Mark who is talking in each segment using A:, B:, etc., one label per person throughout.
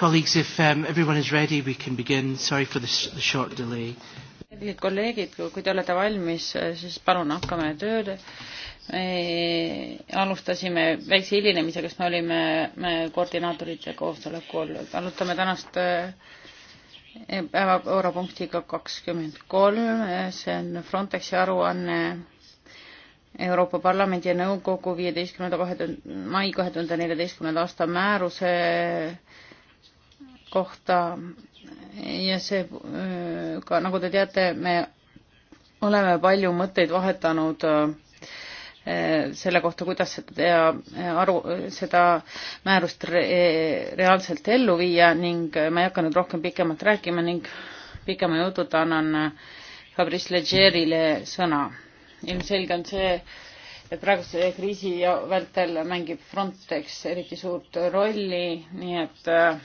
A: Colleagues, if um, everyone is ready, we can begin. Sorry for the, sh the short delay.
B: Head kolleegid, kui te olete valmis, siis palun hakkame tööle. me alustasime väikse hilinemisega, sest me olime me koordinaatorite koosolekul. alustame tänast eh, päevakorrapunktiga kakskümmend kolm, see on Frontexi aruanne Euroopa Parlamendi ja Nõukogu viieteistkümnenda kahe tuhande mai kahe tuhande neljateistkümnenda aasta määruse kohta ja see ka nagu te teate, me oleme palju mõtteid vahetanud selle kohta, kuidas seda aru, seda määrust re, reaalselt ellu viia ning ma ei hakka nüüd rohkem pikemalt rääkima ning pikema jututa annan Fabrice Legerile sõna. ilmselge on see, et praeguse kriisi vältel mängib Frontex eriti suurt rolli, nii et äh,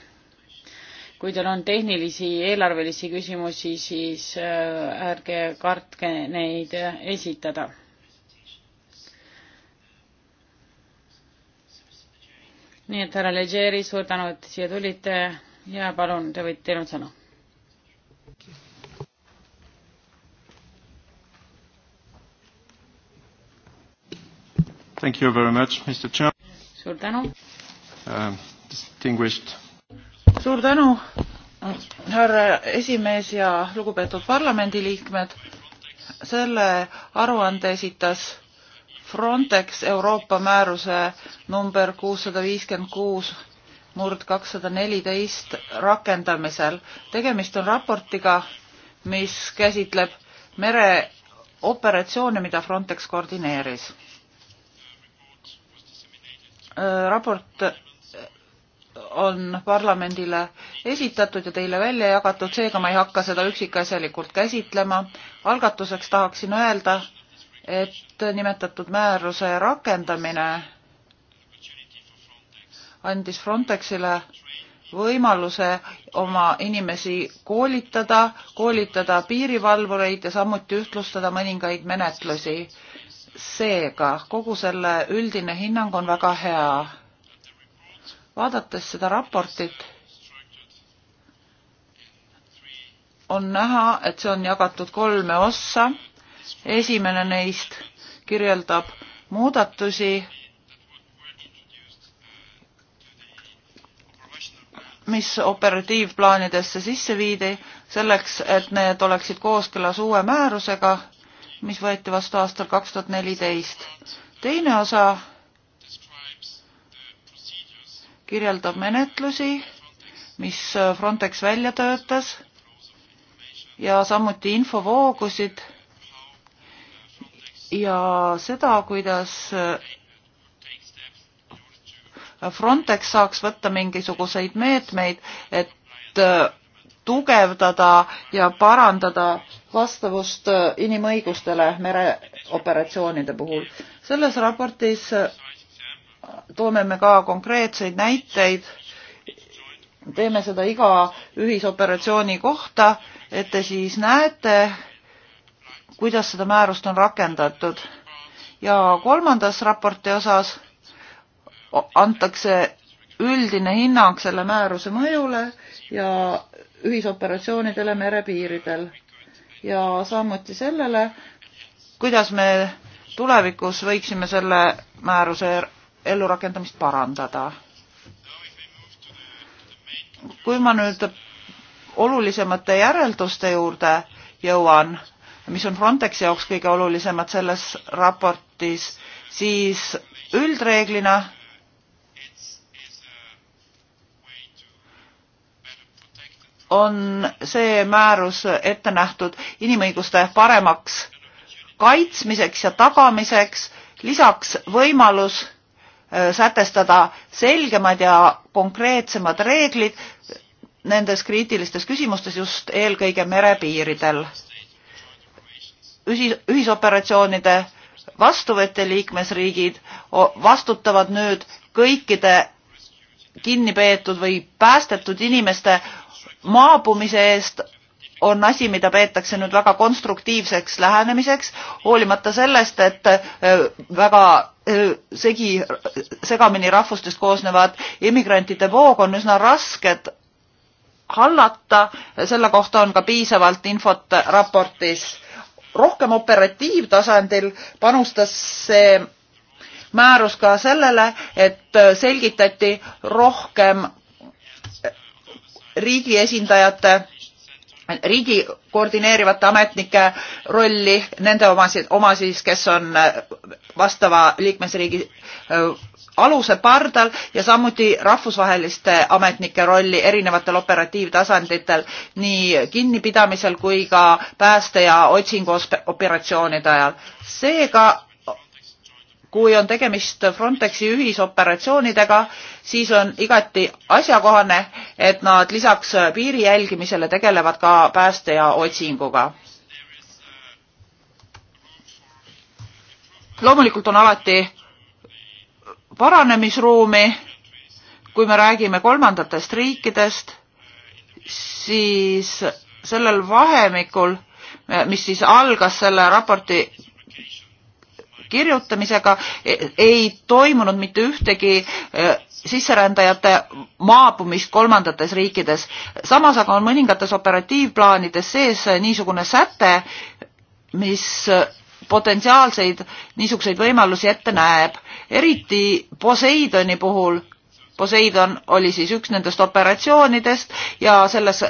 B: kui teil on tehnilisi eelarvelisi küsimusi, siis äh, ärge kartke neid äh, esitada. nii et härra Legeri, suur tänu, et siia tulite ja palun, te võite, teil on sõna
A: Thank you very much, Mr. Chair. Suur tänu. Uh, distinguished
C: suur tänu, härra esimees ja lugupeetud parlamendiliikmed. selle aruande esitas Frontex Euroopa määruse number kuussada viiskümmend kuus murd kakssada neliteist rakendamisel. tegemist on raportiga, mis käsitleb mereoperatsioone, mida Frontex koordineeris. raport on parlamendile esitatud ja teile välja jagatud, seega ma ei hakka seda üksikasjalikult käsitlema. algatuseks tahaksin öelda, et nimetatud määruse rakendamine andis Frontexile võimaluse oma inimesi koolitada, koolitada piirivalvureid ja samuti ühtlustada mõningaid menetlusi. seega kogu selle üldine hinnang on väga hea vaadates seda raportit, on näha, et see on jagatud kolme ossa. esimene neist kirjeldab muudatusi, mis operatiivplaanidesse sisse viidi selleks, et need oleksid kooskõlas uue määrusega, mis võeti vastu aastal kaks tuhat neliteist. teine osa kirjeldab menetlusi, mis Frontex välja töötas ja samuti infovoogusid ja seda, kuidas Frontex saaks võtta mingisuguseid meetmeid, et tugevdada ja parandada vastavust inimõigustele mereoperatsioonide puhul. selles raportis toome me ka konkreetseid näiteid, teeme seda iga ühisoperatsiooni kohta, et te siis näete, kuidas seda määrust on rakendatud. ja kolmandas raporti osas antakse üldine hinnang selle määruse mõjule ja ühisoperatsioonidele merepiiridel ja samuti sellele, kuidas me tulevikus võiksime selle määruse ellurakendamist parandada. kui ma nüüd olulisemate järelduste juurde jõuan, mis on Frontexi jaoks kõige olulisemad selles raportis, siis üldreeglina on see määrus ette nähtud inimõiguste paremaks kaitsmiseks ja tagamiseks, lisaks võimalus Äh, sätestada selgemad ja konkreetsemad reeglid nendes kriitilistes küsimustes just eelkõige merepiiridel. ühisoperatsioonide vastuvõtja liikmesriigid vastutavad nüüd kõikide kinni peetud või päästetud inimeste maabumise eest on asi, mida peetakse nüüd väga konstruktiivseks lähenemiseks, hoolimata sellest, et äh, väga äh, segi, segamini rahvustest koosnevad immigrantide voog on üsna rasked hallata, selle kohta on ka piisavalt infot raportis. rohkem operatiivtasandil panustas see määrus ka sellele, et äh, selgitati rohkem riigi esindajate riigi koordineerivate ametnike rolli, nende omasid, oma siis, kes on äh, vastava liikmesriigi äh, aluse pardal ja samuti rahvusvaheliste ametnike rolli erinevatel operatiivtasanditel nii kinnipidamisel kui ka pääste ja otsinguoperatsioonide ajal. seega kui on tegemist Frontexi ühisoperatsioonidega, siis on igati asjakohane, et nad lisaks piiri jälgimisele tegelevad ka pääste ja otsinguga. loomulikult on alati paranemisruumi, kui me räägime kolmandatest riikidest, siis sellel vahemikul, mis siis algas selle raporti kirjutamisega e-, ei toimunud mitte ühtegi e, sisserändajate maabumist kolmandates riikides. samas aga on mõningates operatiivplaanides sees niisugune säte, mis potentsiaalseid niisuguseid võimalusi ette näeb. eriti Poseidoni puhul Poseidon oli siis üks nendest operatsioonidest ja selles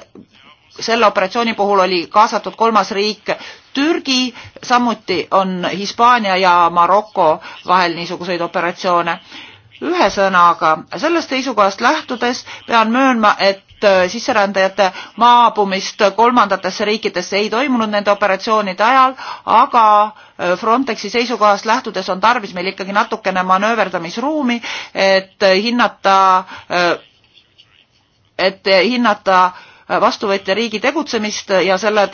C: selle operatsiooni puhul oli kaasatud kolmas riik Türgi, samuti on Hispaania ja Maroko vahel niisuguseid operatsioone. ühesõnaga, sellest seisukohast lähtudes pean möönma, et äh, sisserändajate maabumist kolmandatesse riikidesse ei toimunud nende operatsioonide ajal, aga äh, Frontexi seisukohast lähtudes on tarvis meil ikkagi natukene manööverdamisruumi, et hinnata äh, et hinnata vastuvõtja riigi tegutsemist ja selle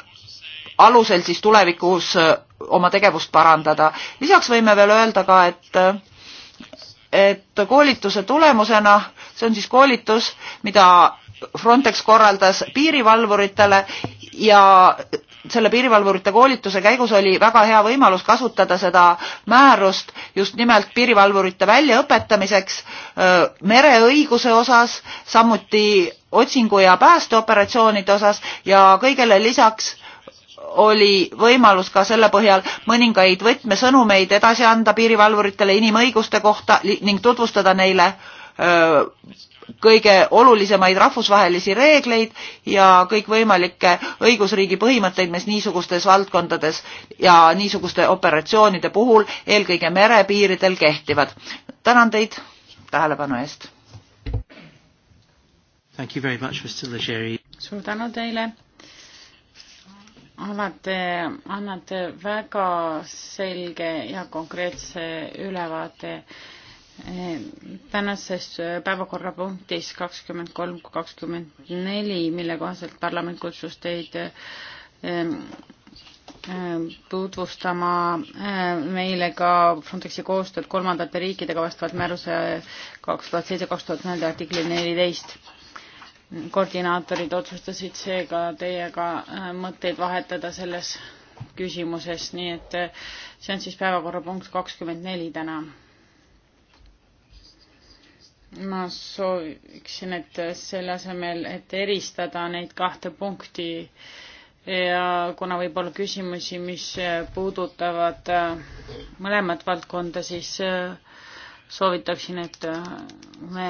C: alusel siis tulevikus äh, oma tegevust parandada. lisaks võime veel öelda ka, et, äh, et koolituse tulemusena, see on siis koolitus, mida Frontex korraldas piirivalvuritele ja selle piirivalvurite koolituse käigus oli väga hea võimalus kasutada seda määrust just nimelt piirivalvurite väljaõpetamiseks mereõiguse osas, samuti otsingu ja päästeoperatsioonide osas ja kõigele lisaks oli võimalus ka selle põhjal mõningaid võtmesõnumeid edasi anda piirivalvuritele inimõiguste kohta ning tutvustada neile öö, kõige olulisemaid rahvusvahelisi reegleid ja kõikvõimalikke õigusriigi põhimõtteid, mis niisugustes valdkondades ja niisuguste operatsioonide puhul eelkõige merepiiridel kehtivad. tänan teid tähelepanu eest.
B: suur tänu teile. alati annate väga selge ja konkreetse ülevaate tänases päevakorrapunktis kakskümmend kolm kui kakskümmend neli, mille kohaselt parlament kutsus teid ähm, ähm, tutvustama äh, meile ka Frontexi koostööd kolmandate riikidega vastavalt määruse kaks tuhat seitse, kaks tuhat neli artikli neliteist. koordinaatorid otsustasid seega teiega äh, mõtteid vahetada selles küsimuses, nii et äh, see on siis päevakorrapunkt kakskümmend neli täna ma sooviksin, et selle asemel, et eristada neid kahte punkti ja kuna võib olla küsimusi, mis puudutavad mõlemat valdkonda, siis soovitaksin, et me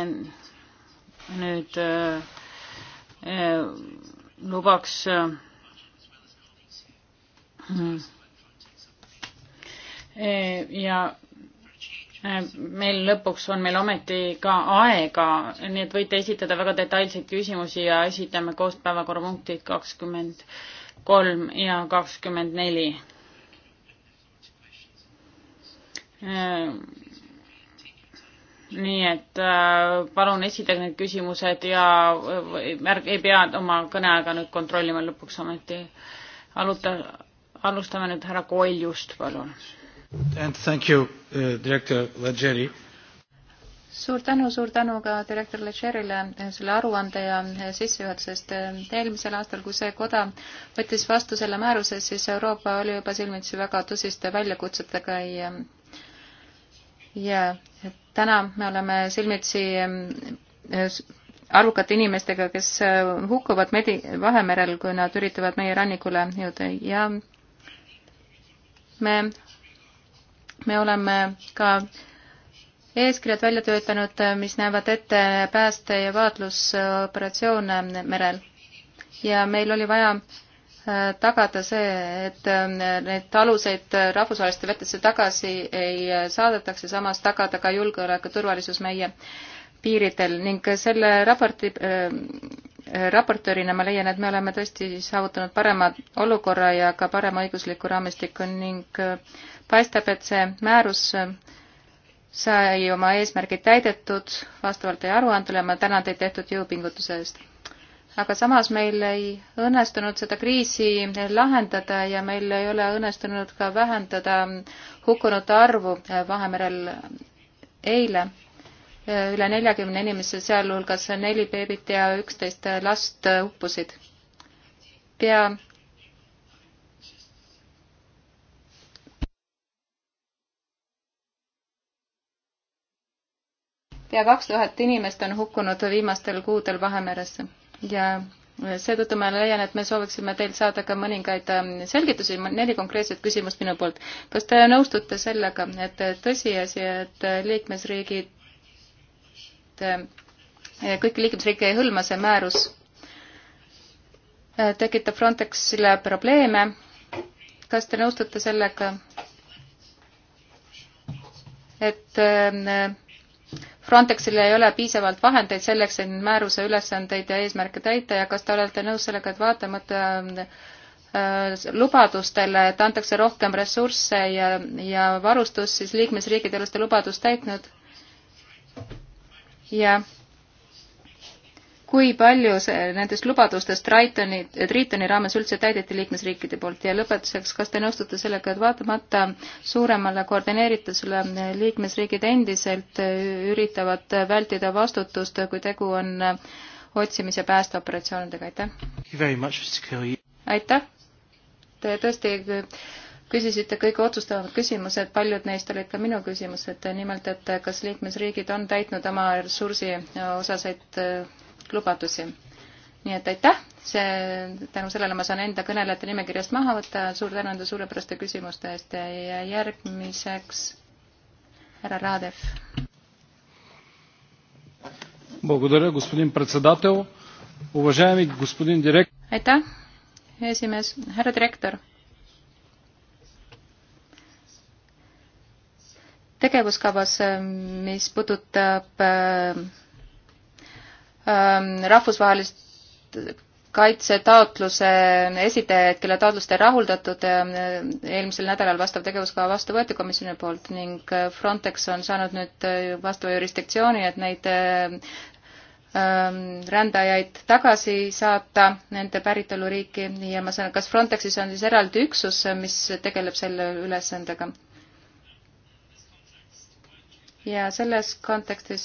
B: nüüd eh, lubaks eh, ja meil lõpuks on meil ometi ka aega, nii et võite esitada väga detailseid küsimusi ja esitame koos päevakorrapunktid kakskümmend kolm ja kakskümmend neli. nii et äh, palun esitage need küsimused ja märg-, ei pea oma kõneaega nüüd kontrollima lõpuks ometi. aluta, alustame nüüd härra Koiljust, palun
A: And thank you uh,, direktor Leggeri. suur tänu, suur tänu ka direktor Leggerile eh, selle aruande ja eh, sissejuhatuse eest. Eh, eelmisel aastal, kui see koda võttis vastu selle määruse, siis Euroopa oli juba silmitsi väga tõsiste väljakutsetega ja ja täna me oleme silmitsi arvukate inimestega, kes hukkuvad medi-, Vahemerel, kui nad üritavad meie rannikule jõuda ja me me oleme ka eeskirjad välja töötanud, mis näevad ette pääste- ja vaatlusoperatsioone merel. ja meil oli vaja äh, tagada see, et äh, neid aluseid rahvusvaheliste vetesse tagasi ei äh, saadetaks ja samas tagada ka julgeolek ja turvalisus meie piiridel ning selle raporti raportöörina ma leian, et me oleme tõesti saavutanud parema olukorra ja ka parema õigusliku raamistiku ning paistab, et see määrus äh, sai oma eesmärgid täidetud vastavalt teie aruandele ja ma tänan teid tehtud jõupingutuse eest. aga samas meil ei õnnestunud seda kriisi lahendada ja meil ei ole õnnestunud ka vähendada hukkunute arvu äh, Vahemerel äh, eile üle neljakümne inimese, sealhulgas neli beebit ja üksteist last uppusid. pea pea kaks tuhat inimest on hukkunud viimastel kuudel Vahemeresse ja seetõttu ma leian, et me sooviksime teilt saada ka mõningaid ähm, selgitusi, neli konkreetset küsimust minu poolt. kas te nõustute sellega, et tõsiasi, et liikmesriigid, äh, kõiki liikmesriike ei hõlma see määrus, äh, tekitab Frontexile probleeme, kas te nõustute sellega, et ähm, Frontexil ei ole piisavalt vahendeid selleks, et määruse ülesandeid ja eesmärke täita ja kas te olete nõus sellega, et vaatamata äh, lubadustele, et antakse rohkem ressursse ja, ja varustust, siis liikmesriigid ei ole seda lubadust täitnud. ja kui palju see, nendest lubadustest Tritoni, Tritoni raames üldse täideti liikmesriikide poolt ja lõpetuseks, kas te nõustute sellega, et vaatamata suuremale koordineeritusele eh, liikmesriigid endiselt eh, üritavad vältida vastutust, kui tegu on eh, otsimis- ja päästeoperatsioonidega,
C: aitäh!
A: aitäh! Te tõesti küsisite kõige otsustavamad küsimused, paljud neist olid ka minu küsimused, nimelt et kas liikmesriigid on täitnud oma ressursi osaseid lubadusi. nii et aitäh, see, tänu sellele ma saan enda kõnelejate nimekirjast maha võtta, suur tänu nende suurepäraste küsimuste eest ja järgmiseks härra Raadev. aitäh, esimees, härra direktor tegevuskavas, mis puudutab Ähm, rahvusvahelist kaitsetaotluse esitajaid, kelle taotlust ei rahuldatud, ähm, eelmisel nädalal vastav tegevuskava vastu võeti komisjoni poolt ning äh, Frontex on saanud nüüd äh, vastava jurisdiktsiooni, et neid ähm, rändajaid tagasi saata nende päritoluriiki ja ma saan, kas Frontexis on siis eraldi üksus, mis tegeleb selle ülesandega? ja selles kontekstis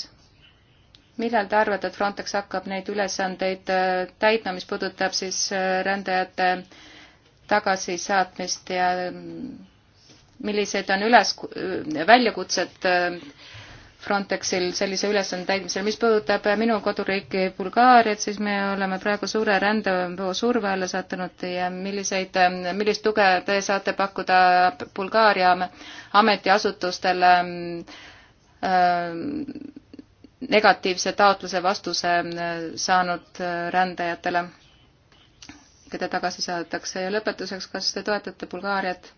A: millal te arvate, et Frontex hakkab neid ülesandeid äh, täitma, mis puudutab siis äh, rändajate tagasisaatmist ja mm, millised on üles, äh, väljakutsed Frontexil sellise ülesande täitmisel. mis puudutab minu koduriiki Bulgaariat, siis me oleme praegu suure rändevoo surve alla sattunud ja milliseid, millist tuge te saate pakkuda Bulgaaria ametiasutustele mm, äh, negatiivse taotluse vastuse äh, saanud äh, rändajatele, keda tagasi saadetakse. ja lõpetuseks, kas te toetate Bulgaariat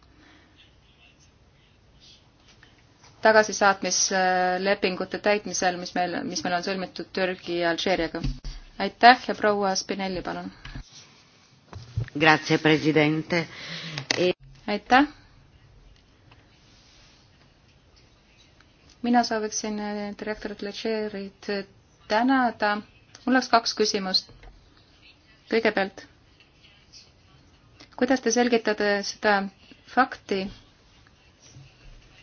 A: tagasisaatmislepingute täitmisel, mis meil, mis meil on sõlmitud Türgi ja Alžeeriaga? aitäh ja proua Spinelli, palun! E- aitäh! mina sooviksin äh, direktor Tletšerit tänada. mul oleks kaks küsimust. kõigepealt, kuidas te selgitate seda fakti,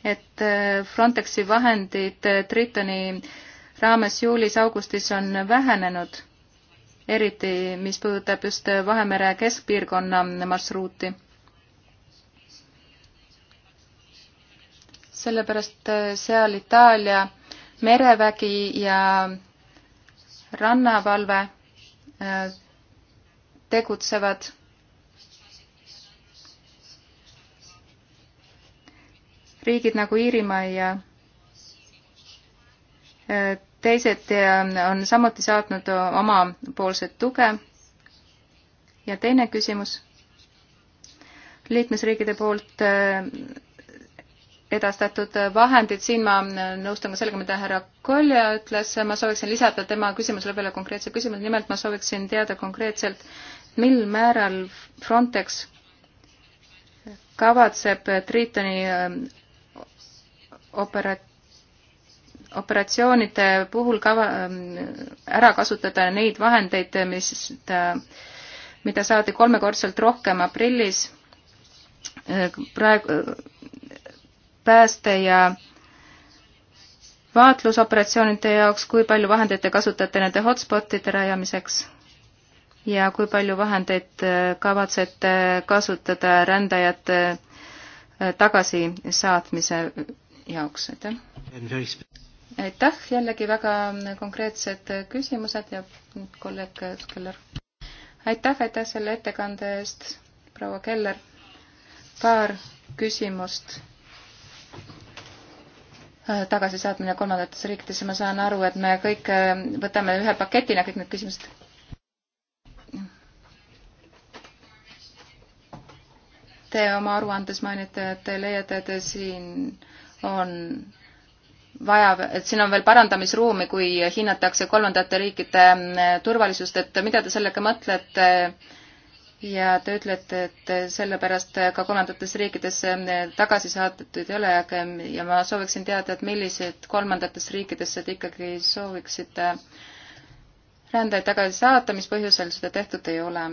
A: et äh, Frontexi vahendid äh, Tritoni raames juulis-augustis on vähenenud, eriti mis puudutab just Vahemere keskpiirkonna marsruuti sellepärast äh, seal Itaalia merevägi ja rannavalve äh, tegutsevad. riigid nagu Iirimaa ja äh, teised on samuti saatnud omapoolset tuge. ja teine küsimus liikmesriikide poolt edastatud vahendid, siin ma nõustun ka sellega, mida härra Kolja ütles, ma sooviksin lisada tema küsimusele veel konkreetse küsimuse, nimelt ma sooviksin teada konkreetselt, mil määral Frontex kavatseb Tritoni äh, opera-, operatsioonide puhul kava, äh, ära kasutada neid vahendeid, mis ta, mida saadi kolmekordselt rohkem aprillis äh, praegu pääste ja vaatlusoperatsioonide jaoks, kui palju vahendeid te kasutate nende hotspotide rajamiseks ja kui palju vahendeid äh, kavatsete kasutada rändajate äh, tagasisaatmise jaoks, aitäh? aitäh, jällegi väga konkreetsed küsimused ja kolleeg Keller. aitäh, aitäh selle ettekande eest, proua Keller. paar küsimust Äh, tagasisaatmine kolmandatesse riikidesse, ma saan aru, et me kõik äh, võtame ühe paketina kõik need küsimused. Te oma aruandes mainite, et te leiate, et siin on vaja, et siin on veel parandamisruumi, kui hinnatakse kolmandate riikide mm, turvalisust, et mida te sellega mõtlete äh, ja te ütlete, et sellepärast ka kolmandates riikides eh, tagasi saadetud ei ole, aga ja ma sooviksin teada, et millised kolmandates riikides te ikkagi sooviksite rändajaid tagasi saata, mis põhjusel seda tehtud ei ole?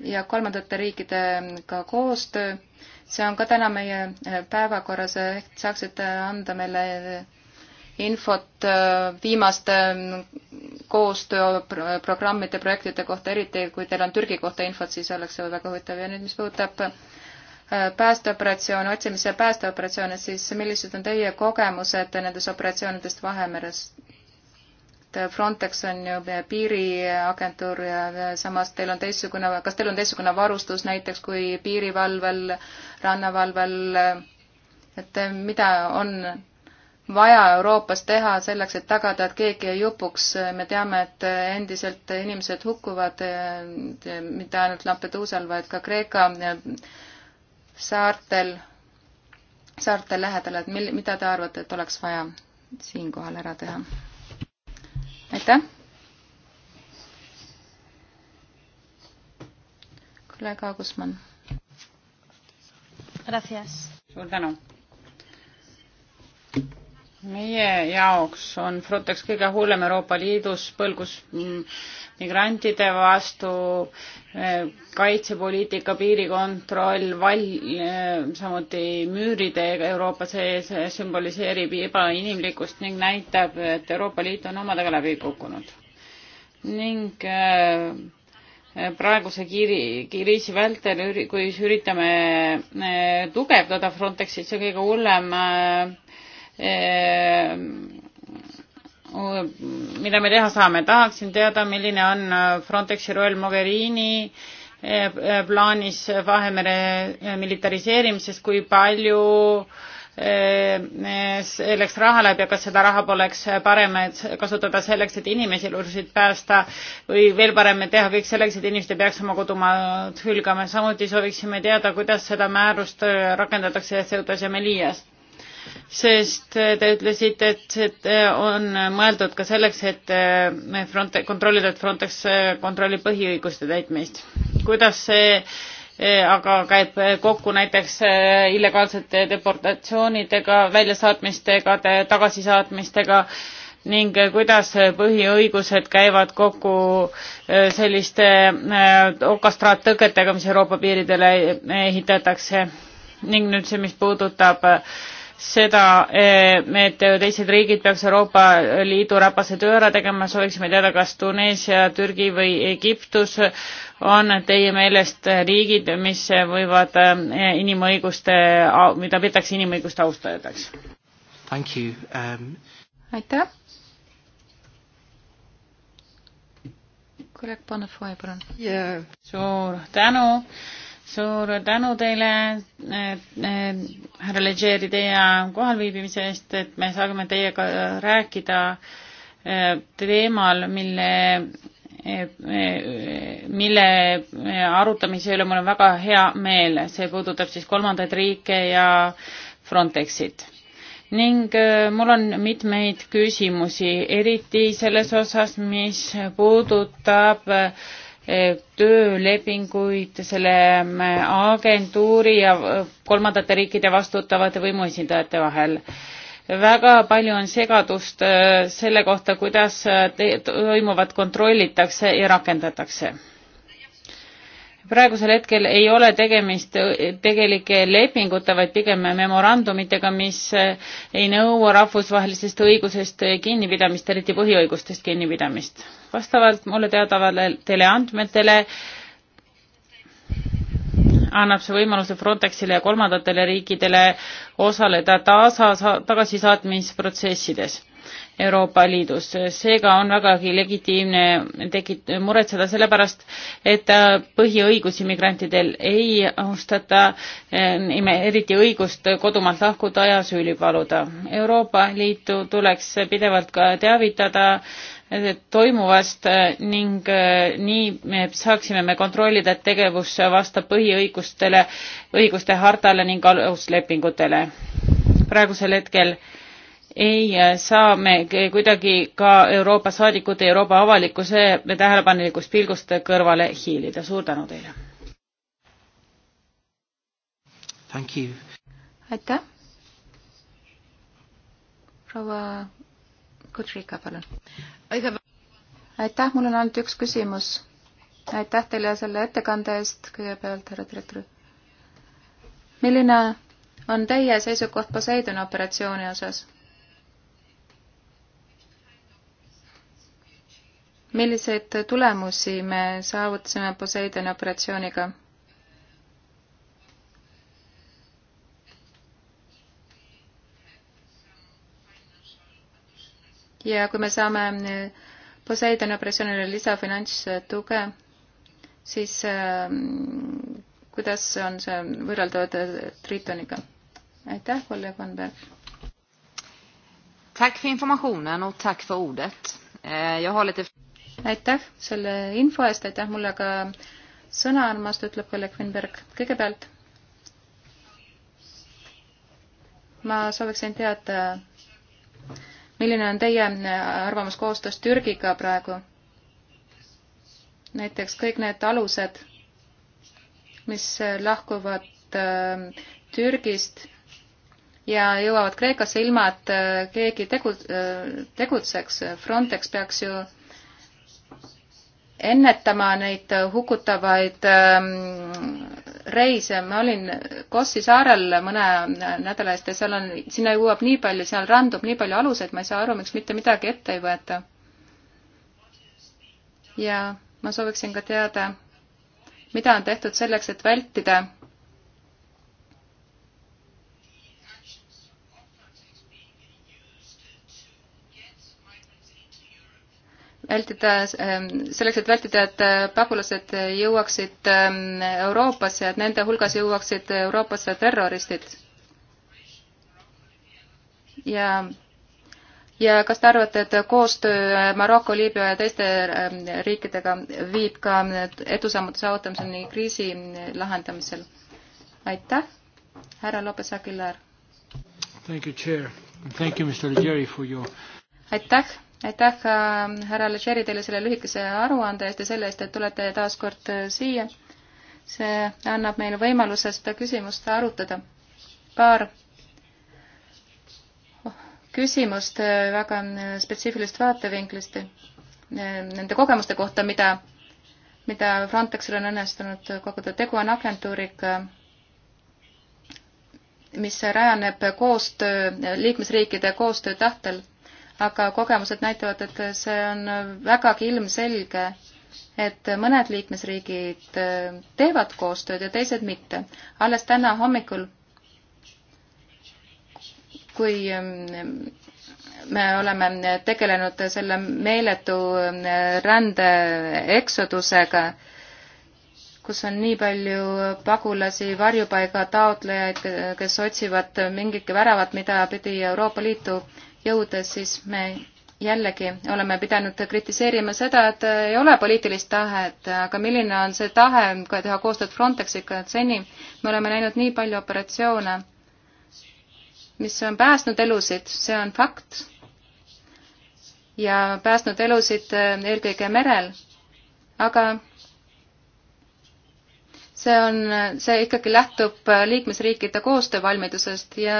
A: ja kolmandate riikidega eh, koostöö, see on ka täna meie eh, päevakorras, ehk saaksite anda meile infot viimaste mm, koostööprogrammide, projektide kohta, eriti kui teil on Türgi kohta infot, siis oleks see väga huvitav ja nüüd, mis puudutab äh, päästeoperatsioon, otsimise päästeoperatsioone, siis millised on teie kogemused nendes operatsioonidest Vahemeres? Frontex on ju piiriagentuur ja samas teil on teistsugune, kas teil on teistsugune varustus näiteks kui piirivalvel, rannavalvel, et äh, mida on vaja Euroopas teha selleks, et tagada, et keegi ei upuks. me teame, et endiselt inimesed hukkuvad mitte ainult Lampeduusal, vaid ka Kreeka saartel, saarte lähedal, et mil-, mida te arvate, et oleks vaja siinkohal ära teha? aitäh! kolleeg Aagusmann.
B: suur tänu! meie jaoks on Frontex kõige hullem Euroopa Liidus põlgus mm, migrantide vastu, eh, kaitsepoliitika, piirikontroll, val-, eh, samuti müüride Euroopa sees eh, sümboliseerib ebainimlikkust ning näitab, et Euroopa Liit on omadega läbi kukkunud. ning praeguse kiiri, kriisi vältel, kui üritame tugevdada Frontexit, see kõige hullem äh, Ehm, mida me teha saame, tahaksin teada, milline on äh, Frontexi roll Mogherini äh, äh, plaanis Vahemere militariseerimises, kui palju selleks raha läheb ja kas seda raha poleks parem kasutada selleks, et inimesi elusid päästa või veel parem teha kõik selleks, et inimesed ei peaks oma kodumaad hülgama. samuti sooviksime teada, kuidas seda määrust rakendatakse Ceutas ja Melias sest te ütlesite, et see on mõeldud ka selleks, et front, kontrollida, et Frontex kontrollib põhiõiguste täitmist. kuidas see eh, aga käib kokku näiteks eh, illegaalsete deportatsioonidega, väljasaatmistega, tagasisaatmistega ning kuidas põhiõigused käivad kokku eh, selliste okastraattõketega, mis Euroopa piiridele ehitatakse ning nüüd see, mis puudutab äh, seda, eh, et teised riigid peaks Euroopa Liidu räpase töö ära tegema, sooviksime teada, kas Tuneesia, Türgi või Egiptus on teie meelest riigid, mis võivad eh, inimõiguste, mida peetakse inimõiguste austajateks?
C: Um... aitäh.
B: kolleeg Panefoe, palun yeah.. suur tänu suur tänu teile, härra Legeri, teie kohalviibimise eest, et me saame teiega rääkida eh, teemal, mille, eh, mille arutamise üle mul on väga hea meel. see puudutab siis kolmandaid riike ja Frontexit. ning eh, mul on mitmeid küsimusi, eriti selles osas, mis puudutab äh, Eh, töölepinguid selle mm, agentuuri ja äh, kolmandate riikide vastutavate võimuesindajate vahel. väga palju on segadust äh, selle kohta, kuidas äh, toimuvat kontrollitakse ja rakendatakse praegusel hetkel ei ole tegemist äh, tegelike lepingute, vaid pigem memorandumitega, mis äh, ei nõua rahvusvahelisest õigusest äh, kinnipidamist, eriti põhiõigustest kinnipidamist. vastavalt mulle teadavatele andmetele annab see võimaluse Frontexile ja kolmandatele riikidele osaleda taasa, tagasisaatmisprotsessides. Euroopa Liidus. seega on vägagi legitiimne tekit-, muretseda selle pärast, et äh, põhiõigusi migrantidel ei austata, äh, eriti õigust kodumaalt lahkuda ja süüli paluda. Euroopa Liitu tuleks pidevalt ka teavitada äh, toimuvast ning nii me saaksime me kontrollida, et tegevus vastab põhiõigustele, õiguste hartale ning aluslepingutele. praegusel hetkel äh, ei äh, saa me kuidagi ka Euroopa saadikute, Euroopa avalikkuse tähelepanelikust pilgust kõrvale hiilida. suur tänu teile!
A: aitäh! proua Kudrika, palun! aitäh, mul on ainult üks küsimus. aitäh teile selle ettekande eest kõigepealt, härra direktor. milline on teie seisukoht Poseidoni operatsiooni osas? milliseid tulemusi me saavutasime Poseidoni operatsiooniga? ja kui me saame Poseidoni operatsioonile lisafinantstuge, siis ähm, kuidas on see võrreldavad Tritoniga? aitäh, Kalle Konberg! Tack för informationen och tack för ordet. Eh, jag har lite aitäh selle info eest, aitäh mulle ka sõna andmast, ütleb kolleeg Finberg. kõigepealt ma sooviksin teada, milline on teie arvamus koostöös Türgiga praegu? näiteks kõik need alused, mis lahkuvad äh, Türgist ja jõuavad Kreekasse ilma, et äh, keegi tegu, äh, tegutseks. Frontex peaks ju ennetama neid hukutavaid ähm, reise, ma olin Kossi saarel mõne nädala eest ja seal on, sinna jõuab nii palju, seal randub nii palju aluseid, ma ei saa aru, miks mitte midagi ette ei võeta. ja ma sooviksin ka teada, mida on tehtud selleks, et vältida vältida, ähm, selleks, et vältida, et äh, pagulased jõuaksid ähm, Euroopasse, et nende hulgas jõuaksid Euroopasse terroristid. ja, ja kas te arvate, et koostöö Maroko, Liibüa ja teiste ähm, riikidega viib ka edusammude saavutamiseni kriisi lahendamisel? aitäh, härra Lopes Aguilar. aitäh aitäh, äh, härra Lecheri, teile selle lühikese aruande eest ja selle eest, et tulete taas kord äh, siia. see annab meile võimaluse seda küsimust arutada. paar küsimust äh, väga spetsiifilist vaatevinklist nende kogemuste kohta, mida, mida Frontexil on õnnestunud koguda. tegu on agentuuriga, mis rajaneb koostöö, liikmesriikide koostöö tahtel aga kogemused näitavad, et see on vägagi ilmselge, et mõned liikmesriigid äh, teevad koostööd ja teised mitte. alles täna hommikul, kui ähm, me oleme tegelenud selle meeletu äh, rände eksodusega, kus on nii palju pagulasi, varjupaiga taotlejaid, äh, kes otsivad mingit väravat, mida pidi Euroopa Liitu jõudes, siis me jällegi oleme pidanud kritiseerima seda, et ei ole poliitilist tahet, aga milline on see tahe teha koostööd Frontexiga, et seni me oleme näinud nii palju operatsioone, mis on päästnud elusid, see on fakt, ja päästnud elusid äh, eelkõige merel, aga see on, see ikkagi lähtub äh, liikmesriikide koostöövalmidusest ja,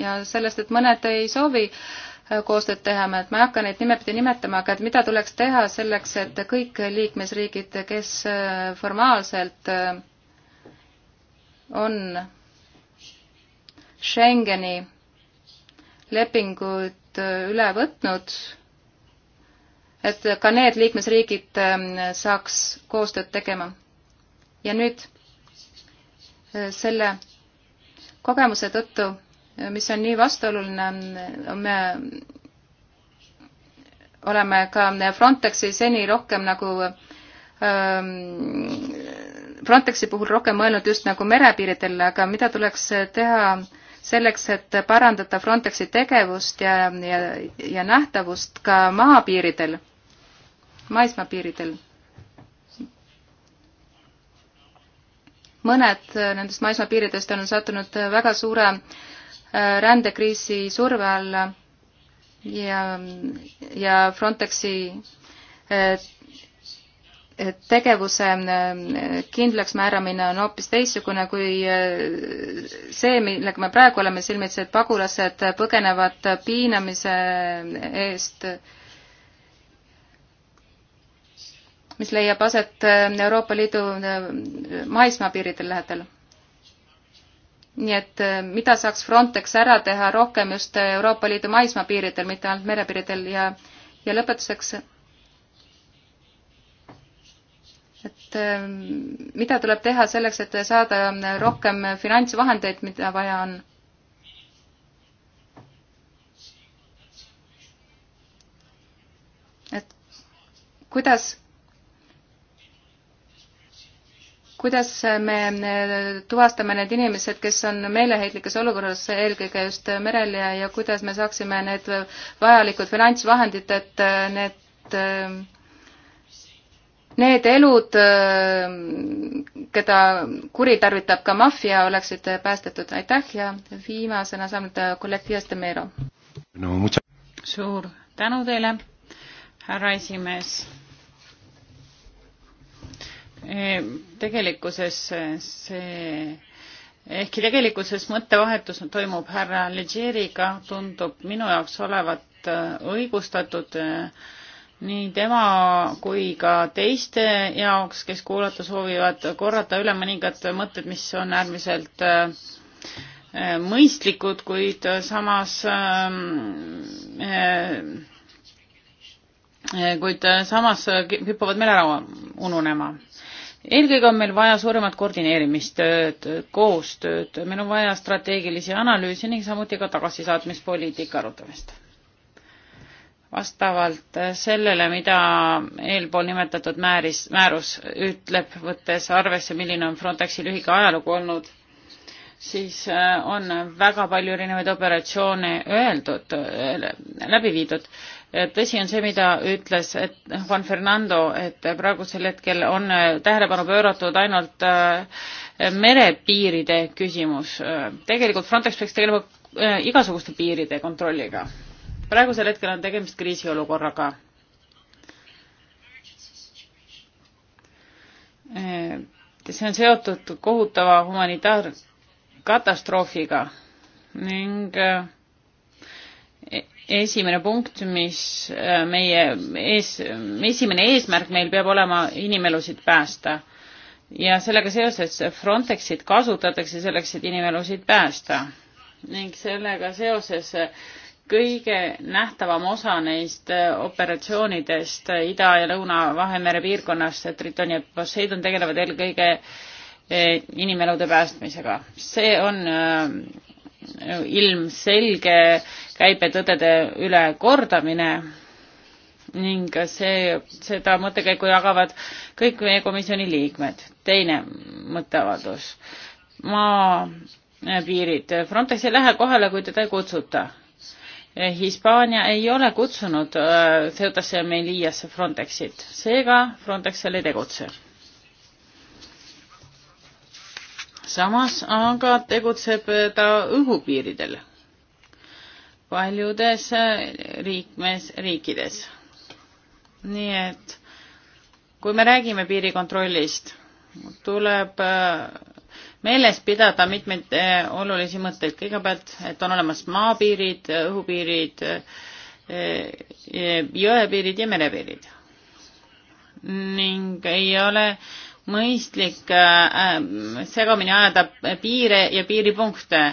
A: ja sellest, et mõned ei soovi äh, koostööd teha, ma, et ma ei hakka neid nimepidi nimetama, aga et mida tuleks teha selleks, et kõik liikmesriigid, kes äh, formaalselt on Schengeni lepingud üle võtnud, et ka need liikmesriigid saaks koostööd tegema. ja nüüd Äh, selle kogemuse tõttu, äh, mis on nii vastuoluline, me oleme ka Frontexi seni rohkem nagu ähm, Frontexi puhul rohkem mõelnud just nagu merepiiridel, aga mida tuleks teha selleks, et parandada Frontexi tegevust ja, ja, ja nähtavust ka maapiiridel, maismaapiiridel mõned äh, nendest maismaapiiridest on sattunud äh, väga suure äh, rändekriisi surve alla ja, ja Frontexi tegevuse kindlaks määramine on hoopis teistsugune kui see, millega me praegu oleme silmitsi, et pagulased põgenevad piinamise eest äh, mis leiab aset äh, Euroopa Liidu äh, maismaapiiridel lähedal. nii et äh, mida saaks Frontex ära teha rohkem just Euroopa Liidu maismaapiiridel, mitte ainult merepiiridel ja, ja lõpetuseks, et mida tuleb teha selleks, et saada rohkem finantsvahendeid, mida vaja on kuidas kuidas me tuvastame need inimesed, kes on meeleheitlikus olukorras, eelkõige just merel ja, ja kuidas me saaksime need vajalikud finantsvahendid, et need, need elud, keda kuritarvitab ka maffia, oleksid päästetud. aitäh ja
B: viimasena saab nüüd kolleeg Dias de Meiro no,. suur tänu teile, härra esimees Eh, tegelikkuses eh, see, ehkki tegelikkuses mõttevahetus toimub härra Legeriga, tundub minu jaoks olevat eh, õigustatud nii tema kui ka teiste jaoks, kes kuulata soovivad, korrata üle mõningad mõtted, mis on äärmiselt mõistlikud, kuid samas kuid samas kipuvad meil ära ununema eelkõige on meil vaja suuremat koordineerimistööd, koostööd, meil on vaja strateegilisi analüüse ning samuti ka tagasisaatmispoliitika arutamist. vastavalt sellele, mida eelpool nimetatud määris, määrus ütleb, võttes arvesse, milline on Frontexi lühike ajalugu olnud, siis äh, on väga palju erinevaid operatsioone öeldud, äh, läbi viidud tõsi on see, mida ütles et Juan Fernando, et praegusel hetkel on äh, tähelepanu pööratud ainult äh, merepiiride küsimus. tegelikult Frontex peaks tegelema äh, igasuguste piiride kontrolliga. praegusel hetkel on tegemist kriisiolukorraga. see on seotud kohutava humanitaarkatastroofiga ning äh, esimene punkt, mis äh, meie ees, esimene eesmärk meil peab olema inimelusid päästa. ja sellega seoses Frontexit kasutatakse selleks, et inimelusid päästa. ning sellega seoses kõige nähtavam osa neist äh, operatsioonidest Ida- ja Lõuna-Vahemere piirkonnas, Triton ja Poseidon tegelevad eelkõige äh, inimelude päästmisega. see on ilmselge käibetõdede üle kordamine ning see, seda mõttekäiku jagavad kõik meie komisjoni liikmed. teine mõtteavaldus, maapiirid. Frontex ei lähe kohale, kui teda ei kutsuta. Hispaania ei ole kutsunud äh, Ceuta-Melillesse Frontexit, seega Frontex seal ei tegutse samas aga tegutseb ta õhupiiridel paljudes liikmesriikides. nii et kui me räägime piirikontrollist, tuleb äh, meeles pidada mitmeid äh, olulisi mõtteid. kõigepealt, et on olemas maapiirid, õhupiirid, äh, jõepiirid ja merepiirid. ning ei ole mõistlik äh, äh, segamini ajada piire ja piiripunkte.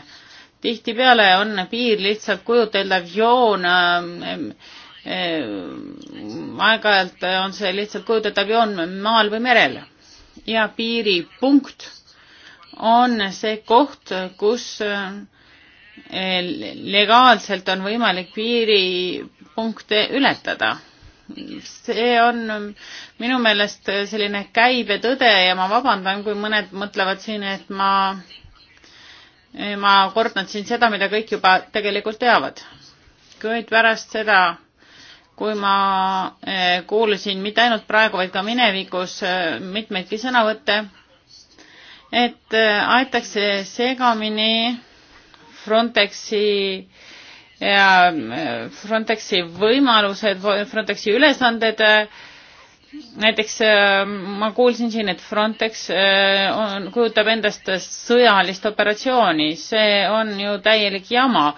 B: tihtipeale on piir lihtsalt kujuteldav joon. Ähm, äh, aeg-ajalt on see lihtsalt kujuteldav joon maal või merel ja piiripunkt on see koht, kus legaalselt on võimalik piiripunkte ületada see on minu meelest selline käibetõde ja ma vabandan, kui mõned mõtlevad siin, et ma, ma kordan siin seda, mida kõik juba tegelikult teavad. kuid pärast seda, kui ma eh, kuulasin mitte ainult praegu, vaid ka minevikus eh, mitmeidki sõnavõtte, et eh, aetakse segamini Frontexi äh, ja äh, Frontexi võimalused, Frontexi ülesanded. Äh, näiteks äh, ma kuulsin siin, et Frontex on, kujutab endast sõjalist operatsiooni, see on ju täielik jama.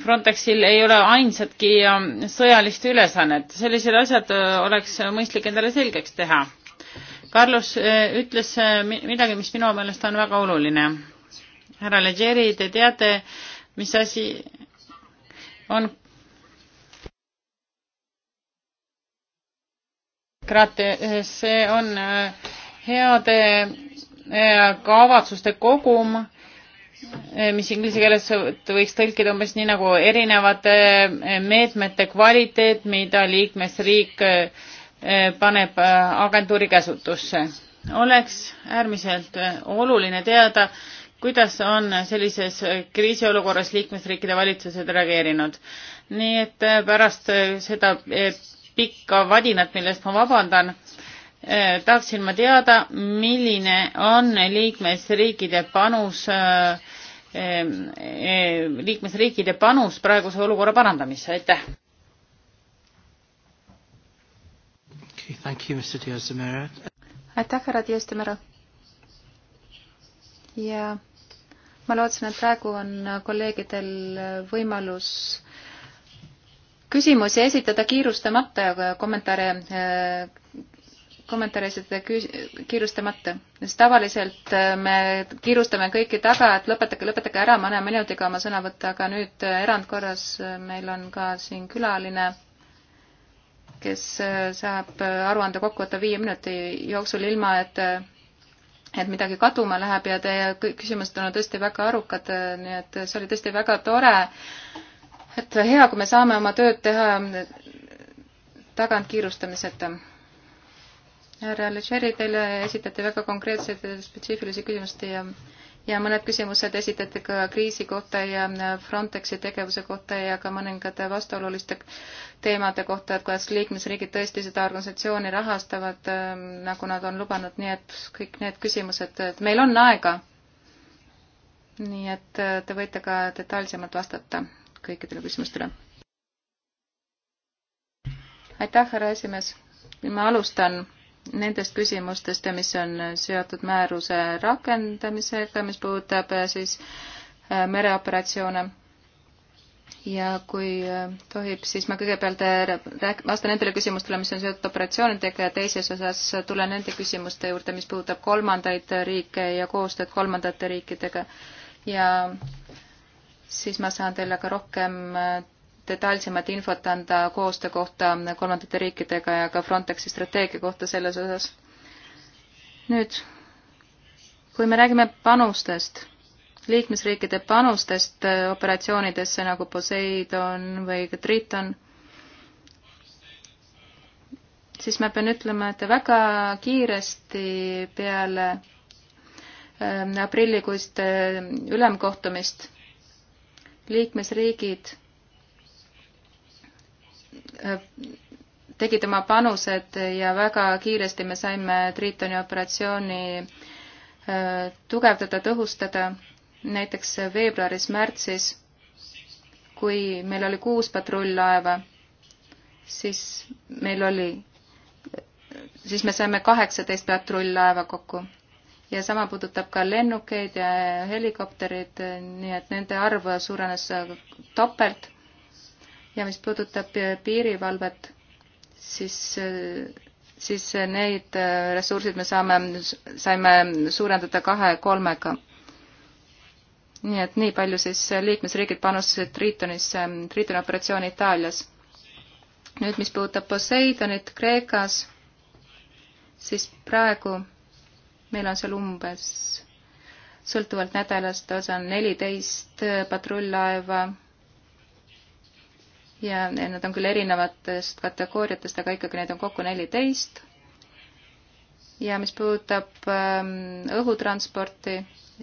B: Frontexil ei ole ainsatki ähm, sõjalist ülesannet, sellised asjad oleks mõistlik endale selgeks teha. Carlos ütles midagi, mis minu meelest on väga oluline. härra Legeri, te teate, mis asi on see on äh, heade äh, kavatsuste kogum, äh, mis inglise keeles võiks tõlkida umbes nii nagu erinevate meetmete kvaliteet, mida liikmesriik paneb agentuuri käsutusse. oleks äärmiselt oluline teada, kuidas on sellises kriisiolukorras liikmesriikide valitsused reageerinud. nii et äh, pärast äh, seda äh, pikka vadinat, millest ma vabandan, tahaksin ma teada, milline on liikmesriikide panus, liikmesriikide panus praeguse olukorra parandamisse, aitäh.
A: aitäh, härra Dias-Demera. ja ma lootsin, et praegu on kolleegidel võimalus küsimusi esitada kiirustamata ja kommentaare, äh, kommentaare esitada kiirustamata. sest tavaliselt äh, me kiirustame kõiki taga, et lõpetage, lõpetage ära mõne minutiga oma sõnavõtt, aga nüüd äh, erandkorras meil on ka siin külaline, kes saab aruande kokku võtta viie minuti jooksul, ilma et et midagi kaduma läheb ja teie küsimused on tõesti väga arukad, nii et see oli tõesti väga tore. et hea, kui me saame oma tööd teha tagant kiirustamiseta. härra Lecheri, teile esitati väga konkreetseid spetsiifilisi küsimusi ja ja mõned küsimused esitati ka kriisi kohta ja äh, Frontexi tegevuse kohta ja ka mõningate vastuoluliste teemade kohta, et kuidas liikmesriigid tõesti seda organisatsiooni rahastavad, ähm, nagu nad on lubanud, nii et kõik need küsimused, et meil on aega. nii et äh, te võite ka detailsemalt vastata kõikidele küsimustele. aitäh, härra esimees. ma alustan nendest küsimustest, mis on seotud määruse rakendamisega, mis puudutab äh, siis äh, mereoperatsioone. ja kui äh, tohib, siis ma kõigepealt rääk-, vastan nendele küsimustele, mis on seotud operatsioonidega ja teises osas tulen nende küsimuste juurde, mis puudutab kolmandaid riike ja koostööd kolmandate riikidega. ja siis ma saan teile ka rohkem detailsemat infot anda koostöö kohta kolmandate riikidega ja ka Frontexi strateegia kohta selles osas. nüüd, kui me räägime panustest, liikmesriikide panustest operatsioonidesse nagu Poseidon või ka Triton, siis ma pean ütlema, et väga kiiresti peale ähm, aprillikuist äh, ülemkohtumist liikmesriigid tegid oma panused ja väga kiiresti me saime Tritoni operatsiooni äh, tugevdada, tõhustada. näiteks veebruaris-märtsis, kui meil oli kuus patrull-laeva, siis meil oli, siis me saime kaheksateist patrull-laeva kokku. ja sama puudutab ka lennukeid ja helikopterid, nii et nende arv suurenes topelt ja mis puudutab eh, piirivalvet, siis, eh, siis eh, neid ressursid me saame, saime suurendada kahe-kolmega. nii et nii palju siis liikmesriigid panustasid Tritonisse, Tritoni operatsiooni Itaalias. nüüd, mis puudutab Poseidonit Kreekas, siis praegu meil on seal umbes sõltuvalt nädalast, osa on neliteist patrull-laeva ja need on küll erinevatest kategooriatest, aga ikkagi neid on kokku neliteist. ja mis puudutab ähm, õhutransporti,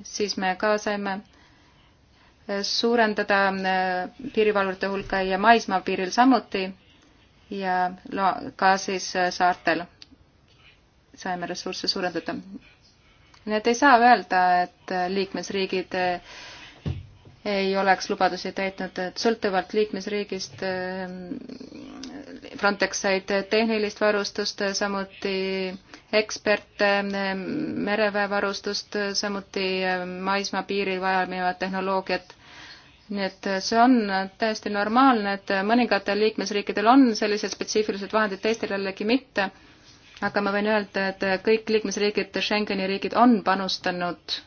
A: siis me ka saime äh, suurendada äh, piirivalvurite hulka ja maismaapiiril samuti ja ka siis äh, saartel saime ressursse suurendada. nii et ei saa öelda, et liikmesriigid ei oleks lubadusi täitnud, et sõltuvalt liikmesriigist ehm, Frontex said tehnilist varustust, samuti eksperte, ehm, mereväevarustust, samuti ehm, maismaapiiril vajaminevat tehnoloogiat nii et see on täiesti normaalne, et mõningatel liikmesriikidel on sellised spetsiifilised vahendid, teistel jällegi mitte. aga ma võin öelda, et kõik liikmesriigid, Schengeni riigid on panustanud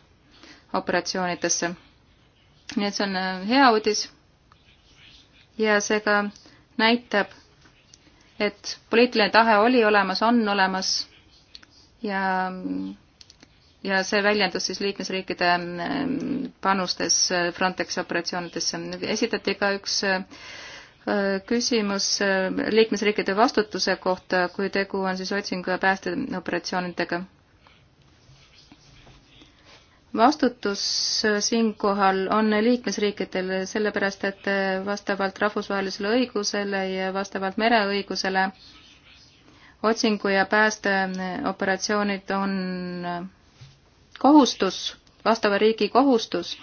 A: operatsioonidesse nii et see on äh, hea uudis ja see ka näitab, et poliitiline tahe oli olemas, on olemas ja, ja see väljendus siis liikmesriikide ähm, panustes äh, Frontexi operatsioonidesse. esitati ka üks äh, küsimus liikmesriikide vastutuse kohta, kui tegu on siis otsingu- ja päästeoperatsioonidega vastutus äh, siinkohal on liikmesriikidel, sellepärast et äh, vastavalt rahvusvahelisele õigusele ja vastavalt mereõigusele otsingu- ja päästeoperatsioonid äh, on kohustus, vastava riigi kohustus,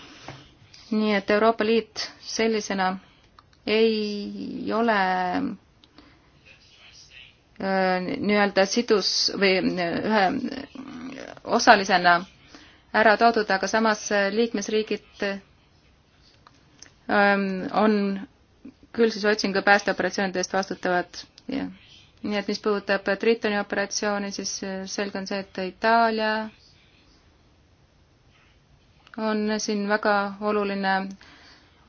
A: nii et Euroopa Liit sellisena ei ole nii-öelda sidus või ühe osalisena ära toodud, aga samas äh, liikmesriigid ähm, on küll siis otsingu päästeoperatsioonide eest vastutavad ja nii et mis puudutab äh, Tritoni operatsiooni, siis äh, selge on see, et Itaalia on siin väga oluline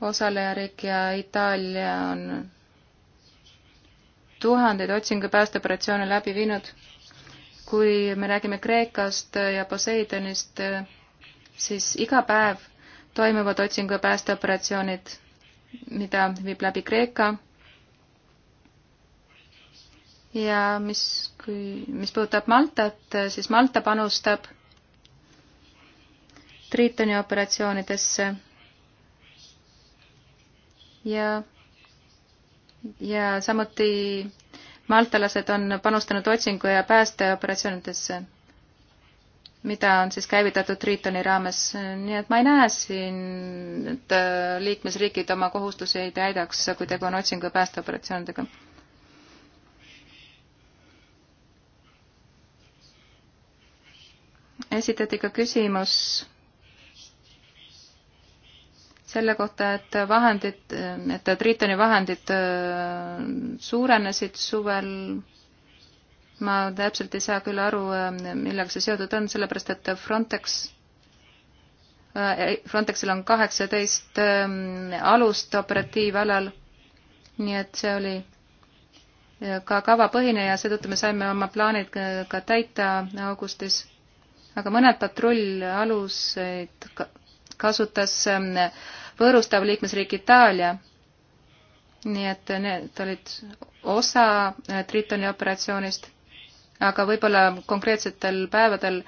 A: osalejariik ja Itaalia on tuhandeid otsingu päästeoperatsioone läbi viinud kui me räägime Kreekast ja Poseidonist, siis iga päev toimuvad otsingu- ja päästeoperatsioonid, mida viib läbi Kreeka ja mis, kui, mis puudutab Maltat, siis Malta panustab Tritoni operatsioonidesse ja, ja samuti maltalased on panustanud otsingu- ja päästeoperatsioonidesse, mida on siis käivitatud Tritoni raames, nii et ma ei näe siin, et äh, liikmesriigid oma kohustusi ei täidaks, kui tegu on otsingu- ja päästeoperatsioonidega. esitati ka küsimus selle kohta, et vahendid, et Tritoni vahendid äh, suurenesid suvel. ma täpselt ei saa küll aru, äh, millega see seotud on, sellepärast et Frontex äh, Frontexil on kaheksateist alust operatiivalal, nii et see oli ka kavapõhine ja seetõttu me saime oma plaanid ka täita augustis. aga mõned patruljaluseid kasutas võõrustav liikmesriik Itaalia. nii et need olid osa äh, Tritoni operatsioonist, aga võib-olla konkreetsetel päevadel,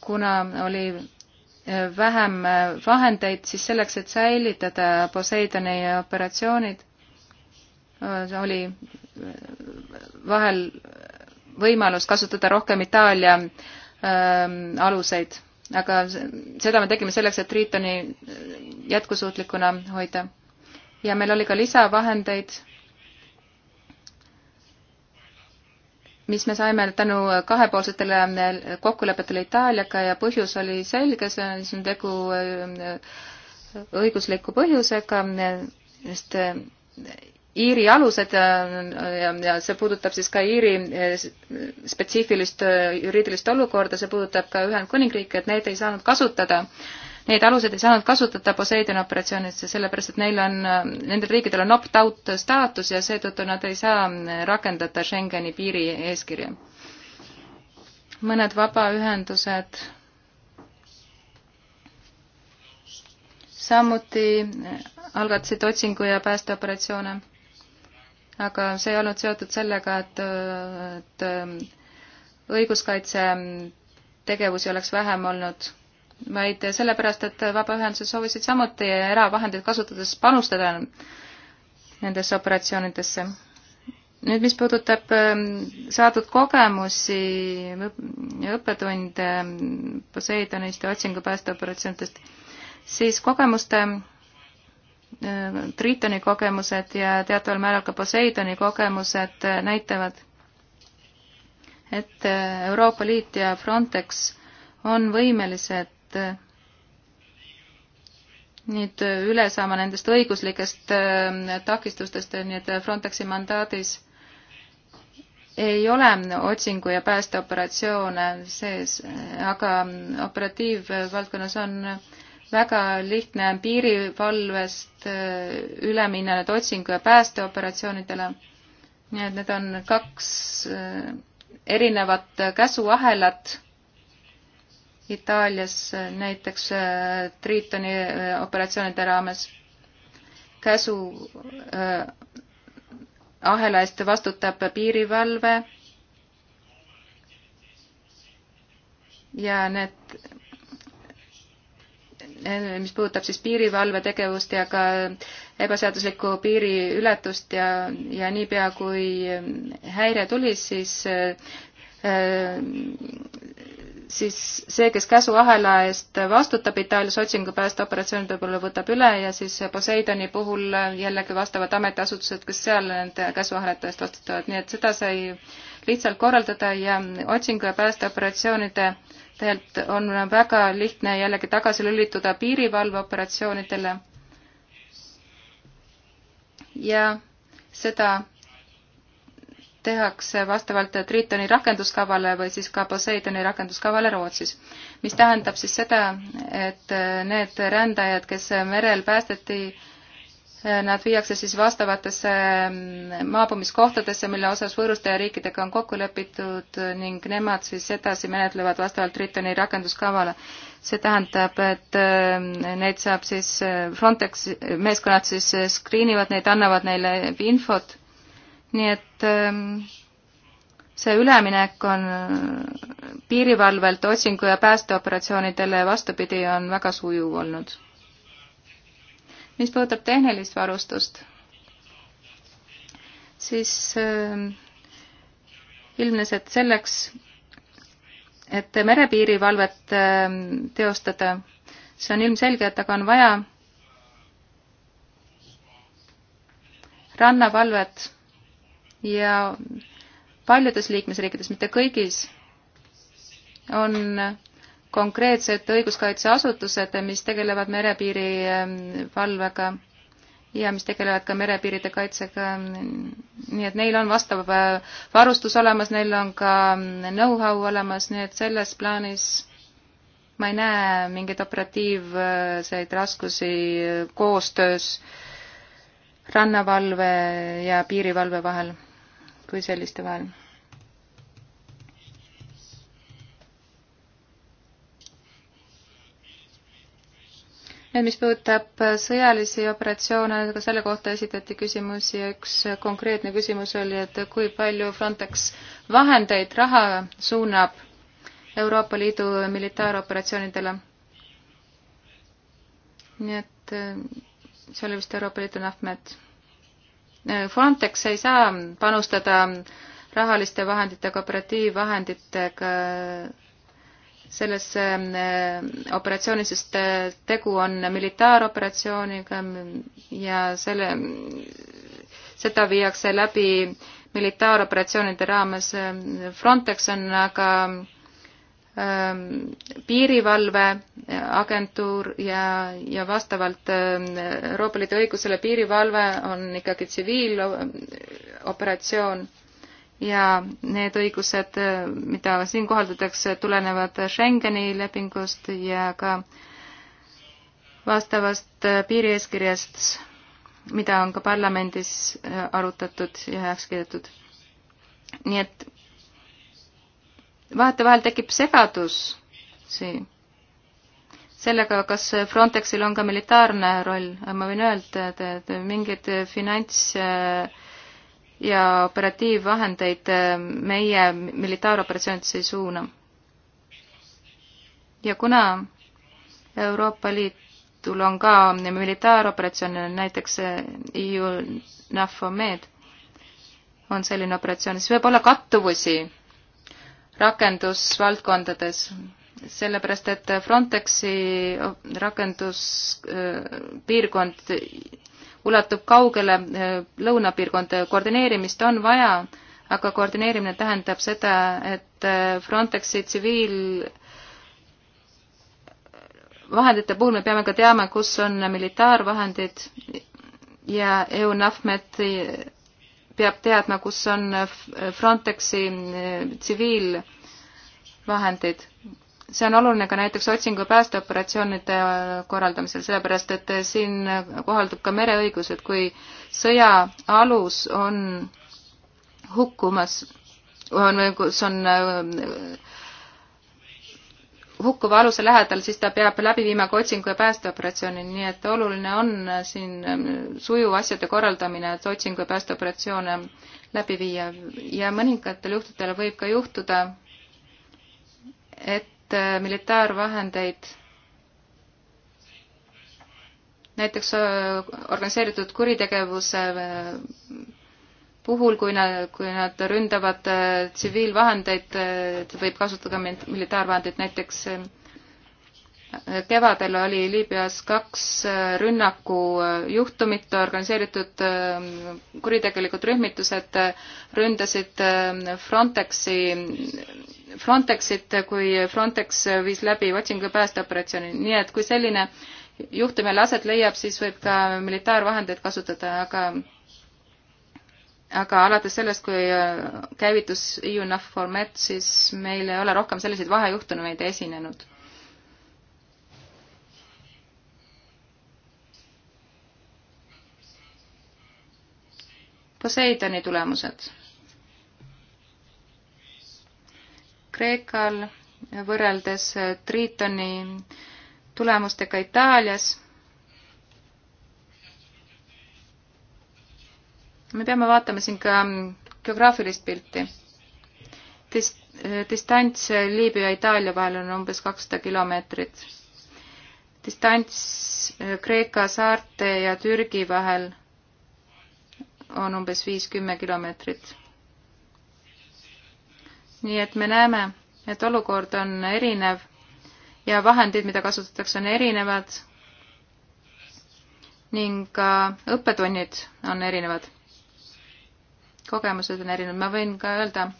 A: kuna oli äh, vähem äh, vahendeid, siis selleks, et säilitada Poseidoni operatsioonid, oli vahel võimalus kasutada rohkem Itaalia ähm, aluseid aga seda me tegime selleks, et Triitoni jätkusuutlikuna hoida. ja meil oli ka lisavahendeid, mis me saime tänu kahepoolsetele kokkulepetele Itaaliaga ja põhjus oli selge, see on siis tegu äh, õigusliku põhjusega, sest Iiri alused äh, ja, ja see puudutab siis ka Iiri äh, spetsiifilist äh, juriidilist olukorda, see puudutab ka Ühendkuningriiki, et need ei saanud kasutada, neid aluseid ei saanud kasutada Poseidoni operatsioonidesse, sellepärast et neil on, nendel riikidel on opt-out staatus ja seetõttu nad ei saa rakendada Schengeni piiri eeskirja. mõned vabaühendused samuti algatasid otsingu- ja päästeoperatsioone aga see ei olnud seotud sellega, et, et õiguskaitse tegevusi oleks vähem olnud, vaid sellepärast, et vabaühendused soovisid samuti eravahendeid kasutades panustada nendesse operatsioonidesse. nüüd, mis puudutab ähm, saadud kogemusi ja õppetunde Poseidonist ja otsingu päästeoperatsioonidest, siis kogemuste Äh, Tritoni kogemused ja teataval määral ka Poseidoni kogemused äh, näitavad, et äh, Euroopa Liit ja Frontex on võimelised nüüd üle saama nendest õiguslikest takistustest, nii et Frontexi mandaadis ei ole otsingu- ja päästeoperatsioone sees, aga operatiivvaldkonnas on äh, väga lihtne on piirivalvest äh, üle minna nüüd otsingu- ja päästeoperatsioonidele. nii et need on kaks äh, erinevat käsuahelat. Itaalias äh, näiteks Tritoni operatsioonide raames käsu ahela eest vastutab piirivalve ja need mis puudutab siis piirivalvetegevust ja ka ebaseaduslikku piiriületust ja, ja niipea, kui häire tuli, siis äh, siis see, kes käsuahela eest vastutab Itaalias otsingu päästeoperatsioonide puhul, võtab üle ja siis Poseidoni puhul jällegi vastavad ametiasutused, kes seal nende käsuahelate eest vastutavad, nii et seda sai lihtsalt korraldada ja otsingu ja päästeoperatsioonide tegelikult on väga lihtne jällegi tagasi lülituda piirivalveoperatsioonidele ja seda tehakse vastavalt Tritoni rakenduskavale või siis ka Poseidoni rakenduskavale Rootsis. mis tähendab siis seda, et need rändajad, kes merel päästeti, Nad viiakse siis vastavatesse mm, maabumiskohtadesse, mille osas võõrustaja riikidega on kokku lepitud ning nemad siis edasi menetlevad vastavalt Tritoni rakenduskavale. see tähendab, et mm, neid saab siis Frontex, meeskonnad siis screen ivad neid, annavad neile infot, nii et mm, see üleminek on piirivalvelt otsingu- ja päästeoperatsioonidele vastupidi, on väga sujuv olnud mis puudutab tehnilist varustust, siis ähm, ilmnes, et selleks, et merepiirivalvet ähm, teostada, see on ilmselge, et aga on vaja rannavalvet ja paljudes liikmesriikides, mitte kõigis, on konkreetsed õiguskaitseasutused, mis tegelevad merepiiri ähm, valvega ja mis tegelevad ka merepiiride kaitsega. nii et neil on vastav äh, varustus olemas, neil on ka ähm, know-how olemas, nii et selles plaanis ma ei näe mingeid operatiivseid äh, raskusi äh, koostöös rannavalve ja piirivalve vahel kui selliste vahel nüüd, mis puudutab sõjalisi operatsioone, ka selle kohta esitati küsimusi ja üks konkreetne küsimus oli, et kui palju Frontex vahendeid, raha suunab Euroopa Liidu militaaroperatsioonidele. nii et eh, see oli vist Euroopa Liidu nahkmed. Eh, Frontex ei saa panustada rahaliste vahenditega, operatiivvahenditega sellesse ähm, äh, operatsiooni, sest äh, tegu on militaaroperatsiooniga ja selle, seda viiakse läbi militaaroperatsioonide raames. Frontex on aga ähm, piirivalveagentuur ja, ja vastavalt ähm, Euroopa Liidu õigusele piirivalve on ikkagi tsiviiloperatsioon ja need õigused, äh, mida siin kohaldatakse, tulenevad Schengeni lepingust ja ka vastavast äh, piirieeskirjast, mida on ka parlamendis äh, arutatud ja heaks kiidetud. nii et vahetevahel tekib segadus siin sellega, kas Frontexil on ka militaarne roll, ma võin öelda, et, et mingid finants äh, ja operatiivvahendeid ehm, meie militaaroperatsioonidesse ei suuna. ja kuna Euroopa Liitul on ka militaaroperatsioon, näiteks EU eh, e NAFOMED on selline operatsioon, siis võib olla kattuvusi rakendusvaldkondades, sellepärast et Frontexi rakenduspiirkond eh, ulatub kaugele eh, lõunapiirkonda, koordineerimist on vaja, aga koordineerimine tähendab seda, et eh, Frontexi tsiviil vahendite puhul me peame ka teama, kus on militaarvahendid ja EUNAFMET peab teadma, kus on Frontexi eh, tsiviilvahendid see on oluline ka näiteks otsingu päästeoperatsioonide korraldamisel, sellepärast et siin kohaldub ka mereõigus, et kui sõja alus on hukkumas, on või kus on äh, hukkuva aluse lähedal, siis ta peab läbi viima ka otsingu ja päästeoperatsiooni, nii et oluline on siin ähm, sujuv asjade korraldamine, et otsingu ja päästeoperatsioone läbi viia ja mõningatel juhtudel võib ka juhtuda, et et äh, militaarvahendeid näiteks äh, organiseeritud kuritegevuse äh, puhul, kui nad, kui nad ründavad tsiviilvahendeid, võib kasutada militaarvahendeid, näiteks kevadel oli Liibüas kaks rünnakujuhtumit, organiseeritud kuritegelikud rühmitused ründasid Frontexi Frontexit, kui Frontex viis läbi otsingu päästeoperatsiooni, nii et kui selline juhtum jälle aset leiab, siis võib ka militaarvahendeid kasutada, aga aga alates sellest, kui äh, käivitus EUNAF format, siis meil ei ole rohkem selliseid vahejuhtumeid esinenud. Poseidoni tulemused Kreekal võrreldes Tritoni tulemustega Itaalias. me peame vaatama siin ka geograafilist pilti. Dis-, distants Liibüa ja Itaalia vahel on umbes kakssada kilomeetrit. distants Kreeka saarte ja Türgi vahel on umbes viis-kümme kilomeetrit nii et me näeme, et olukord on erinev ja vahendid, mida kasutatakse, on erinevad ning ka õppetunnid on erinevad. kogemused on erinevad, ma võin ka öelda,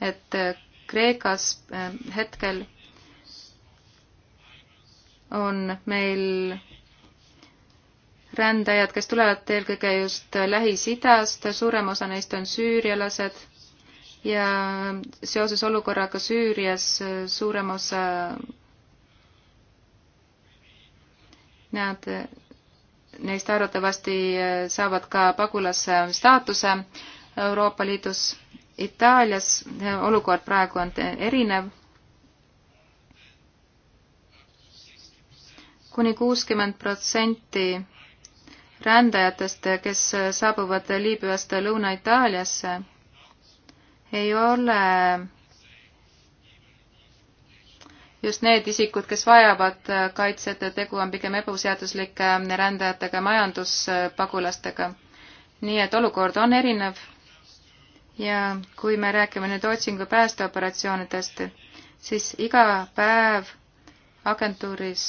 A: et Kreekas äh, hetkel on meil rändajad, kes tulevad eelkõige just Lähis-Idast, suurem osa neist on süürialased ja seoses olukorraga Süürias äh, suurem osa nad, äh, neist arvatavasti äh, saavad ka pagulase staatuse Euroopa Liidus. Itaalias olukord praegu on erinev kuni kuuskümmend protsenti rändajatest, kes saabuvad Liibüast Lõuna-Itaaliasse ei ole just need isikud, kes vajavad äh, kaitset, tegu on pigem ebaseaduslike äh, rändajatega, majanduspagulastega. nii et olukord on erinev. ja kui me räägime nüüd otsingu päästeoperatsioonidest, siis iga päev agentuuris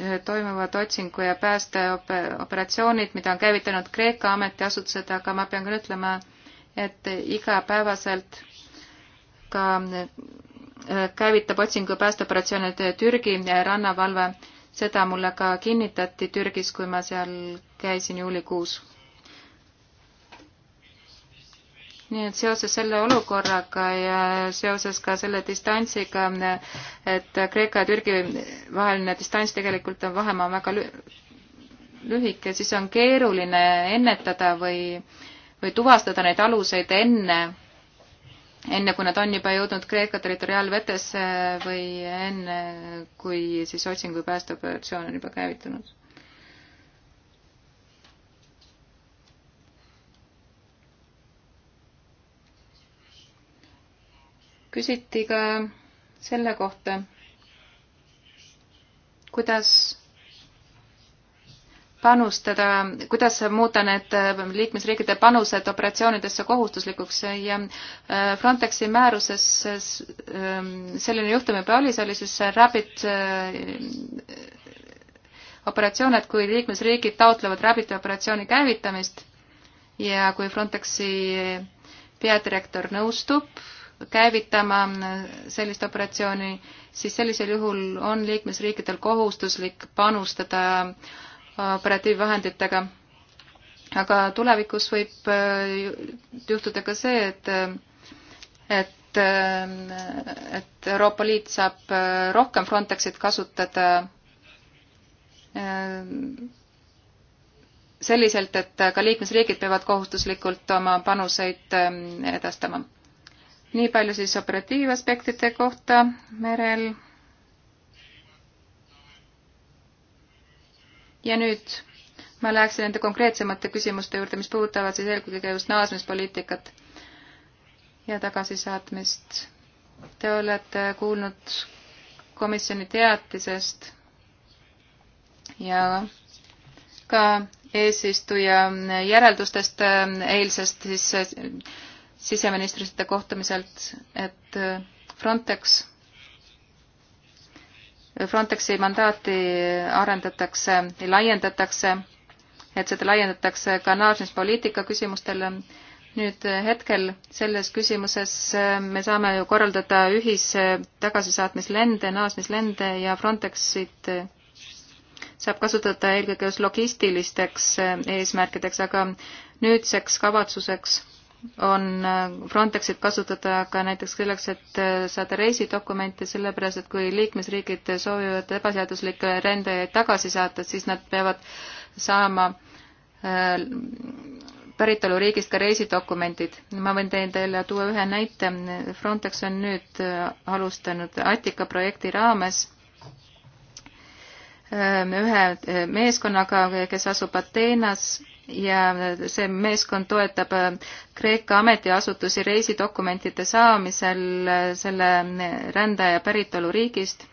A: äh, toimuvad otsingu- ja päästeoperatsioonid, mida on käivitanud Kreeka ametiasutused, aga ma pean küll ütlema, et igapäevaselt ka äh, käivitab otsingu päästeoperatsioonid Türgi rannavalve. seda mulle ka kinnitati Türgis, kui ma seal käisin juulikuus. nii et seoses selle olukorraga ja seoses ka selle distantsiga, et Kreeka ja Türgi vaheline distants tegelikult on vahemaa väga lühike, siis on keeruline ennetada või äh, või tuvastada neid aluseid enne, enne kui nad on juba jõudnud Kreeka territoriaalvetesse või enne, kui siis otsingu ja päästeoperatsioon on juba käivitunud. küsiti ka selle kohta, kuidas panustada, kuidas muuta need äh, liikmesriikide panused operatsioonidesse kohustuslikuks ja äh, Frontexi määruses ähm, selline juhtum juba oli, see oli siis Rabbit äh, operatsioon, et kui liikmesriigid taotlevad Rabbiti operatsiooni käivitamist ja kui Frontexi peadirektor nõustub käivitama sellist operatsiooni, siis sellisel juhul on liikmesriikidel kohustuslik panustada äh, operatiivvahenditega. aga tulevikus võib äh, juhtuda ka see, et, et, äh, et Euroopa Liit saab äh, rohkem Frontexit kasutada selliselt, et ka liikmesriigid peavad kohustuslikult oma panuseid edastama. nii palju siis operatiivaspektide kohta merel ja nüüd ma läheksin nende konkreetsemate küsimuste juurde, mis puudutavad siis eelkõige just naasmispoliitikat ja tagasisaatmist. Te olete kuulnud komisjoni teatisest ja ka eesistuja järeldustest eilsest siis siseministrite kohtumiselt, et Frontex Frontexi mandaati arendatakse, laiendatakse, et seda laiendatakse ka naasmispoliitika küsimustele. nüüd hetkel selles küsimuses me saame ju korraldada ühis tagasisaatmislende, naasmislende ja Frontexit saab kasutada eelkõige just logistilisteks eesmärkideks, aga nüüdseks kavatsuseks on äh, Frontexit kasutada ka näiteks selleks, et äh, saada reisidokumente, sellepärast et kui liikmesriigid soovivad ebaseaduslikke rändajaid tagasi saata, siis nad peavad saama äh, päritoluriigist ka reisidokumendid. ma võin teile tuua ühe näite. Frontex on nüüd alustanud Attika projekti raames ühe meeskonnaga, kes asub Ateenas ja see meeskond toetab äh, Kreeka ametiasutusi reisidokumentide saamisel äh, selle äh, rändaja päritoluriigist.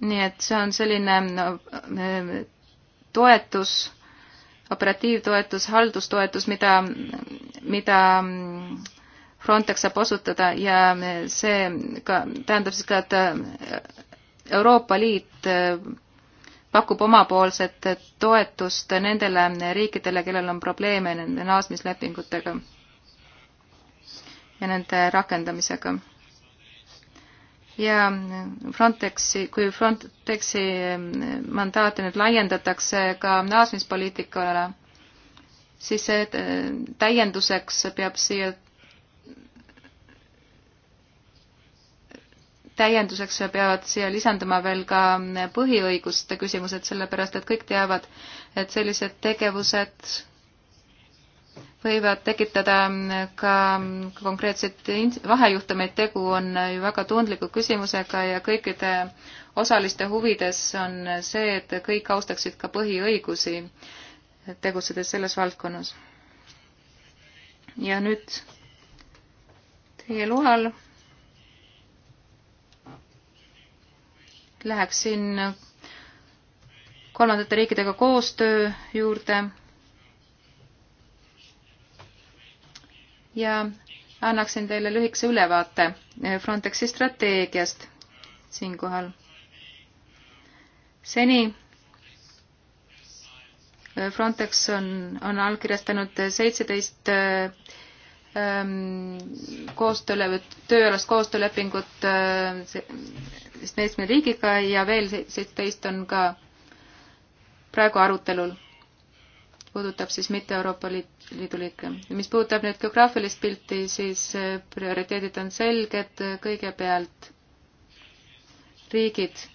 A: nii et see on selline toetus, operatiivtoetus, haldustoetus, mida, mida mm, Frontex saab osutada ja see ka, tähendab siis ka, et Euroopa Liit pakub omapoolset toetust nendele riikidele, kellel on probleeme nende naasmislepingutega ja nende rakendamisega. ja Frontexi, kui Frontexi mandaati nüüd laiendatakse ka naasmispoliitikale, siis äh, täienduseks peab siia täienduseks peavad siia lisanduma veel ka põhiõiguste küsimused, sellepärast et kõik teavad, et sellised tegevused võivad tekitada ka konkreetseid vahejuhtumeid, tegu on ju väga tundliku küsimusega ja kõikide osaliste huvides on see, et kõik austaksid ka põhiõigusi, tegutsedes selles valdkonnas. ja nüüd teie loal läheksin kolmandate riikidega koostöö juurde ja annaksin teile lühikese ülevaate Frontexi strateegiast siinkohal. seni Frontex on, on allkirjastanud seitseteist ähm, koostööle või tööalast koostöölepingut äh, seitsme riigiga ja veel seitseteist on ka praegu arutelul. puudutab siis mitte Euroopa Liidu liike. mis puudutab nüüd geograafilist pilti, siis äh, prioriteedid on selged, kõigepealt riigid,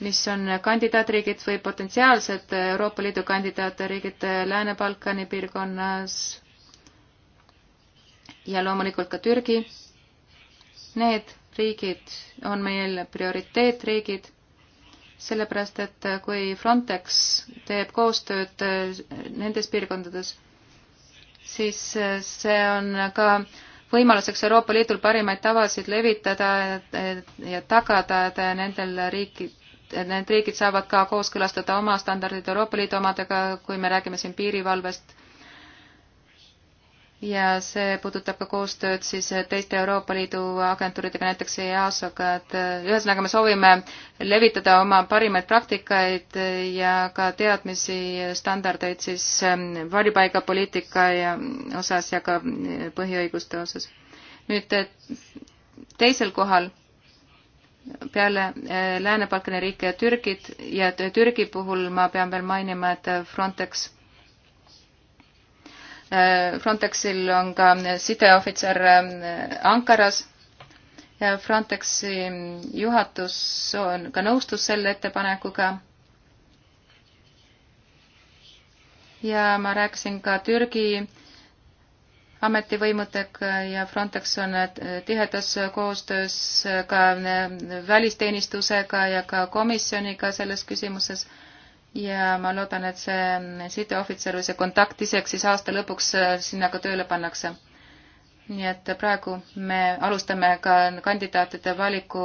A: mis on kandidaatriigid või potentsiaalsed Euroopa Liidu kandidaatriigid Lääne-Balkani piirkonnas ja loomulikult ka Türgi. Need riigid on meil prioriteetriigid, sellepärast et kui Frontex teeb koostööd eh, nendes piirkondades, siis eh, see on ka võimaluseks Euroopa Liidul parimaid tavasid levitada eh, ja tagada, et nendel riikid, need riigid saavad ka kooskõlastada oma standardid Euroopa Liidu omadega, kui me räägime siin piirivalvest ja see puudutab ka koostööd siis teiste Euroopa Liidu agentuuridega, näiteks EASO-ga, et äh, ühesõnaga me soovime levitada oma parimaid praktikaid äh, ja ka teadmisi, standardeid siis ähm, varjupaigapoliitika ja äh, osas ja ka põhiõiguste osas. nüüd teisel kohal peale Lääne-Balkani riike ja Türgit ja Türgi puhul ma pean veel mainima, et Frontex Äh, Frontexil on ka sideohvitser äh, Ankaras ja Frontexi juhatus on ka nõustus selle ettepanekuga. ja ma rääkisin ka Türgi ametivõimudega ja Frontex on äh, tihedas koostöös ka välisteenistusega ja ka komisjoniga selles küsimuses ja ma loodan, et see sideohvitser või see kontakt isegi siis aasta lõpuks äh, sinna ka tööle pannakse. nii et praegu me alustame ka kandidaatide valiku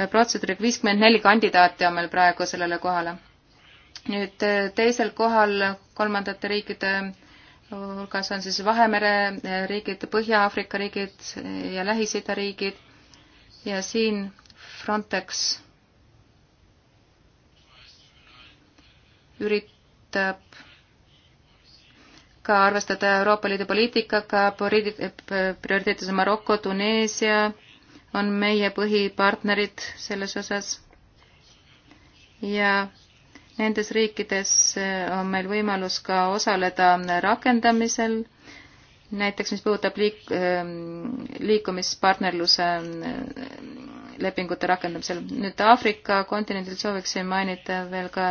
A: äh, protseduuriga, viiskümmend neli kandidaati on meil praegu sellele kohale. nüüd äh, teisel kohal kolmandate riikide hulgas on siis Vahemere riigid, Põhja-Aafrika riigid ja Lähis-Ida riigid ja siin Frontex üritab ka arvestada Euroopa Liidu poliitikaga, prioriteetis on Maroko, Tuneesia on meie põhipartnerid selles osas ja nendes riikides on meil võimalus ka osaleda rakendamisel, näiteks mis puudutab liik-, ähm, liikumispartnerluse ähm, lepingute rakendamisel. nüüd Aafrika kontinendil sooviksin mainida veel ka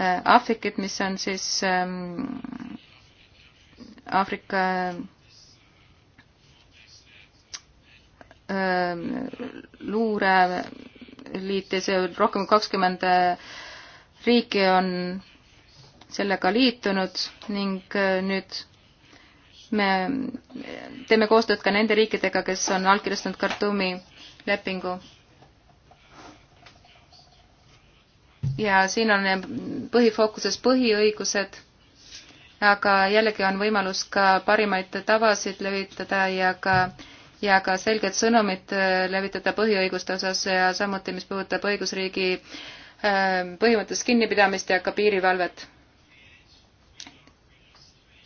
A: Äh, Aafrikat, mis on siis ähm, Aafrika ähm, luureliitis ja rohkem kui kakskümmend äh, riiki on sellega liitunud ning äh, nüüd me teeme koostööd ka nende riikidega, kes on allkirjastanud Khartoumi lepingu ja siin on põhifookuses põhiõigused, aga jällegi on võimalus ka parimaid tavasid levitada ja ka ja ka selged sõnumid levitada põhiõiguste osas ja samuti, mis puudutab õigusriigi ähm, põhimõttest kinnipidamist ja ka piirivalvet.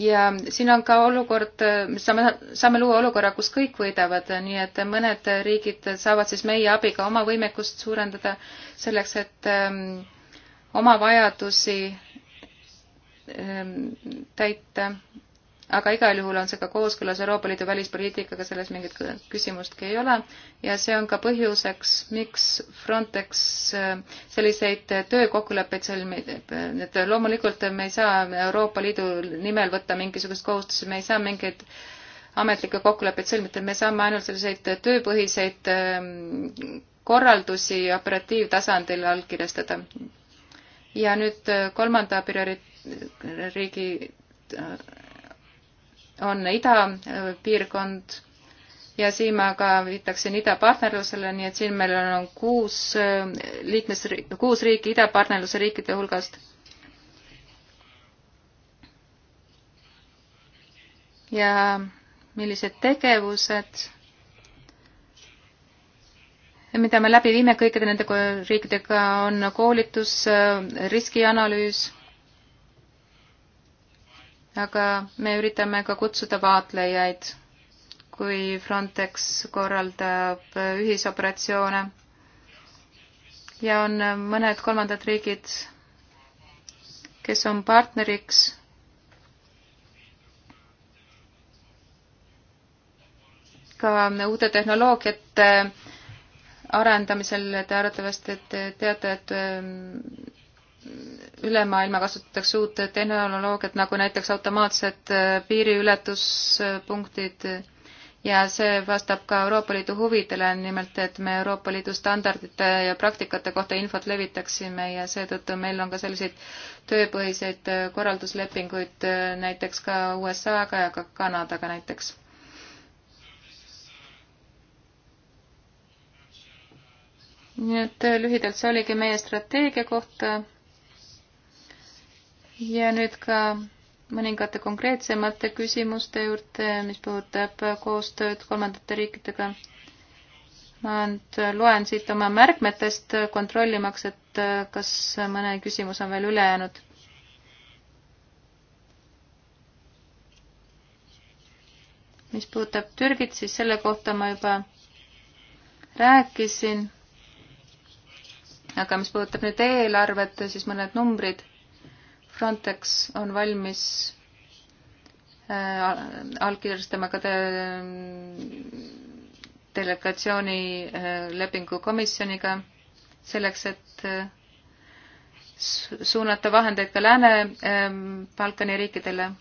A: ja siin on ka olukord, saame, saame luua olukorra, kus kõik võidavad, nii et mõned riigid saavad siis meie abiga oma võimekust suurendada selleks, et ähm, oma vajadusi ähm, täita, aga igal juhul on see ka kooskõlas Euroopa Liidu välispoliitikaga, selles mingit küsimustki ei ole ja see on ka põhjuseks, miks Frontex ähm, selliseid töökokkuleppeid sõlmib, et loomulikult me ei saa Euroopa Liidu nimel võtta mingisugust kohustusi, me ei saa mingeid ametlikke kokkuleppeid sõlmida, me saame ainult selliseid tööpõhiseid ähm, korraldusi operatiivtasandil allkirjastada ja nüüd äh, kolmanda prioriteeriigi on idapiirkond äh, ja siin ma ka viitaksin idapartnerlusele, nii et siin meil on kuus äh, liikmesriik, kuus riiki idapartnerluse riikide hulgast. ja millised tegevused mida me läbi viime kõikide nende riikidega, on koolitus, riskianalüüs, aga me üritame ka kutsuda vaatlejaid, kui Frontex korraldab ühisoperatsioone ja on mõned kolmandad riigid, kes on partneriks ka uute tehnoloogiate arendamisel te arvatavasti teate, et ähm, üle maailma kasutatakse uut tehnoloogiat, nagu näiteks automaatsed äh, piiriületuspunktid ja see vastab ka Euroopa Liidu huvidele, nimelt et me Euroopa Liidu standardite ja praktikate kohta infot levitaksime ja seetõttu meil on ka selliseid tööpõhiseid äh, korralduslepinguid äh, näiteks ka USA-ga ja ka Kanadaga näiteks nii et äh, lühidalt see oligi meie strateegia kohta. ja nüüd ka mõningate konkreetsemate küsimuste juurde, mis puudutab äh, koostööd kolmandate riikidega. ma nüüd äh, loen siit oma märkmetest kontrollimaks, et kas mõne küsimus on veel üle jäänud. mis puudutab Türgit, siis selle kohta ma juba rääkisin aga mis puudutab nüüd eelarvet, siis mõned numbrid. Frontex on valmis äh, allkirjastama ka delegatsiooni äh, lepingu komisjoniga selleks, et äh, suunata vahendeid ka Lääne-Balkani ähm, riikidele.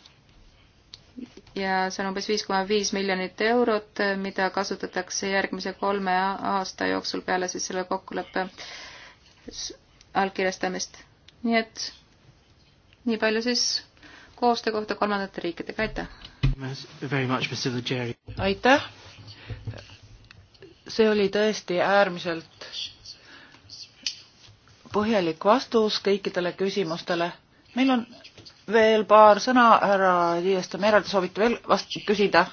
A: ja see on umbes viis koma viis miljonit eurot, mida kasutatakse järgmise kolme aasta jooksul peale siis selle kokkuleppe allkirjastamist. nii et nii palju siis koostöö kohta kolmandate riikidega,
C: aitäh! aitäh! see oli tõesti äärmiselt põhjalik vastus kõikidele küsimustele. meil on veel paar sõna, härra Tiiaste Merel, te soovite veel vast-, küsida?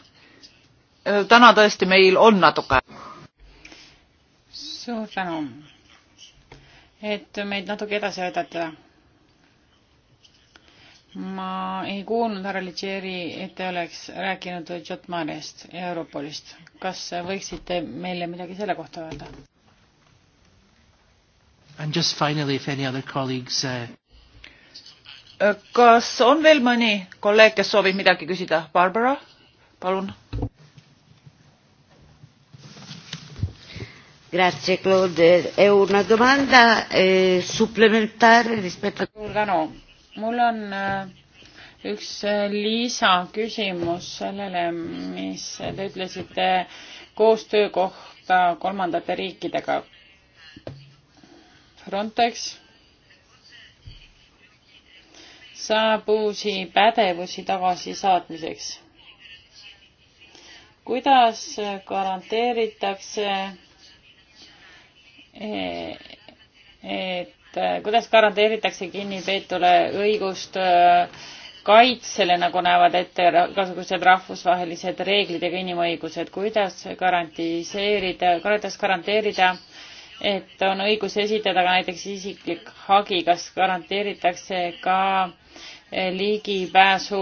C: täna tõesti meil on natuke.
B: suur tänu et meid natuke edasi aidata. ma ei kuulnud, härra Ligeri, et te oleks rääkinud Jotmarest ja Europolist. kas võiksite meile midagi selle kohta öelda?
C: And just finally, if any other colleagues uh... kas on veel mõni kolleeg, kes soovib midagi küsida? Barbara, palun
B: Grazie Claude, è e una domanda eh, supplementare rispetto a... suur tänu, mul on äh, üks eh, lisaküsimus sellele, mis te ütlesite koostöö kohta kolmandate riikidega. Frontex saab uusi pädevusi tagasisaatmiseks. kuidas garanteeritakse et kuidas garanteeritakse kinnipeetule õigust äh, kaitsele, nagu näevad ette igasugused rahvusvahelised reeglid ja ka inimõigused, kuidas garantiseerida, kuidas garanteerida, et on õigus esitada ka näiteks isiklik hagi, kas garanteeritakse ka äh, ligipääsu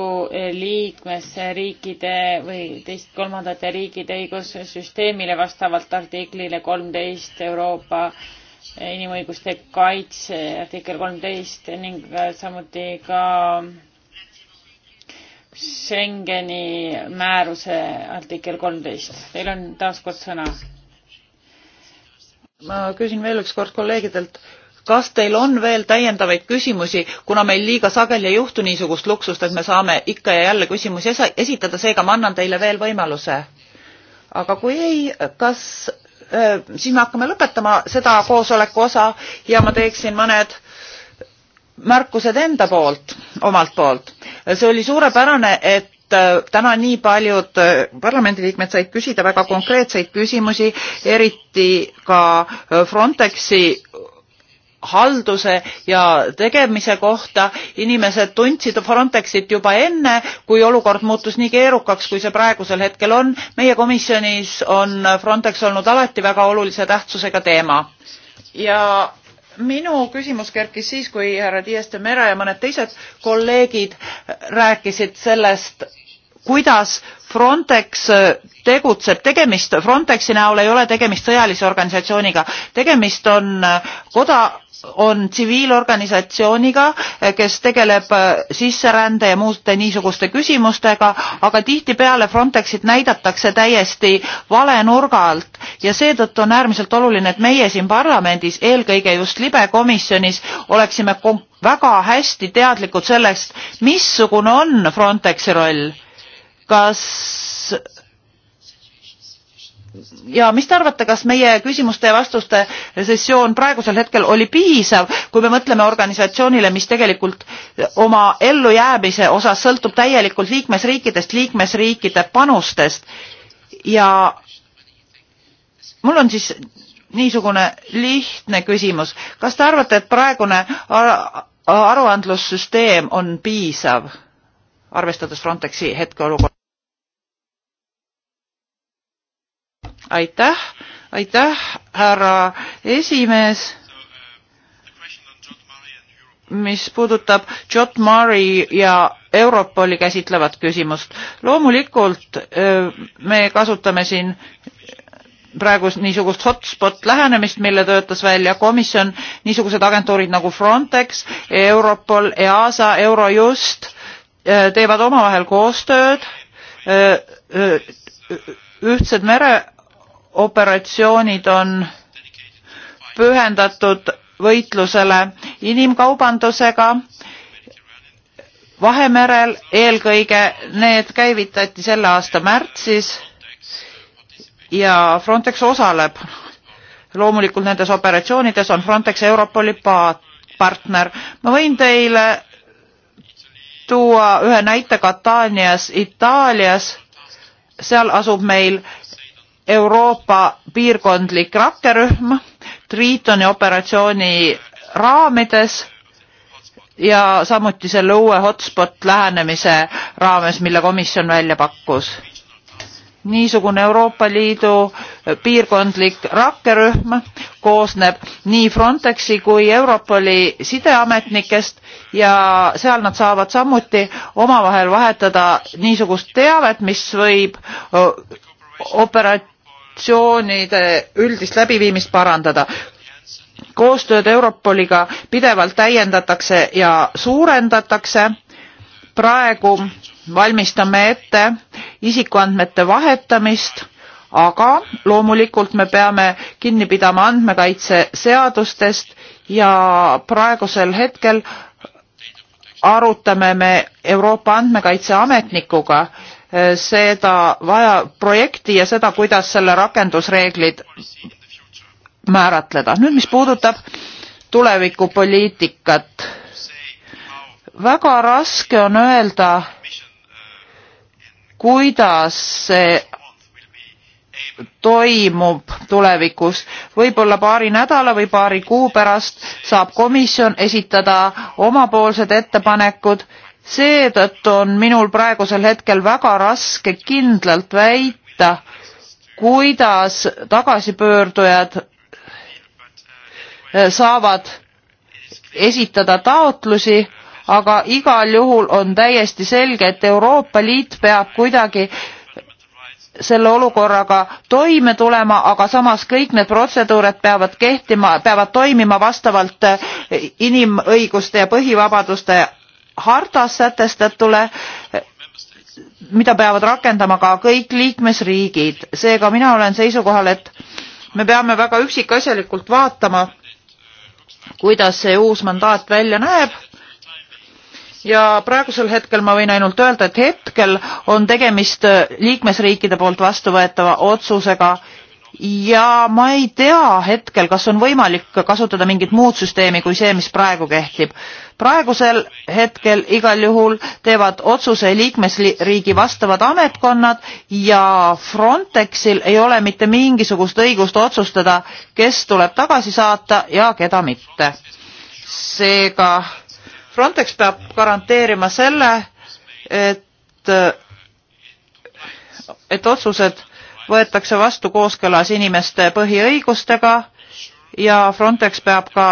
B: liikmesriikide või teist kolmandate riikide õigussüsteemile vastavalt artiklile kolmteist Euroopa inimõiguste kaitse artikkel kolmteist ning samuti ka Schengeni määruse artikkel kolmteist. Teil on taas kord sõna.
C: ma küsin veel ükskord kolleegidelt, kas teil on veel täiendavaid küsimusi, kuna meil liiga sageli ei juhtu niisugust luksust, et me saame ikka ja jälle küsimusi esitada, seega ma annan teile veel võimaluse. aga kui ei, kas siis me hakkame lõpetama seda koosoleku osa ja ma teeksin mõned märkused enda poolt, omalt poolt. see oli suurepärane, et täna nii paljud parlamendiliikmed said küsida väga konkreetseid küsimusi, eriti ka Frontexi halduse ja tegemise kohta. inimesed tundsid Frontexit juba enne, kui olukord muutus nii keerukaks, kui see praegusel hetkel on. meie komisjonis on Frontex olnud alati väga olulise tähtsusega teema. ja minu küsimus kerkis siis, kui härra Dieste Mera ja mõned teised kolleegid rääkisid sellest, kuidas Frontex äh, tegutseb, tegemist Frontexi näol ei ole tegemist sõjalise organisatsiooniga, tegemist on äh, koda, on tsiviilorganisatsiooniga, äh, kes tegeleb sisserände ja muude niisuguste küsimustega, aga tihtipeale Frontexit näidatakse täiesti vale nurga alt ja seetõttu on äärmiselt oluline, et meie siin parlamendis, eelkõige just libe komisjonis, oleksime väga hästi teadlikud sellest, missugune on Frontexi roll kas ja mis te arvate, kas meie küsimuste ja vastuste sessioon praegusel hetkel oli piisav, kui me mõtleme organisatsioonile, mis tegelikult oma ellujäämise osas sõltub täielikult liikmesriikidest, liikmesriikide panustest ja mul on siis niisugune lihtne küsimus, kas te arvate, et praegune aruandlussüsteem on piisav, arvestades Frontexi hetkeolukorda? aitäh, aitäh, härra esimees. mis puudutab Jot Mari ja Europoli käsitlevat küsimust. loomulikult me kasutame siin praegu niisugust hotspot lähenemist, mille töötas välja komisjon, niisugused agentuurid nagu Frontex, Europol, EASA, Eurojust teevad omavahel koostööd, ühtsed mere operatsioonid on pühendatud võitlusele inimkaubandusega Vahemerel eelkõige need käivitati selle aasta märtsis ja Frontex osaleb. loomulikult nendes operatsioonides on Frontex Europoli partner. ma võin teile tuua ühe näite Katanias, Itaalias. seal asub meil Euroopa piirkondlik rakkerühm Triitoni operatsiooni raamides ja samuti selle uue hotspot lähenemise raames, mille komisjon välja pakkus. niisugune Euroopa Liidu piirkondlik rakkerühm koosneb nii Frontexi kui Europoli sideametnikest ja seal nad saavad samuti omavahel vahetada niisugust teavet, mis võib opera-, sanktsioonide üldist läbiviimist parandada. koostööd Europoliga pidevalt täiendatakse ja suurendatakse. praegu valmistame ette isikuandmete vahetamist aga loomulikult me peame kinni pidama andmekaitseseadustest ja praegusel hetkel arutame me Euroopa andmekaitseametnikuga Eh, seda vaja, projekti ja seda, kuidas selle rakendusreeglid määratleda. nüüd, mis puudutab tulevikupoliitikat, väga raske on öelda, kuidas see toimub tulevikus. võib-olla paari nädala või paari kuu pärast saab komisjon esitada omapoolsed ettepanekud seetõttu on minul praegusel hetkel väga raske kindlalt väita, kuidas tagasipöördujad eh, saavad esitada taotlusi, aga igal juhul on täiesti selge, et Euroopa Liit peab kuidagi selle olukorraga toime tulema, aga samas kõik need protseduurid peavad kehtima, peavad toimima vastavalt eh, inimõiguste ja põhivabaduste hartas sätestatule mida peavad rakendama ka kõik liikmesriigid seega mina olen seisukohal et me peame väga üksikasjalikult vaatama kuidas see uus mandaat välja näeb ja praegusel hetkel ma võin ainult öelda, et hetkel on tegemist liikmesriikide poolt vastu võetava otsusega ja ma ei tea hetkel, kas on võimalik kasutada mingit muud süsteemi kui see, mis praegu kehtib. praegusel hetkel igal juhul teevad otsuse liikmesriigi vastavad ametkonnad ja Frontexil ei ole mitte mingisugust õigust otsustada, kes tuleb tagasi saata ja keda mitte. seega Frontex peab garanteerima selle, et et otsused võetakse vastu kooskõlas inimeste põhiõigustega ja Frontex peab ka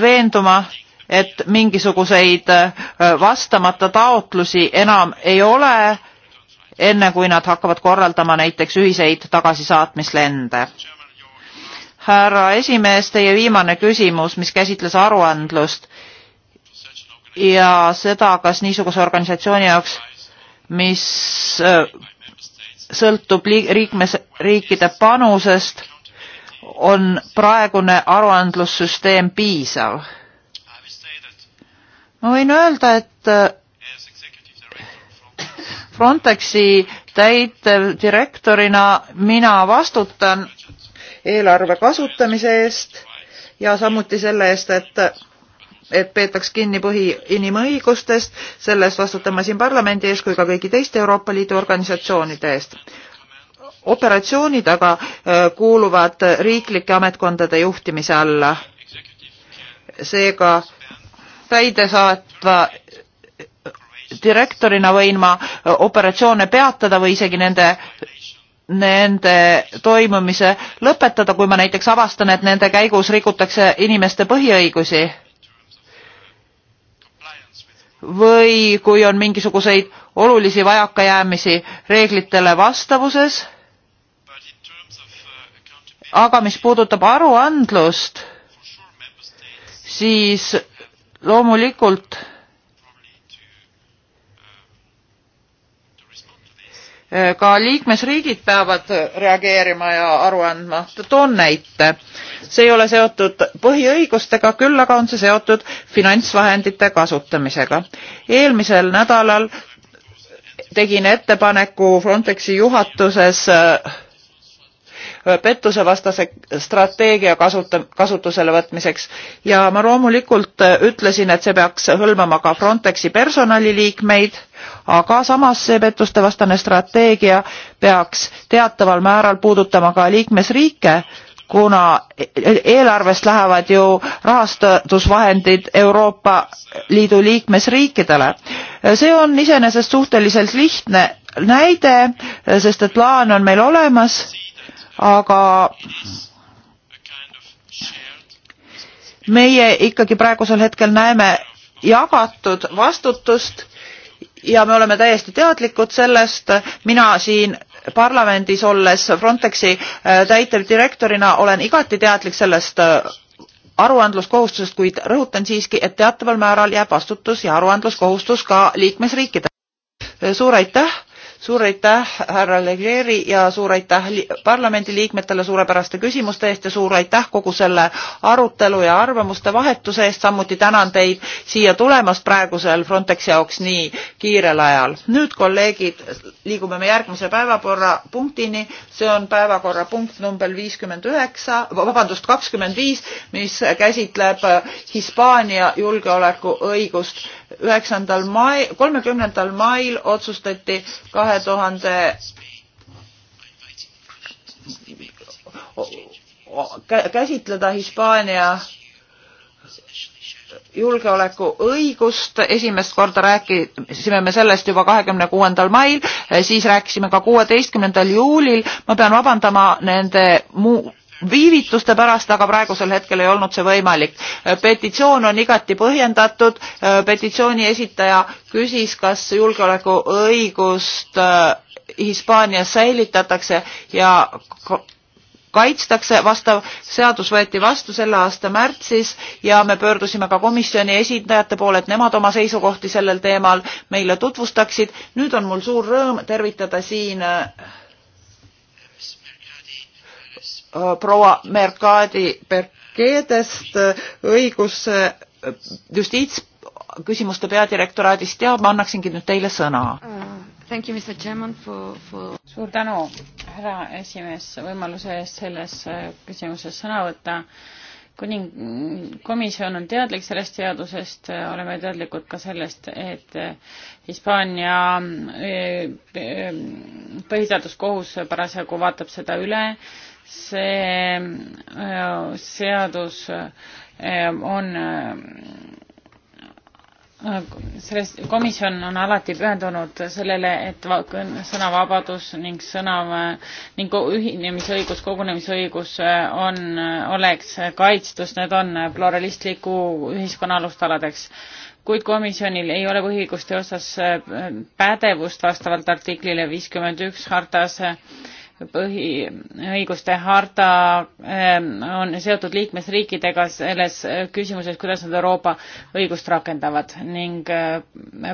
C: veenduma, et mingisuguseid äh, vastamata taotlusi enam ei ole, enne kui nad hakkavad korraldama näiteks ühiseid tagasisaatmislende. härra esimees, teie viimane küsimus, mis käsitles aruandlust ja seda, kas niisuguse organisatsiooni jaoks, mis äh, sõltub liikmesriikide panusest, on praegune aruandlussüsteem piisav? ma võin öelda, et äh, Frontexi täitevdirektorina mina vastutan eelarve kasutamise eest ja samuti selle eest, et et peetaks kinni põhiinimõigustest, selle eest vastutame siin parlamendi ees kui ka kõigi teiste Euroopa Liidu organisatsioonide eest. operatsioonid aga äh, kuuluvad riiklike ametkondade juhtimise alla. seega täidesaatva äh, direktorina võin ma äh, operatsioone peatada või isegi nende nende toimumise lõpetada, kui ma näiteks avastan, et nende käigus rikutakse inimeste põhiõigusi või kui on mingisuguseid olulisi vajakajäämisi reeglitele vastavuses. aga mis puudutab aruandlust, siis loomulikult ka liikmesriigid peavad reageerima ja aru andma. toon näite. see ei ole seotud põhiõigustega, küll aga on see seotud finantsvahendite kasutamisega. eelmisel nädalal tegin ettepaneku Frontexi juhatuses äh, Äh, pettusevastase strateegia kasuta-, kasutusele võtmiseks ja ma loomulikult äh, ütlesin, et see peaks hõlmama ka Frontexi personaliliikmeid, aga samas see pettustevastane strateegia peaks teataval määral puudutama ka liikmesriike, kuna e-, eelarvest lähevad ju rahastusvahendid Euroopa Liidu liikmesriikidele. see on iseenesest suhteliselt lihtne näide, sest et plaan on meil olemas aga meie ikkagi praegusel hetkel näeme jagatud vastutust ja me oleme täiesti teadlikud sellest. mina siin parlamendis olles Frontexi äh, täitevdirektorina olen igati teadlik sellest äh, aruandluskohustusest, kuid rõhutan siiski, et teataval määral jääb vastutus ja aruandluskohustus ka liikmesriikidele. Äh, suur aitäh suur aitäh härra Legeri ja suur aitäh parlamendiliikmetele suurepäraste küsimuste eest ja suur aitäh kogu selle arutelu ja arvamuste vahetuse eest, samuti tänan teid siia tulemast praegusel Frontexi jaoks nii kiirel ajal. nüüd, kolleegid, liigume me järgmise päevakorrapunktini, see on päevakorrapunkt number viiskümmend üheksa, vabandust, kakskümmend viis, mis käsitleb Hispaania julgeolekuõigust üheksandal mai, kolmekümnendal mail otsustati kahe tuhande käsitleda Hispaania julgeolekuõigust, esimest korda rääkisime me sellest juba kahekümne kuuendal mail, siis rääkisime ka kuueteistkümnendal juulil. ma pean vabandama nende muu, viivituste pärast, aga praegusel hetkel ei olnud see võimalik. petitsioon on igati põhjendatud. petitsiooni esitaja küsis, kas julgeolekuõigust äh, Hispaanias säilitatakse ja kaitstakse, vastav seadus võeti vastu selle aasta märtsis ja me pöördusime ka komisjoni esindajate poole, et nemad oma seisukohti sellel teemal meile tutvustaksid. nüüd on mul suur rõõm tervitada siin äh, Äh, proua Mercadi Bergedest äh, õigus äh, justiitsküsimuste peadirektoraadist ja ma annaksingi nüüd teile sõna
B: uh,. Thank you, Mr Chairman for, for suur tänu, härra esimees, võimaluse eest selles küsimuses sõna võtta. kuning-, komisjon on teadlik sellest seadusest, oleme teadlikud ka sellest, et Hispaania põhiseaduskohus parasjagu vaatab seda üle see äh, seadus äh, on äh, sellest komisjon on alati pühendunud sellele, et sõnavabadus ning sõna ning ühinemisõigus, kogunemisõigus on, oleks kaitstus, need on pluralistliku ühiskonna alustaladeks. kuid komisjonil ei ole põhiõiguste osas pädevust vastavalt artiklile viiskümmend üks hartas põhiõiguste harta ähm, on seotud liikmesriikidega selles küsimuses, kuidas nad Euroopa õigust rakendavad ning äh,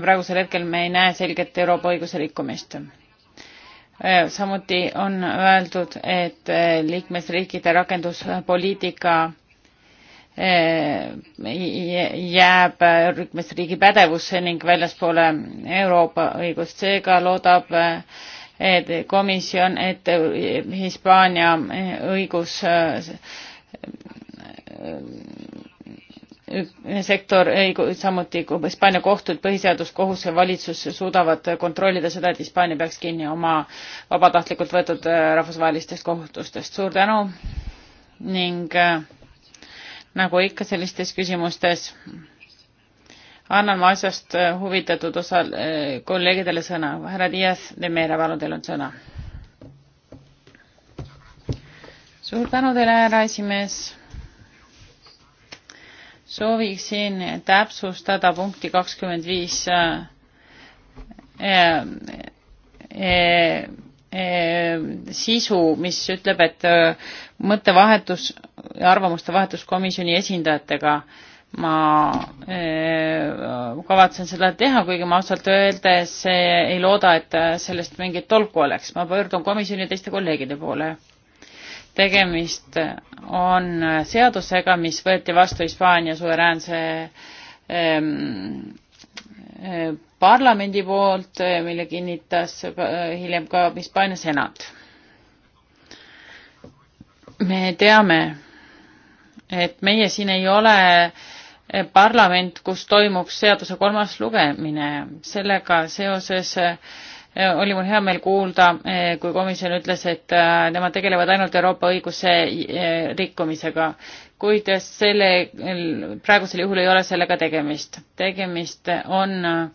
B: praegusel hetkel me ei näe selget Euroopa õiguse rikkumist. Äh, samuti on öeldud, et äh, liikmesriikide rakenduspoliitika jääb liikmesriigi pädevusse ning väljaspoole Euroopa õigust, seega loodab et komisjon, et Hispaania õigus äh, sektor, samuti Hispaania kohtud, põhiseaduskohus ja valitsus suudavad kontrollida seda, et Hispaania peaks kinni oma vabatahtlikult võetud äh, rahvusvahelistest kohustustest. suur tänu ning äh, nagu ikka sellistes küsimustes annan ma asjast äh, huvitatud osal äh, kolleegidele sõna. härra Dias de Meera, palun, teil on sõna. suur tänu teile, härra esimees. sooviksin täpsustada punkti kakskümmend viis äh, sisu, mis ütleb, et mõttevahetus ja arvamuste vahetus komisjoni esindajatega äh, ma eh, kavatsen seda teha, kuigi ma ausalt öeldes eh, ei looda, et sellest mingit tolku oleks. ma pöördun komisjoni teiste kolleegide poole. tegemist on seadusega, mis võeti vastu Hispaania suveräänse eh, parlamendi poolt, mille kinnitas hiljem ka Hispaania senat. me teame, et meie siin ei ole äh, parlament, kus toimuks seaduse kolmas lugemine. sellega seoses eh, oli mul hea meel kuulda, eh, kui komisjon ütles, et eh, nemad tegelevad ainult Euroopa õiguse rikkumisega, kuid selle, praegusel juhul ei ole sellega tegemist. tegemist on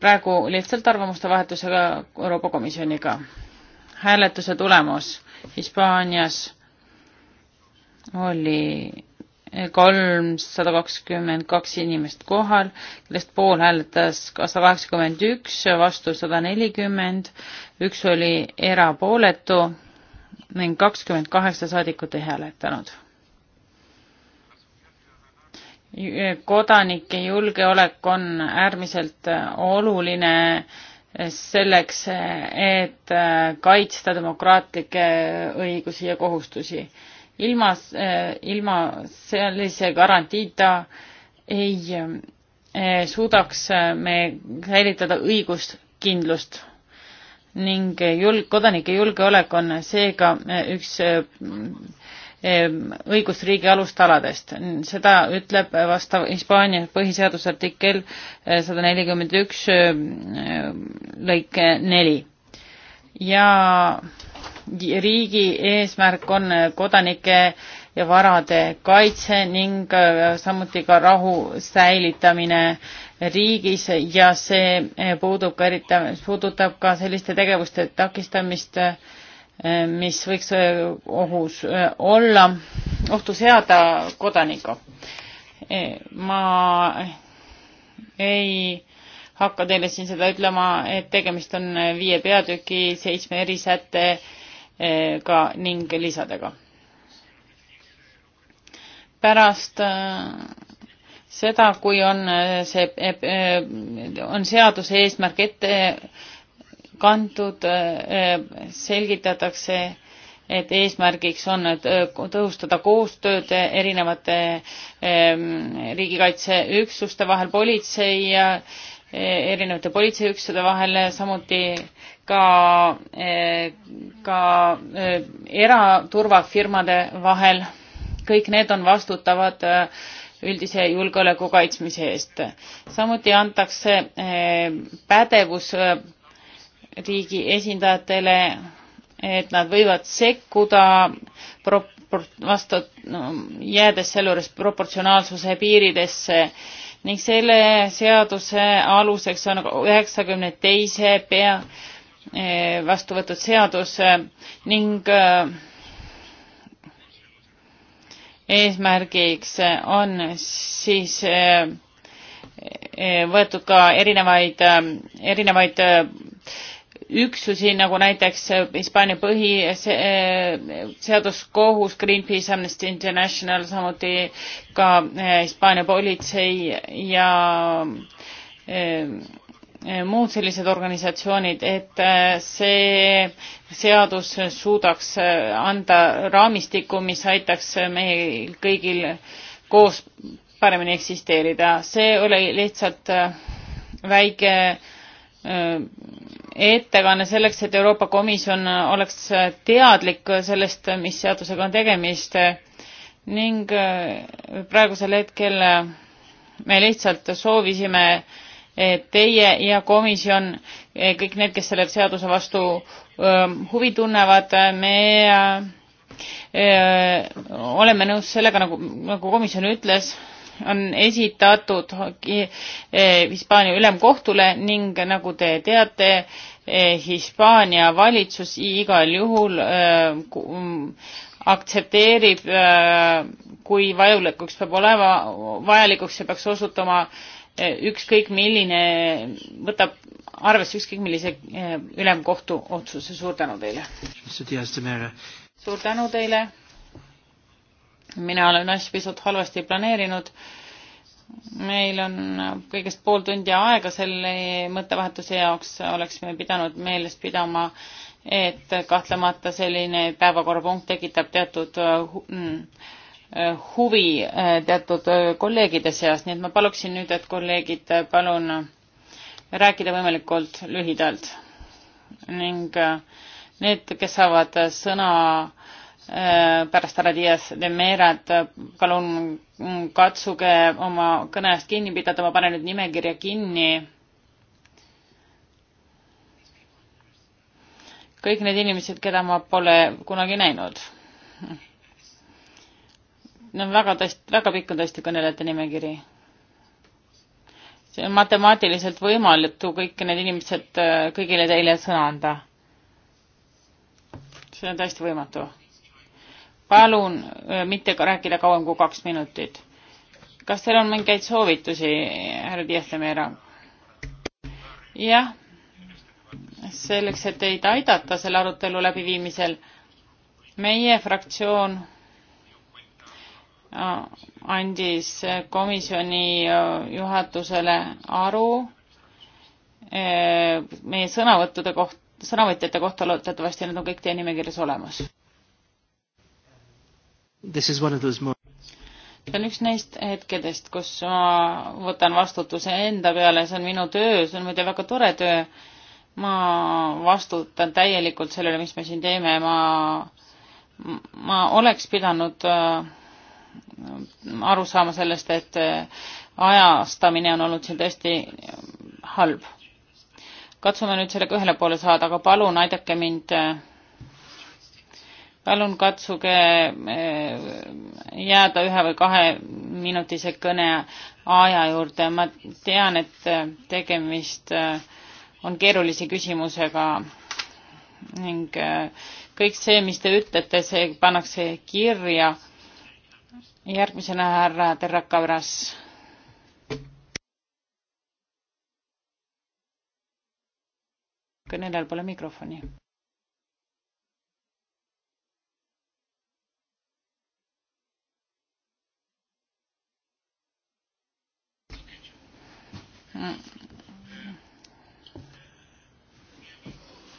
B: praegu lihtsalt arvamuste vahetusega Euroopa Komisjoniga. hääletuse tulemus Hispaanias oli kolmsada kakskümmend kaks inimest kohal, kellest pool hääletas sada kaheksakümmend üks, vastu sada nelikümmend, üks oli erapooletu ning kakskümmend kaheksa saadikut ei hääletanud. kodanike julgeolek on äärmiselt oluline selleks, et kaitsta demokraatlikke õigusi ja kohustusi ilma, ilma sellise garantiita ei eh, suudaks eh, me säilitada õiguskindlust ning julg-, kodanike julgeolek on seega eh, üks õigusriigi alustaladest. seda ütleb vastav Hispaania põhiseaduse artikkel sada nelikümmend üks lõike neli. ja riigi eesmärk on kodanike ja varade kaitse ning äh, samuti ka rahu säilitamine riigis ja see äh, puudub ka eriti, puudutab ka selliste tegevuste takistamist, äh, mis võiks ohus olla, ohtu seada kodanikku. ma ei hakka teile siin seda ütlema, et tegemist on viie peatüki, seitsme erisätte Eh, ka ning lisadega. pärast eh, seda, kui on eh, see, on seaduse eesmärk ette kantud, selgitatakse, et eesmärgiks on tõhustada koostööd erinevate riigikaitseüksuste vahel, politsei ja erinevate politseiüksuste vahel, samuti ka, ka eh, eraturvafirmade vahel. kõik need on vastutavad eh, üldise julgeoleku kaitsmise eest. samuti antakse eh, pädevus riigi esindajatele, et nad võivad sekkuda pro-, vastu, jäädes sealjuures proportsionaalsuse piiridesse ning selle seaduse aluseks on üheksakümne teise pea eh, vastu võetud seadus eh, ning eh, eesmärgiks on siis võetud ka erinevaid, erinevaid üksusi, nagu näiteks Hispaania põhiseaduskohus, Greenpeace, Amnesty International, samuti ka eh, Hispaania politsei ja eh, muud sellised organisatsioonid, et eh, see seadus suudaks anda raamistiku, mis aitaks meil kõigil koos paremini eksisteerida. see oli lihtsalt väike ettekanne selleks, et Euroopa Komisjon oleks teadlik sellest, mis seadusega on tegemist ning äh, praegusel hetkel äh, me lihtsalt soovisime, et teie ja komisjon, äh, kõik need, kes selle seaduse vastu huvi tunnevad, me oleme nõus sellega, nagu, nagu komisjon ütles, on esitatud eh, Hispaania ülemkohtule ning nagu te teate, eh, Hispaania valitsus igal juhul eh, mm, aktsepteerib, kui vajulikuks peab olema, vajalikuks see peaks osutuma ükskõik milline, võtab arvesse ükskõik millise ülemkohtu otsuse. suur tänu teile! suur tänu teile! mina olen asju pisut halvasti planeerinud. meil on kõigest pool tundi aega selle mõttevahetuse jaoks, oleks me pidanud meeles pidama, et kahtlemata selline päevakorrapunkt tekitab teatud mm, huvi äh, teatud äh, kolleegide seas, nii et ma paluksin nüüd, et kolleegid, äh, palun rääkida võimalikult lühidalt ning need, kes saavad sõna äh, Äh, pärast härra Dias de Merat, äh, palun katsuge oma kõne eest kinni pidada, ma panen nüüd nimekirja kinni. kõik need inimesed, keda ma pole kunagi näinud. no väga tõesti, väga pikk on tõesti kõnelejate nimekiri. see on matemaatiliselt võimatu kõik need inimesed äh, kõigile teile sõna anda. see on täiesti võimatu palun äh, mitte ka rääkida kauem kui kaks minutit. kas teil on mingeid soovitusi, härra Diehtemera? jah, selleks, et teid aidata selle arutelu läbiviimisel, meie fraktsioon äh, andis komisjoni äh, juhatusele aru meie sõnavõttude koht, sõnavõtjate kohta, loodetavasti nad on kõik teie nimekirjas olemas
A: see on
B: üks neist hetkedest, kus ma võtan vastutuse enda peale, see on minu töö, see on muide väga tore töö. ma vastutan täielikult sellele, mis me siin teeme, ma, ma oleks pidanud äh, aru saama sellest, et äh, ajastamine on olnud siin tõesti halb. katsume nüüd sellega ühele poole saada, aga palun aidake mind äh, palun katsuge eh, jääda ühe või kaheminutise kõne aja juurde. ma tean, et tegemist eh, on keerulise küsimusega ning eh, kõik see, mis te ütlete, see pannakse kirja. järgmisena härra Terrakavras. kõnelejal pole mikrofoni.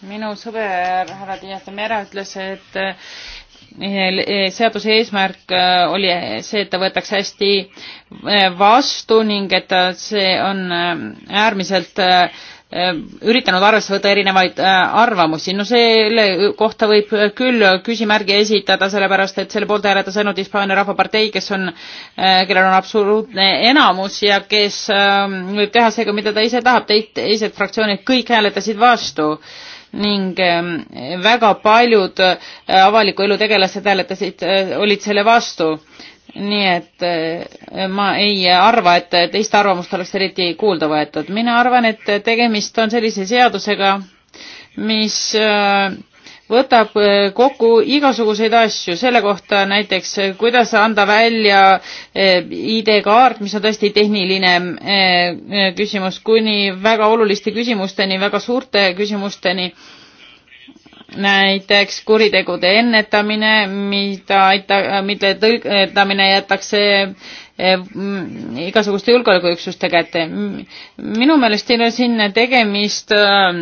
B: minu sõber härra Tiiastamera ütles, et eh, seaduse eesmärk eh, oli see, et ta võetaks hästi eh, vastu ning et see on äärmiselt Ehm, üritanud arvesse võtta erinevaid äh, arvamusi. no selle kohta võib äh, küll küsimärgi esitada, sellepärast et selle poolt hääletas ainult Hispaania Rahvapartei, kes on, äh, kellel on absoluutne enamus ja kes ähm, võib teha seega, mida ta ise tahab. teised fraktsioonid kõik hääletasid vastu ning ähm, väga paljud avaliku elu tegelased hääletasid, olid selle vastu nii et eh, ma ei arva, et teiste arvamust oleks eriti kuulda võetud. mina arvan, et tegemist on sellise seadusega, mis eh, võtab eh, kokku igasuguseid asju selle kohta näiteks, kuidas anda välja ID-kaart, mis on tõesti tehniline küsimus, kuni väga oluliste küsimusteni, väga suurte küsimusteni näiteks kuritegude ennetamine, mida aita, mille tõlgendamine jätakse eh, mm, igasuguste julgeolekuüksuste kätte. minu meelest ei ole siin tegemist eh,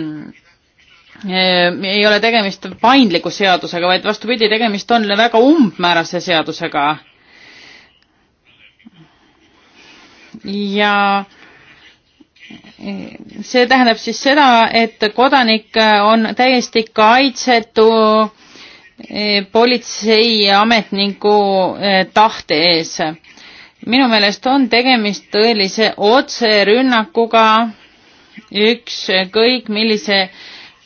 B: ei ole tegemist paindliku seadusega, vaid vastupidi, tegemist on väga umbmäärase seadusega. ja äh, see tähendab siis seda, et kodanik on täiesti kaitsetu eh, politseiametniku eh, tahte ees. minu meelest on tegemist tõelise otserünnakuga ükskõik millise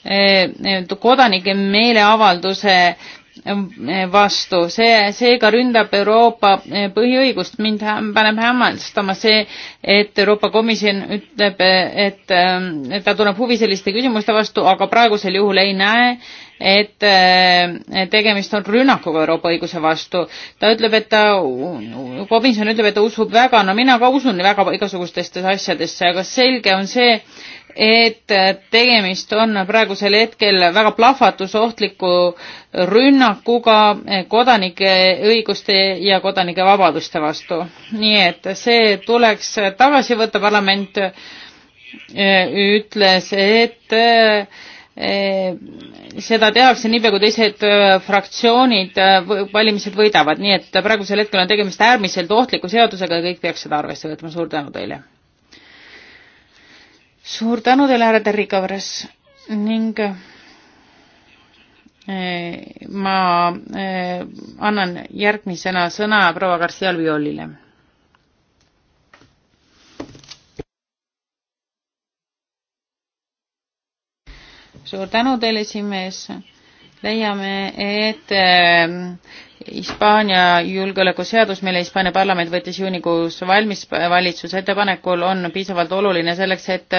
B: eh, kodanike meeleavalduse vastu, see, seega ründab Euroopa eh, põhiõigust, mind paneb hämmastama see, et Euroopa Komisjon ütleb, et eh, ta tunneb huvi selliste küsimuste vastu, aga praegusel juhul ei näe, et eh, tegemist on rünnakuga Euroopa õiguse vastu. ta ütleb, et ta, komisjon ütleb, et ta usub väga, no mina ka usun väga igasugustesse asjadesse, aga selge on see, et tegemist on praegusel hetkel väga plahvatusohtliku rünnakuga kodanike õiguste ja kodanike vabaduste vastu. nii et see tuleks tagasi võtta, parlament e, ütles, et e, seda tehakse niipea, kui teised e, fraktsioonid valimised võidavad, nii et praegusel hetkel on tegemist äärmiselt ohtliku seadusega ja kõik peaks seda arvesse võtma, suur tänu teile suur tänu teile, härra Terrikavres ning eh, ma eh, annan järgmisena sõna proua Garcia Albiolile. suur tänu teile, esimees. leiame, et eh, Hispaania julgeolekuseadus, mille Hispaania parlament võttis juunikuus valmis valitsuse ettepanekul, on piisavalt oluline selleks, et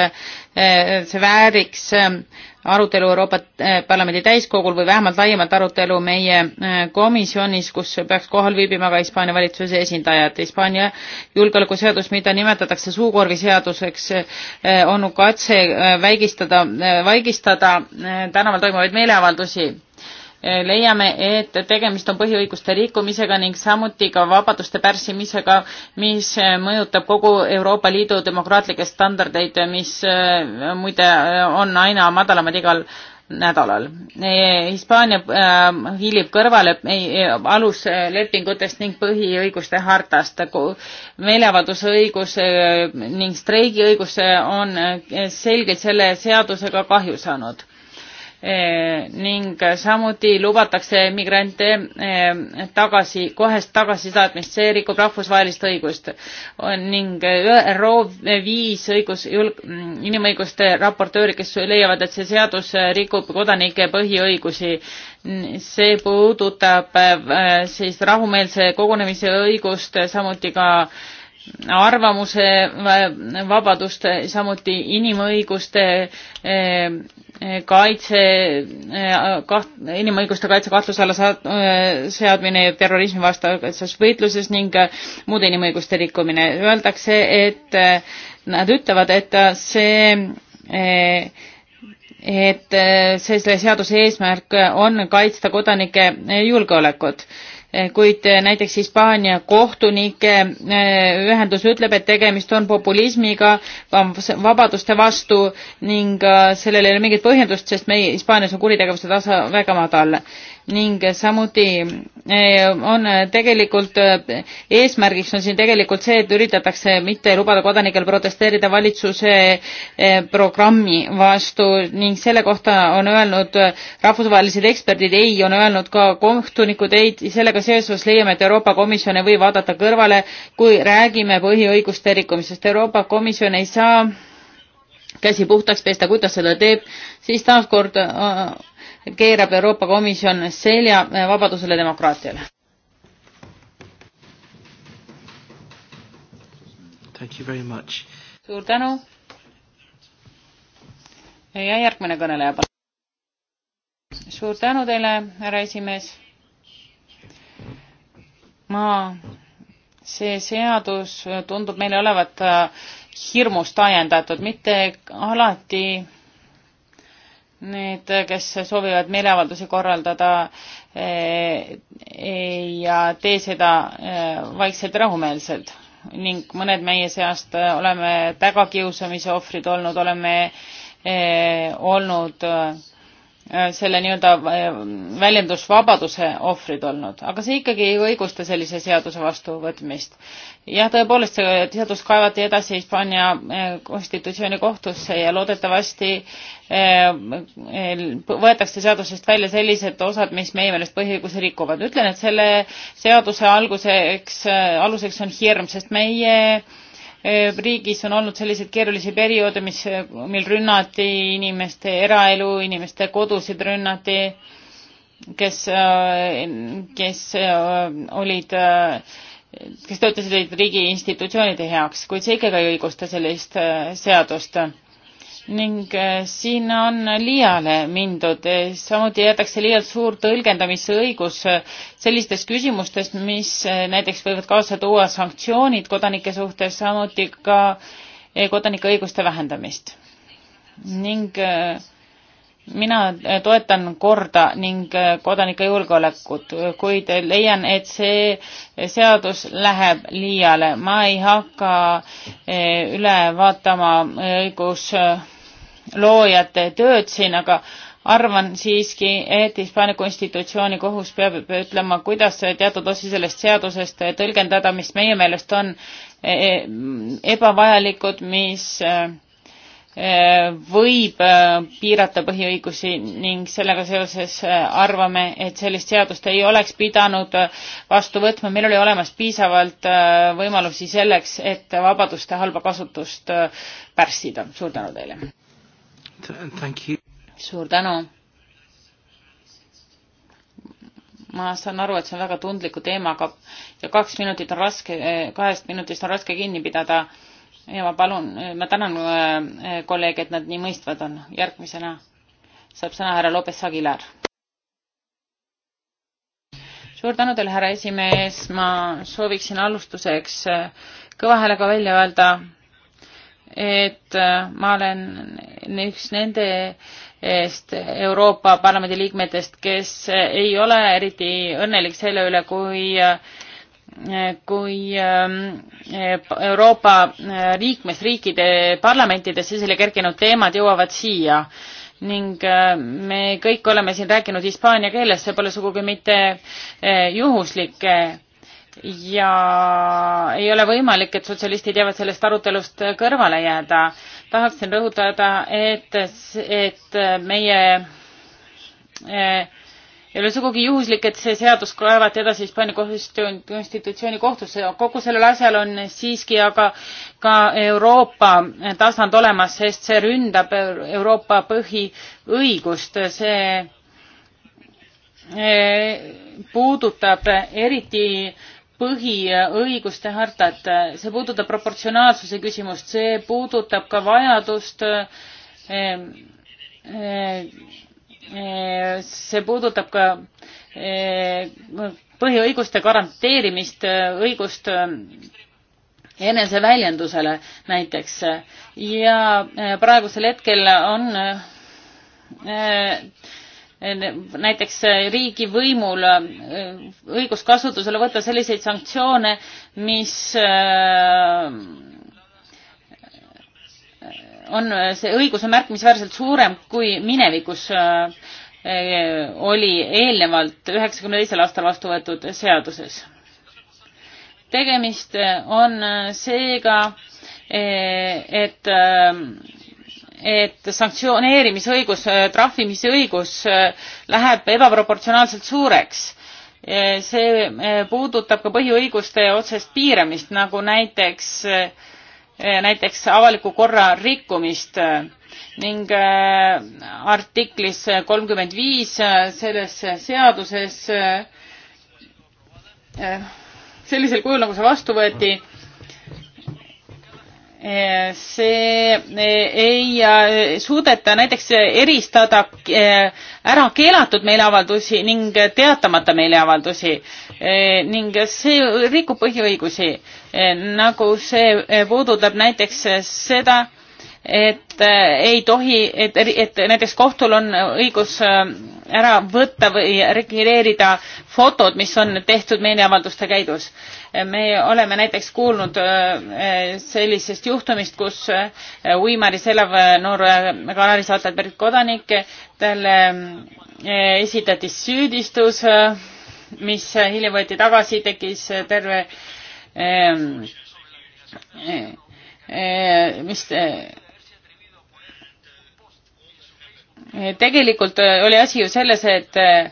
B: see vääriks arutelu Euroopa eh, Parlamendi täiskogul või vähemalt laiemat arutelu meie eh, komisjonis, kus peaks kohal viibima ka Hispaania valitsuse esindajad. Hispaania julgeolekuseadus, mida nimetatakse suukorviseaduseks, eh, on katse vaigistada, vaigistada tänaval toimuvaid meeleavaldusi Eh, leiame, et tegemist on põhiõiguste rikkumisega ning samuti ka vabaduste pärssimisega, mis eh, mõjutab kogu Euroopa Liidu demokraatlikke standardeid, mis eh, muide on aina madalamad igal nädalal. Hispaania hiilib kõrvale aluslepingutest ning põhiõiguste hartast. meeleavaldusõigus ning streigiõigus on selgelt selle seadusega kahju saanud Eh, ning samuti lubatakse migrante eh, tagasi, kohest tagasisaatmist, see rikub rahvusvahelist õigust ning ÜRO viis õigus, inimõiguste raportööri, kes leiavad, et see seadus rikub kodanike põhiõigusi. see puudutab eh, siis rahumeelse kogunemise õigust, samuti ka arvamuse vabadust, samuti inimõiguste kaitse, kaht-, inimõiguste kaitse kahtluse alla saat-, seadmine terrorismivastases võitluses ning muude inimõiguste rikkumine. Öeldakse, et nad ütlevad, et see, et see, selle seaduse eesmärk on kaitsta kodanike julgeolekut Eh, kuid eh, näiteks Hispaania kohtunike eh, ühendus ütleb, et tegemist on populismiga, vabaduste vastu ning sellel ei ole mingit põhjendust, sest meie Hispaanias on kuritegevuse tase väga madal ning samuti eh, on eh, tegelikult, eh, eesmärgiks on siin tegelikult see, et üritatakse mitte lubada kodanikel protesteerida valitsuse programmi vastu ning selle kohta on öelnud rahvusvahelised eksperdid ei, on öelnud ka kohtunikud ei, sellega seoses leiame, et Euroopa Komisjon ei või vaadata kõrvale, kui räägime põhiõiguste rikkumisest. Euroopa Komisjon ei saa käsi puhtaks pesta, kui ta seda teeb, siis taaskord keerab Euroopa Komisjon selja eh, vabadusele demokraatiale. suur tänu. ja järgmine kõneleja, palun. suur tänu teile, härra esimees. ma, see seadus tundub meile olevat äh, hirmust ajendatud, mitte alati need, kes soovivad meeleavaldusi korraldada, eh, ja tee seda eh, vaikselt rahumeelselt ning mõned meie seast eh, oleme tagakiusamise ohvrid olnud, oleme olnud Äh, selle nii-öelda äh, väljendusvabaduse ohvrid olnud, aga see ikkagi ei õigusta sellise seaduse vastuvõtmist. jah, tõepoolest, see seadus kaevati edasi Hispaania äh, konstitutsiooni kohtusse ja loodetavasti võetakse seadusest välja sellised osad, mis meie meelest põhiõigusi rikuvad. ütlen, et selle seaduse alguseks, aluseks on hirm, sest meie Eh, riigis on olnud selliseid keerulisi perioode, mis, eh, mil rünnati inimeste eraelu, inimeste kodusid rünnati, kes, eh, kes olid, kes töötasid riigi institutsioonide heaks, kuid see ikkagi ei õigusta sellist seadust ning eh, siin on liiale mindud, eh, samuti jäetakse liialt suur tõlgendamisõigus eh, sellistes küsimustes, mis näiteks võivad kaasa tuua sanktsioonid kodanike suhtes, samuti ka kodanike õiguste vähendamist. ning äh, mina äh, toetan korda ning äh, kodanike julgeolekut, kuid leian, et see seadus läheb liiale. ma ei hakka äh, üle vaatama õigusloojate tööd siin, aga arvan siiski, et Hispaania konstitutsiooni kohus peab ütlema, kuidas teatud osi sellest seadusest tõlgendada, mis meie meelest on ebavajalikud, mis võib äh, piirata põhiõigusi ning sellega seoses äh, arvame, et sellist seadust ei oleks pidanud äh, vastu võtma, meil oli olemas piisavalt võimalusi selleks, et vabaduste halba kasutust pärssida. suur tänu teile! suur tänu! ma saan aru, et see on väga tundliku teemaga ja kaks minutit on raske, kahest minutist on raske kinni pidada ja ma palun, ma tänan äh, kolleege, et nad nii mõistvad on. järgmisena saab sõna härra Lopez Aguilar. suur tänu teile, härra esimees, ma sooviksin alustuseks äh, kõva häälega välja öelda, et äh, ma olen üks nende eest Euroopa Parlamendi liikmetest, kes ei ole eriti õnnelik selle üle, kui äh, kui ähm, Euroopa äh, liikmesriikide parlamentidesse esile kerkinud teemad jõuavad siia ning äh, me kõik oleme siin rääkinud hispaania keeles, see pole sugugi mitte äh, juhuslik ja ei ole võimalik, et sotsialistid jäävad sellest arutelust kõrvale jääda. tahaksin rõhutada, et, et meie ei ole sugugi juhuslik, et see seadus kaevati edasi Hispaania konstitutsiooni kohtusse. kogu sellel asjal on siiski aga ka Euroopa tasand olemas, sest see ründab Euroopa põhiõigust. see e, puudutab eriti põhiõiguste hartat, see puudutab proportsionaalsuse küsimust, see puudutab ka vajadust e, e, Eh, see puudutab ka eh, põhiõiguste garanteerimist, eh, õigust eneseväljendusele näiteks ja praegusel hetkel on näiteks riigivõimul õigus kasutusele võtta selliseid sanktsioone, mis on äh, see õigus on märkimisväärselt suurem kui minevikus äh, äh, oli eelnevalt üheksakümne teisel aastal vastu võetud seaduses. tegemist on seega, et, et sanktsioneerimisõigus, trahvimise õigus läheb ebaproportsionaalselt suureks see puudutab ka põhiõiguste otsest piiramist, nagu näiteks äh, Eh, näiteks avaliku korra rikkumist eh, ning eh, artiklis kolmkümmend viis selles seaduses sellisel kujul, nagu see vastu võeti, Eh, see eh, ei eh, suudeta näiteks eristada ära keelatud meeleavaldusi ning teatamata meeleavaldusi ning see rikub põhiõigusi, nagu see puudutab näiteks seda, et eh, ei tohi, et, et näiteks kohtul on õigus eh, ära võtta või reguleerida fotod, mis on tehtud meeleavalduste käigus. Eh, me oleme näiteks kuulnud sellisest juhtumist, kus Uimaris elav noor Kanaris aastat pärit kodanik, talle esitati süüdistus, mis hiljem võeti tagasi, tekkis terve mis tegelikult äh, oli asi ju selles, et äh,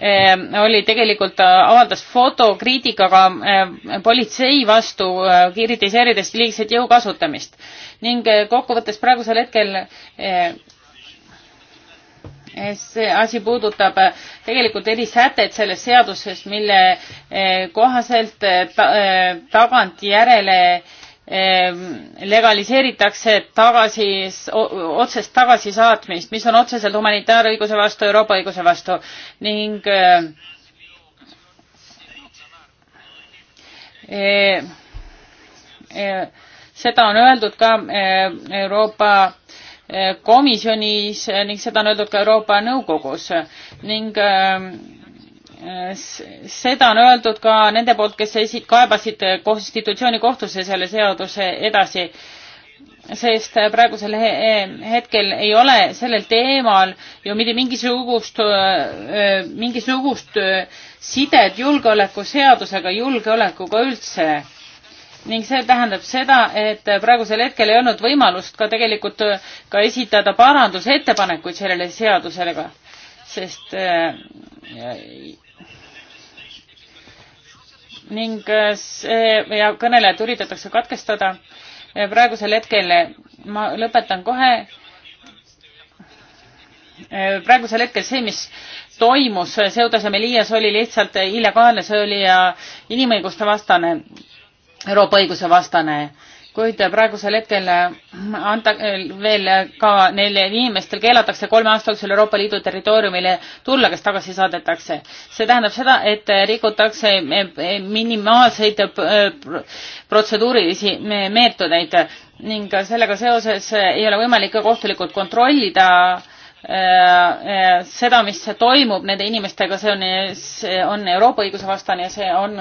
B: äh, oli tegelikult, avaldas foto kriitikaga politsei vastu, kritiseerides liigset jõu kasutamist ning kokkuvõttes praegusel hetkel see asi puudutab tegelikult erisätet selles seaduses, mille kohaselt tagantjärele Ehm, legaliseeritakse tagasi, otsest tagasisaatmist, mis on otseselt humanitaarõiguse vastu, Euroopa õiguse vastu ning ehm, ehm, seda on öeldud ka Euroopa Komisjonis ning seda on öeldud ka Euroopa Nõukogus ning Äh, seda on öeldud ka nende poolt, kes esi-, kaebasid konstitutsioonikohtusse selle seaduse edasi, sest praegusel hetkel ei ole sellel teemal ju mitte mingisugust, äh, mingisugust äh, sidet julgeolekuseadusega, julgeolekuga üldse. ning see tähendab seda, et praegusel hetkel ei olnud võimalust ka tegelikult ka esitada parandusettepanekuid sellele seadusele ka sest äh, ning äh, see ja kõnelejad üritatakse katkestada. Äh, praegusel hetkel ma lõpetan kohe. Äh, praegusel hetkel see, mis toimus Seudas ja Melias oli lihtsalt illegaalne, see oli inimõiguste vastane, Euroopa õiguse vastane kuid praegusel hetkel anda veel ka neile inimestele keelatakse kolme aasta jooksul Euroopa Liidu territooriumile tulla, kes tagasi saadetakse. see tähendab seda, et rikutakse minimaalseid protseduurilisi meetodeid ning sellega seoses ei ole võimalik ka kohtulikult kontrollida äh, Äh, äh, seda, mis toimub nende inimestega, see on, see on Euroopa õiguse vastane ja see on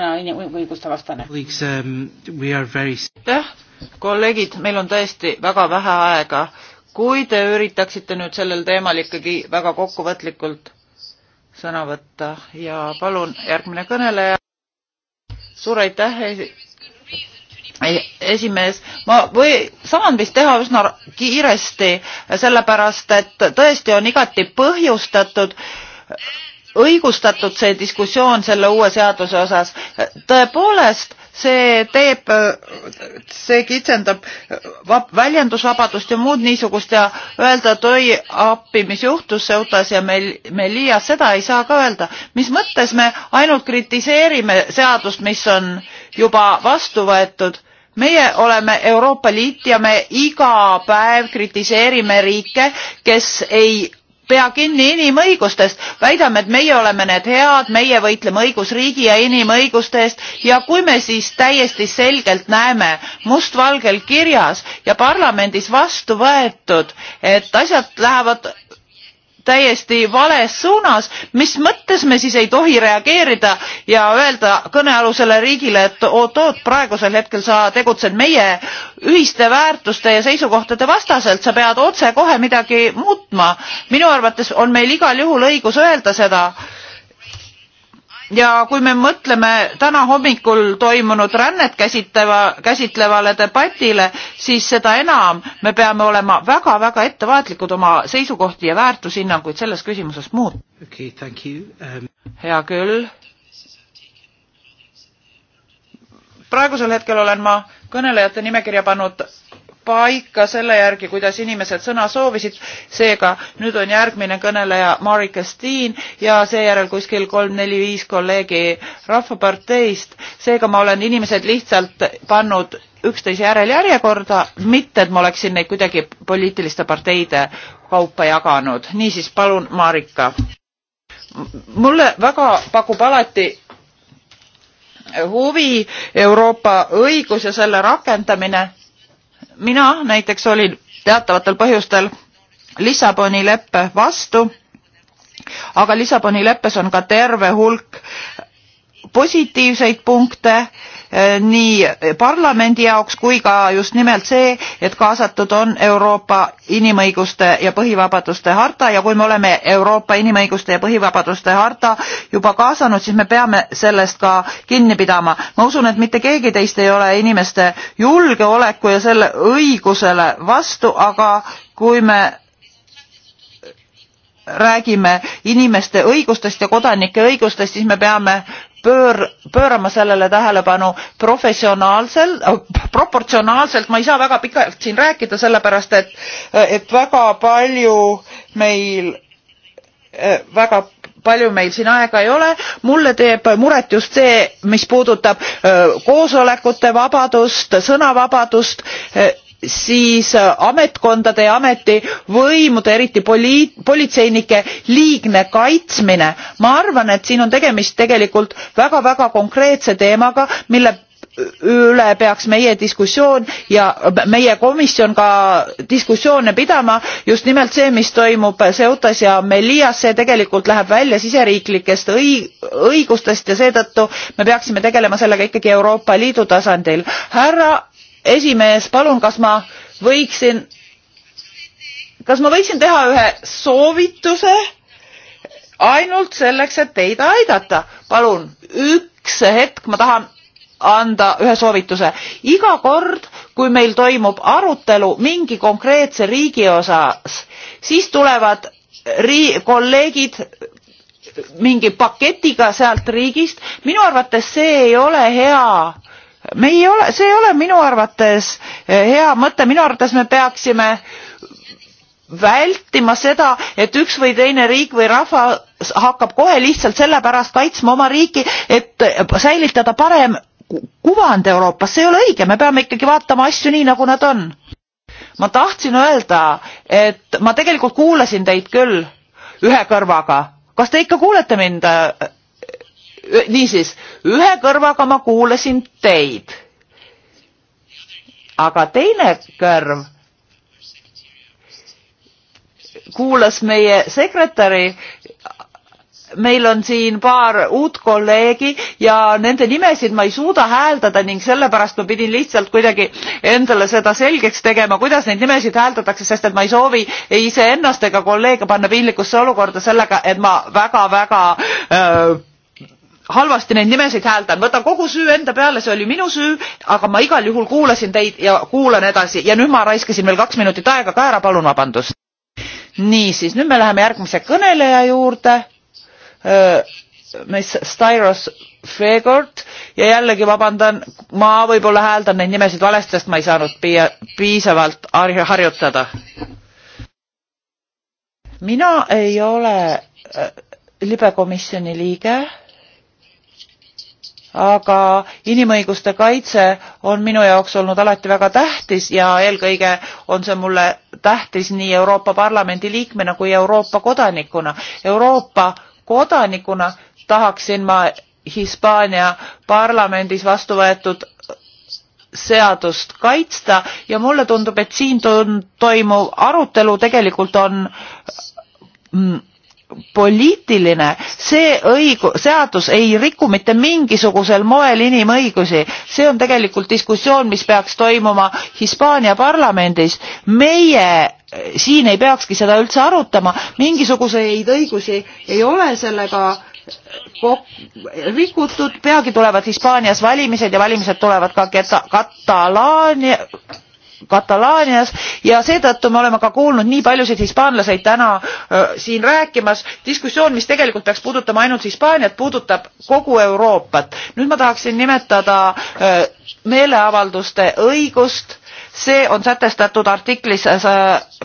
B: õiguste vastane.
C: Um, aitäh,
B: kolleegid, meil on
C: tõesti väga vähe aega. kui te üritaksite nüüd sellel teemal ikkagi väga kokkuvõtlikult sõna võtta ja palun järgmine kõneleja. suur aitäh esimees, ma või saan vist teha üsna kiiresti, sellepärast et tõesti on igati põhjustatud õigustatud see diskussioon selle uue seaduse osas. tõepoolest, see teeb, see kitsendab vab, väljendusvabadust ja muud niisugust ja öelda, et oi appi, mis juhtus Ceutas ja meil, Melias, seda ei saa ka öelda. mis mõttes me ainult kritiseerime seadust, mis on juba vastu võetud? meie oleme Euroopa Liit ja me iga päev kritiseerime riike, kes ei pea kinni inimõigustest, väidame, et meie oleme need head, meie võitleme õigusriigi ja inimõiguste eest ja kui me siis täiesti selgelt näeme mustvalgel kirjas ja parlamendis vastu võetud, et asjad lähevad täiesti vales suunas, mis mõttes me siis ei tohi reageerida ja öelda kõnealusele riigile, et oot-oot, praegusel hetkel sa tegutsed meie ühiste väärtuste ja seisukohtade vastaselt, sa pead otsekohe midagi muutma. minu arvates on meil igal juhul õigus öelda seda ja kui me mõtleme täna hommikul toimunud rännet käsitleva, käsitlevale debatile, siis seda enam me peame olema väga-väga ettevaatlikud oma seisukohti ja väärtushinnanguid selles küsimuses muutma okay,. Um... hea küll. praegusel hetkel olen ma kõnelejate nimekirja pannud paika selle järgi, kuidas inimesed sõna soovisid. seega nüüd on järgmine kõneleja Marika Steen ja seejärel kuskil kolm-neli-viis kolleegi Rahvaparteist. seega ma olen inimesed lihtsalt pannud üksteise järel järjekorda, mitte et ma oleksin neid kuidagi poliitiliste parteide kaupa jaganud. niisiis, palun, Marika. mulle väga pakub alati huvi Euroopa õigus ja selle rakendamine mina näiteks olin teatavatel põhjustel Lissaboni leppe vastu, aga Lissaboni leppes on ka terve hulk positiivseid punkte Eh, nii parlamendi jaoks kui ka just nimelt see, et kaasatud on Euroopa inimõiguste ja põhivabaduste harta ja kui me oleme Euroopa inimõiguste ja põhivabaduste harta juba kaasanud, siis me peame sellest ka kinni pidama. ma usun, et mitte keegi teist ei ole inimeste julgeoleku ja selle õigusele vastu, aga kui me räägime inimeste õigustest ja kodanike õigustest, siis me peame pöör, pöörama sellele tähelepanu professionaalsel, proportsionaalselt, ma ei saa väga pikalt siin rääkida, sellepärast et, et väga palju meil, väga palju meil siin aega ei ole. mulle teeb muret just see, mis puudutab koosolekute vabadust, sõnavabadust siis äh, ametkondade ja ametivõimude, eriti poli-, politseinike liigne kaitsmine. ma arvan, et siin on tegemist tegelikult väga-väga konkreetse teemaga, mille üle peaks meie diskussioon ja meie komisjon ka diskussioone pidama just nimelt see mis toimub ceutas ja melias see tegelikult läheb välja siseriiklikest õigustest ja seetõttu me peaksime tegelema sellega ikkagi euroopa liidu tasandil. härra esimees, palun, kas ma võiksin, kas ma võiksin teha ühe soovituse ainult selleks, et teid aidata? palun, üks hetk, ma tahan anda ühe soovituse. iga kord, kui meil toimub arutelu mingi konkreetse riigi osas, siis tulevad rii-, kolleegid mingi paketiga sealt riigist. minu arvates see ei ole hea me ei ole, see ei ole minu arvates eh, hea mõte, minu arvates me peaksime vältima seda, et üks või teine riik või rahvas hakkab kohe lihtsalt sellepärast kaitsma oma riiki, et säilitada parem kuvand Euroopas, see ei ole õige, me peame ikkagi vaatama asju nii, nagu nad on. ma tahtsin öelda, et ma tegelikult kuulasin teid küll ühe kõrvaga, kas te ikka kuulete mind, niisiis, ühe kõrvaga ma kuulasin teid. aga teine kõrv kuulas meie sekretäri meil on siin paar uut kolleegi ja nende nimesid ma ei suuda hääldada ning sellepärast ma pidin lihtsalt kuidagi endale seda selgeks tegema, kuidas neid nimesid hääldatakse, sest et ma ei soovi iseennast ega kolleege panna piinlikusse olukorda sellega, et ma väga-väga äh, halvasti neid nimesid hääldan, võtan kogu süü enda peale, see oli minu süü, aga ma igal juhul kuulasin teid ja kuulan edasi ja nüüd ma raiskasin veel kaks minutit aega ka ära, palun vabandust. niisiis, nüüd me läheme järgmise kõneleja juurde, äh, mis Styros Fegord ja jällegi vabandan, ma võib-olla hääldan neid nimesid valesti, sest ma ei saanud piia, piisavalt harjutada. mina ei ole äh, libekomisjoni liige aga inimõiguste kaitse on minu jaoks olnud alati väga tähtis ja eelkõige on see mulle tähtis nii Euroopa Parlamendi liikmena kui Euroopa kodanikuna. Euroopa kodanikuna tahaksin ma Hispaania parlamendis vastu võetud seadust kaitsta ja mulle tundub, et siin toimuv arutelu tegelikult on mm, poliitiline, see õigu-, seadus ei riku mitte mingisugusel moel inimõigusi. see on tegelikult diskussioon, mis peaks toimuma Hispaania parlamendis. meie eh, siin ei peakski seda üldse arutama, mingisuguseid õigusi ei ole sellega eh, rikutud, peagi tulevad Hispaanias valimised ja valimised tulevad ka Katalaania Katalaanias ja seetõttu me oleme ka kuulnud nii paljusid hispaanlaseid täna äh, siin rääkimas. diskussioon, mis tegelikult peaks puudutama ainult Hispaaniat, puudutab kogu Euroopat. nüüd ma tahaksin nimetada äh, meeleavalduste õigust see on sätestatud artiklis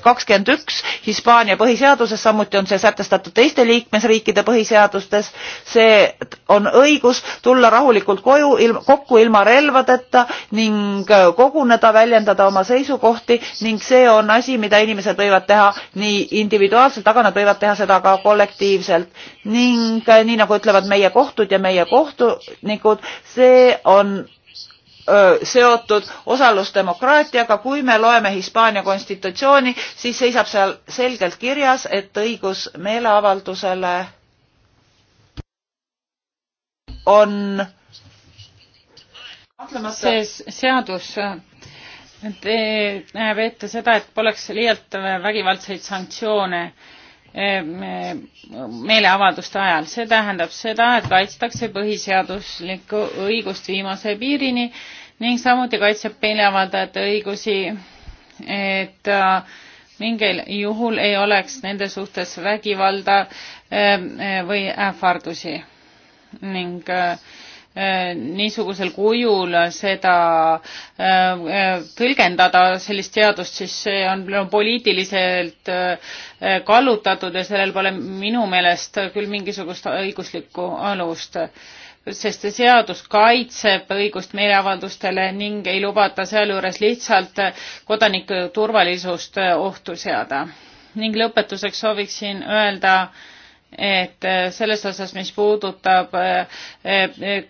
C: kakskümmend üks Hispaania põhiseaduses, samuti on see sätestatud teiste liikmesriikide põhiseadustes. see on õigus tulla rahulikult koju, kokku ilma relvadeta ning koguneda, väljendada oma seisukohti ning see on asi, mida inimesed võivad teha nii individuaalselt, aga nad võivad teha seda ka kollektiivselt ning eh, nii nagu ütlevad meie kohtud ja meie kohtunikud, see on seotud osalusdemokraatiaga. kui me loeme Hispaania konstitutsiooni, siis seisab seal selgelt kirjas, et õigus meeleavaldusele on
B: see seadus näeb ette seda, et poleks liialt vägivaldseid sanktsioone Ehm, meeleavalduste ajal. see tähendab seda, et kaitstakse põhiseaduslikku õigust viimase piirini ning samuti kaitseb meeleavaldajate õigusi, et äh, mingil juhul ei oleks nende suhtes vägivalda ehm, või ähvardusi ning äh, Äh, niisugusel kujul seda äh, äh, tõlgendada, sellist seadust, siis see on poliitiliselt kallutatud ja sellel pole minu meelest küll mingisugust õiguslikku alust sest see seadus kaitseb õigust meeleavaldustele ning ei lubata sealjuures lihtsalt kodanike turvalisust ohtu seada. ning lõpetuseks sooviksin öelda äh, et äh, selles osas, mis puudutab äh, äh,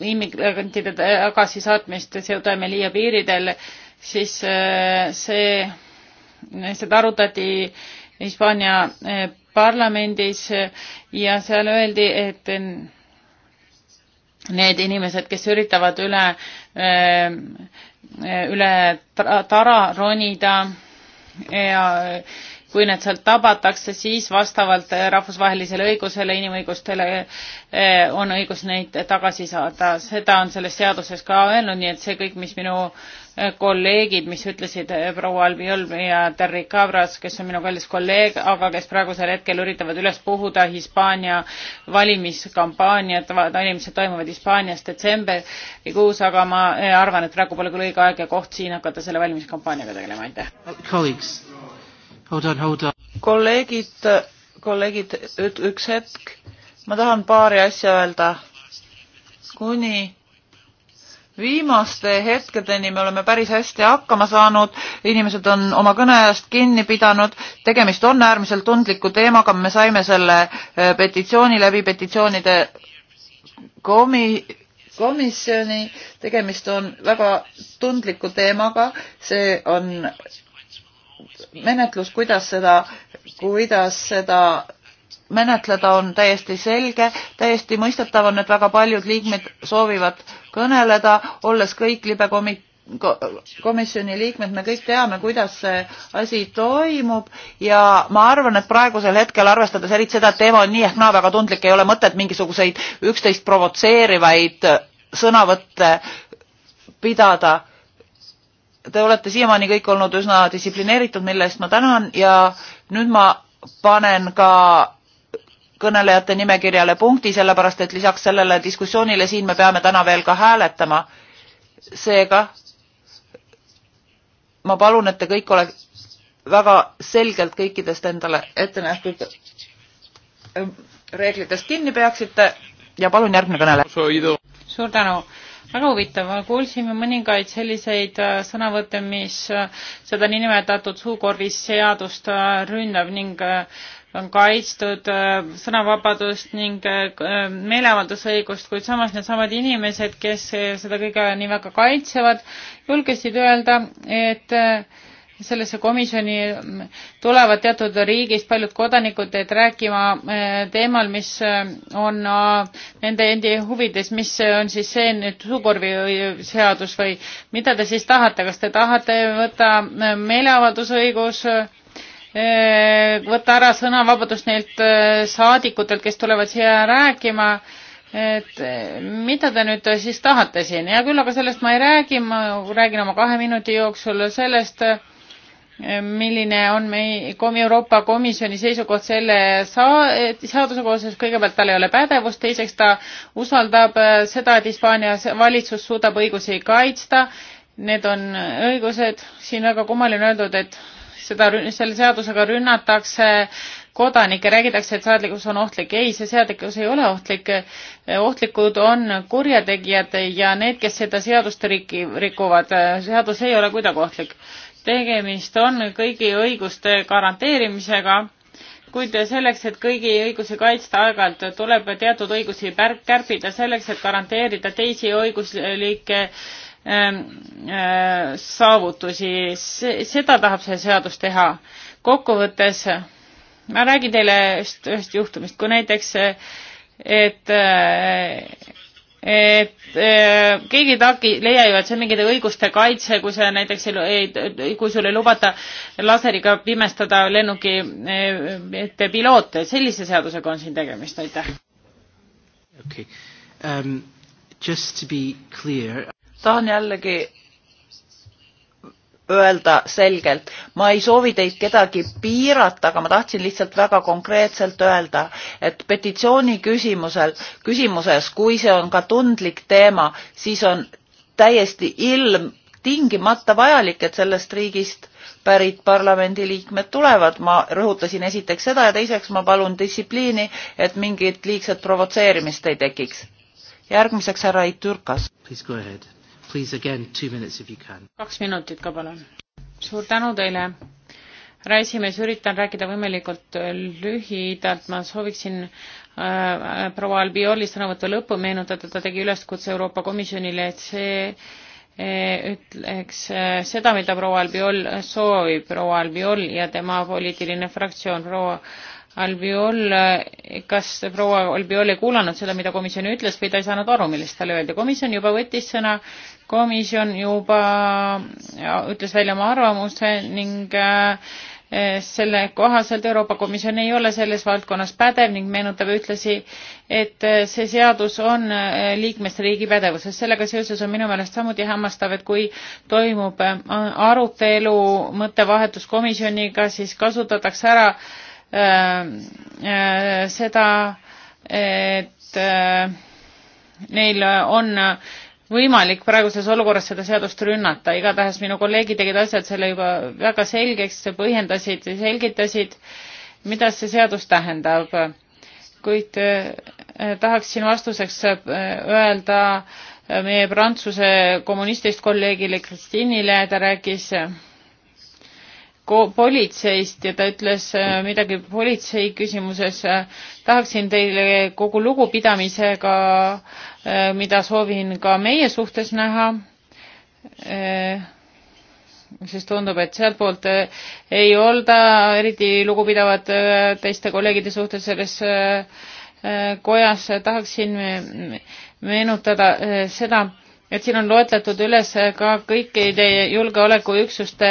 B: immigrantide tagasisaatmist Ceuta-Melilla piiridel, siis see, seda arutati Hispaania parlamendis ja seal öeldi, et need inimesed, kes üritavad üle, üle tara ronida ja kui nad sealt tabatakse, siis vastavalt äh, rahvusvahelisele õigusele, inimõigustele äh, on õigus neid tagasi saada. seda on selles seaduses ka öelnud, nii et see kõik, mis minu äh, kolleegid, mis ütlesid proua Albiol ja Terri Cabras, kes on minu kallis kolleeg, aga kes praegusel hetkel üritavad üles puhuda Hispaania valimiskampaaniat, valimised toimuvad Hispaanias detsembrikuus, aga ma arvan, et praegu pole küll õige aeg ja koht siin hakata selle valimiskampaaniaga tegelema, aitäh kolleegid, kolleegid,
C: üks hetk, ma tahan paari asja öelda. kuni viimaste hetkedeni me oleme päris hästi hakkama saanud, inimesed on oma kõneajast kinni pidanud, tegemist on äärmiselt tundliku teemaga, me saime selle eh, petitsiooni läbi petitsioonide komi-, komisjoni, tegemist on väga tundliku teemaga, see on menetlus, kuidas seda, kuidas seda menetleda on täiesti selge, täiesti mõistetav on, et väga paljud liikmed soovivad kõneleda, olles kõik libekomi-, komisjoni liikmed, me kõik teame, kuidas see asi toimub ja ma arvan, et praegusel hetkel, arvestades eriti seda, et teema on nii ehk naa väga tundlik, ei ole mõtet mingisuguseid üksteist provotseerivaid sõnavõtte pidada te olete siiamaani kõik olnud üsna distsiplineeritud, mille eest ma tänan ja nüüd ma panen ka kõnelejate nimekirjale punkti, sellepärast et lisaks sellele diskussioonile siin me peame täna veel ka hääletama. seega ma palun, et te kõik ole väga selgelt kõikidest endale ette nähtud ähm,
B: reeglitest kinni peaksite
C: ja palun järgmine kõneleja.
B: suur tänu väga huvitav, kuulsime mõningaid selliseid äh, sõnavõtte, mis äh, seda niinimetatud suukorvisseadust äh, ründab ning on kaitstud sõnavabadust ning meeleavaldusõigust, kuid samas needsamad inimesed, kes seda kõige nii väga kaitsevad, julgesid öelda, et sellesse komisjoni tulevad teatud riigist paljud kodanikud, et rääkima eh, teemal, mis eh, on eh, nende endi huvides, mis on siis see nüüd suukorviseadus või mida te siis tahate, kas te tahate võtta meeleavaldusõigus, võtta ära sõnavabadus neilt saadikutelt, kes tulevad siia rääkima, et mida te nüüd siis tahate siin, hea küll, aga sellest ma ei räägi, ma räägin oma kahe minuti jooksul sellest, milline on meie kom, Euroopa Komisjoni seisukoht selle saa-, seaduse kohaselt, kõigepealt tal ei ole pädevust, teiseks ta usaldab äh, seda, et Hispaania valitsus suudab õigusi kaitsta, need on õigused, siin väga kummaline öeldud, et seda, selle seadusega rünnatakse kodanikke, räägitakse, et seadlikkus on ohtlik, ei, see seadlikkus ei ole ohtlik, ohtlikud on kurjategijad ja need, kes seda seadust rikuvad, seadus ei ole kuidagi ohtlik tegemist on kõigi õiguste garanteerimisega, kuid selleks, et kõigi õigusi kaitsta aeg-ajalt, tuleb teatud õigusi kärpida selleks, et garanteerida teisi õigusliike ähm, äh, saavutusi. seda tahab see seadus teha. kokkuvõttes ma räägin teile ühest, ühest juhtumist, kui näiteks et äh, et eh, keegi ei taki, leia ju, et see on mingite õiguste kaitse, kui see näiteks ei, ei, kui sul ei lubata laseriga pimestada lennuki eh, piloote, sellise seadusega on siin tegemist, aitäh. okei okay. um,, just to be
C: clear. tahan jällegi öelda selgelt. ma ei soovi teid kedagi piirata, aga ma tahtsin lihtsalt väga konkreetselt öelda, et petitsiooni küsimusel, küsimuses, kui see on ka tundlik teema, siis on täiesti ilmtingimata vajalik, et sellest riigist pärit parlamendiliikmed tulevad, ma rõhutasin esiteks seda ja teiseks ma palun distsipliini,
B: et mingit liigset provotseerimist ei tekiks.
C: järgmiseks härra Iturkas. Please go ahead please again two minutes if you can.
B: kaks minutit ka palun. suur tänu teile, härra esimees, üritan rääkida võimalikult lühidalt, ma sooviksin äh, proua Albioli sõnavõtu lõppu meenutada, ta tegi üleskutse Euroopa Komisjonile, et see äh, ütleks äh, seda, mida proua Albiol soovib, proua Albiol ja tema poliitiline fraktsioon, proua Albiol, eh, kas proua Albiol ei kuulanud seda, mida komisjon ütles või ta ei saanud aru, millest talle öeldi? komisjon juba võttis sõna, komisjon juba ütles välja oma arvamuse ning eh, eh, selle kohaselt Euroopa Komisjon ei ole selles valdkonnas pädev ning meenutab ühtlasi, et see seadus on liikmesriigi pädevuses. sellega seoses on minu meelest samuti hämmastav, et kui toimub arutelu, mõttevahetus komisjoniga, siis kasutatakse ära äh, Äh, äh, seda, et äh, neil on võimalik praeguses olukorras seda seadust rünnata, igatahes minu kolleegid tegid asjad selle juba väga selgeks, põhjendasid ja selgitasid, mida see seadus tähendab. kuid tahaksin vastuseks öelda meie Prantsuse kommunistist kolleegile Kristiinile, ta rääkis politseist ja ta ütles äh, midagi politsei küsimuses. Äh, tahaksin teile kogu lugupidamisega, äh, mida soovin ka meie suhtes näha, sest tundub, et sealtpoolt ei olda eriti lugupidavad teiste kolleegide suhtes selles kojas, tahaksin meenutada seda, et siin on loetletud üles ka kõikide julgeolekuüksuste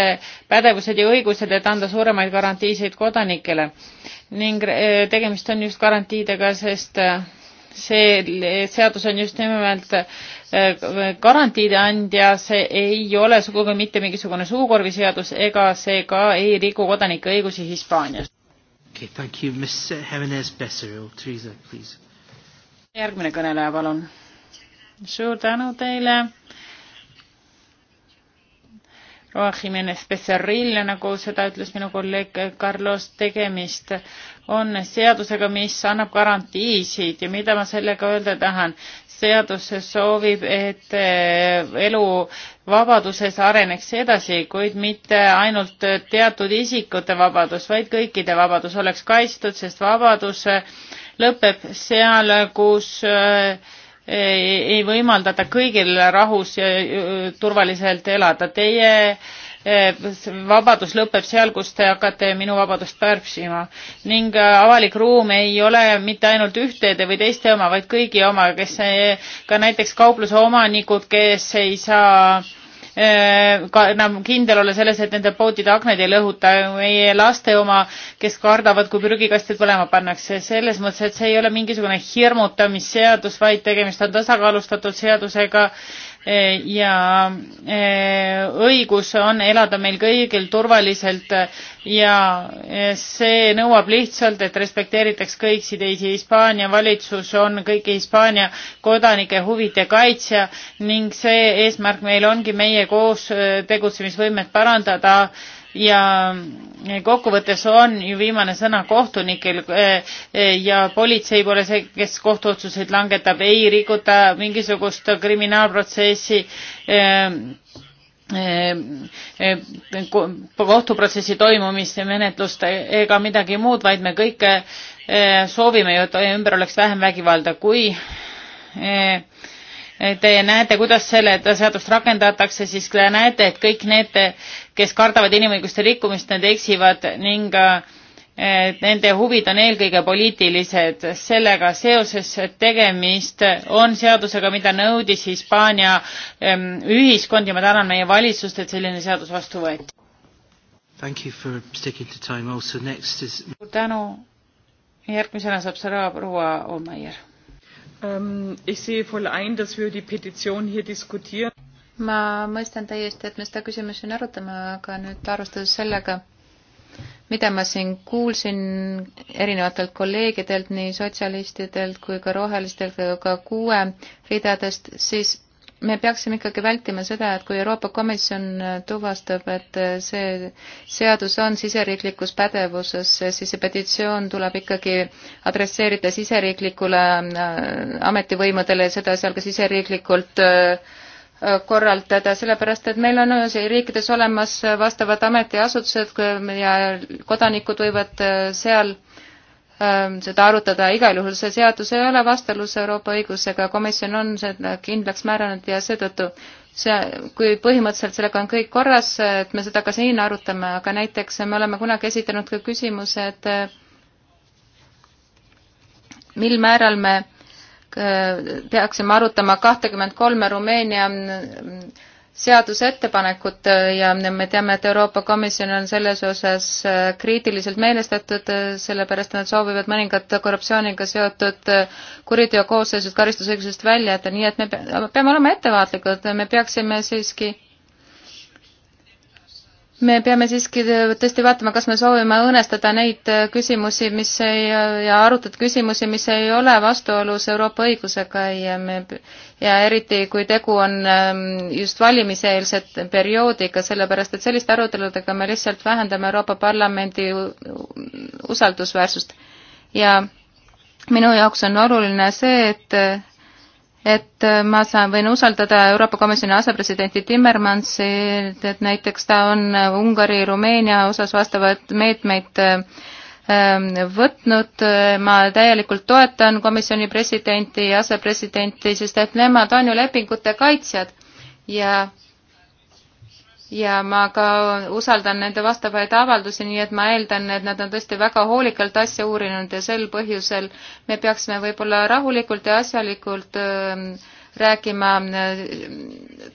B: pädevused ja õigused, et anda suuremaid garantiisid kodanikele. ning eh, tegemist on just garantiidega, sest eh, see seadus on just nimelt eh, garantiide andja, see ei ole sugugi mitte mingisugune suukorviseadus ega see ka ei riku kodanike õigusi Hispaanias.
C: Okay, thank you, Miss Jimenez Becerril, Theresa, please.
B: järgmine kõneleja, palun suur tänu teile. Roa Jimenez Becerril, nagu seda ütles minu kolleeg Carlos, tegemist on seadusega, mis annab garantiisid ja mida ma sellega öelda tahan. seadus soovib, et eh, elu vabaduses areneks edasi, kuid mitte ainult teatud isikute vabadus, vaid kõikide vabadus oleks kaitstud, sest vabadus lõpeb seal, kus äh, ei võimaldada kõigil rahus ja turvaliselt elada. Teie eh, vabadus lõpeb seal, kus te hakkate minu vabadust pärssima ning eh, avalik ruum ei ole mitte ainult ühtede või teiste oma, vaid kõigi oma, kes eh, ka näiteks kaupluse omanikud, kes ei saa Äh, ka enam kindel olla selles, et nende poodide aknaid ei lõhuta, meie laste oma, kes kardavad, kui prügikastid põlema pannakse, selles mõttes, et see ei ole mingisugune hirmutamisseadus, vaid tegemist on tasakaalustatud seadusega, Eh, ja eh, õigus on elada meil kõigil turvaliselt ja eh, see nõuab lihtsalt, et respekteeritaks kõiksi teisi. Hispaania valitsus on kõigi Hispaania kodanike huvide kaitsja ning see eesmärk meil ongi meie koos tegutsemisvõimet parandada ja kokkuvõttes on ju viimane sõna kohtunikel eh, eh, ja politsei pole see, kes kohtuotsuseid langetab, ei rikuta mingisugust kriminaalprotsessi eh, kohtuprotsessi toimumist ja menetlust ega midagi muud, vaid me kõik soovime ju, et ümber oleks vähem vägivalda, kui te näete, kuidas selle seadust rakendatakse, siis näete, et kõik need kes kardavad inimõiguste rikkumist, need eksivad ning eh, nende huvid on eelkõige poliitilised. sellega seoses tegemist on seadusega, mida nõudis Hispaania ehm, ühiskond ja ma tänan meie valitsust, et selline seadus vastu võeti. suur tänu. järgmisena saab sõna proua Olmeier. Ähm, ich sehe voll ein, dass wir die Petition hier diskutieren
A: ma mõistan täiesti, et me seda küsimusi siin arutame, aga nüüd arvestades sellega, mida ma siin kuulsin erinevatelt kolleegidelt, nii sotsialistidelt kui ka rohelistelt, ka kuue ridadest, siis me peaksime ikkagi vältima seda, et kui Euroopa Komisjon tuvastab, et see seadus on siseriiklikus pädevuses, siis see petitsioon tuleb ikkagi adresseerida siseriiklikule äh, ametivõimudele ja seda seal ka siseriiklikult äh, korraldada, sellepärast et meil on riikides olemas vastavad ametiasutused ja kodanikud võivad äh, seal ähm, seda arutada, igal juhul see seadus ei ole vastuolus Euroopa õigusega, komisjon on seda kindlaks määranud ja seetõttu see, kui põhimõtteliselt sellega on kõik korras, et me seda ka siin arutame, aga näiteks me oleme kunagi esitanud ka küsimuse, et äh, mil määral me peaksime arutama kahtekümmend kolme Rumeenia mm, mm, seadusettepanekut äh, ja mm, me teame, et Euroopa Komisjon on selles osas äh, kriitiliselt meelestatud, äh, sellepärast nad soovivad mõningad korruptsiooniga seotud kuriteokoosseisud karistusõigusest välja jätta, nii et me peame olema ettevaatlikud, me peaksime siiski me peame siiski tõesti vaatama, kas me soovime õõnestada neid küsimusi, mis ei, ja arutada küsimusi, mis ei ole vastuolus Euroopa õigusega ja me, ja eriti, kui tegu on ähm, just valimiseelse perioodiga, sellepärast et selliste aruteludega me lihtsalt vähendame Euroopa Parlamendi usaldusväärsust. ja minu jaoks on oluline see, et et äh, ma saan, võin usaldada Euroopa Komisjoni asepresidenti Timmermansi, et näiteks ta on äh, Ungari, Rumeenia osas vastavaid meetmeid äh, ähm, võtnud, ma täielikult toetan komisjoni presidenti ja asepresidenti, sest et nemad on ju lepingute kaitsjad ja ja ma ka usaldan nende vastavaid avaldusi, nii et ma eeldan, et nad on tõesti väga hoolikalt asja uurinud ja sel põhjusel me peaksime võib-olla rahulikult ja asjalikult ähm, rääkima äh,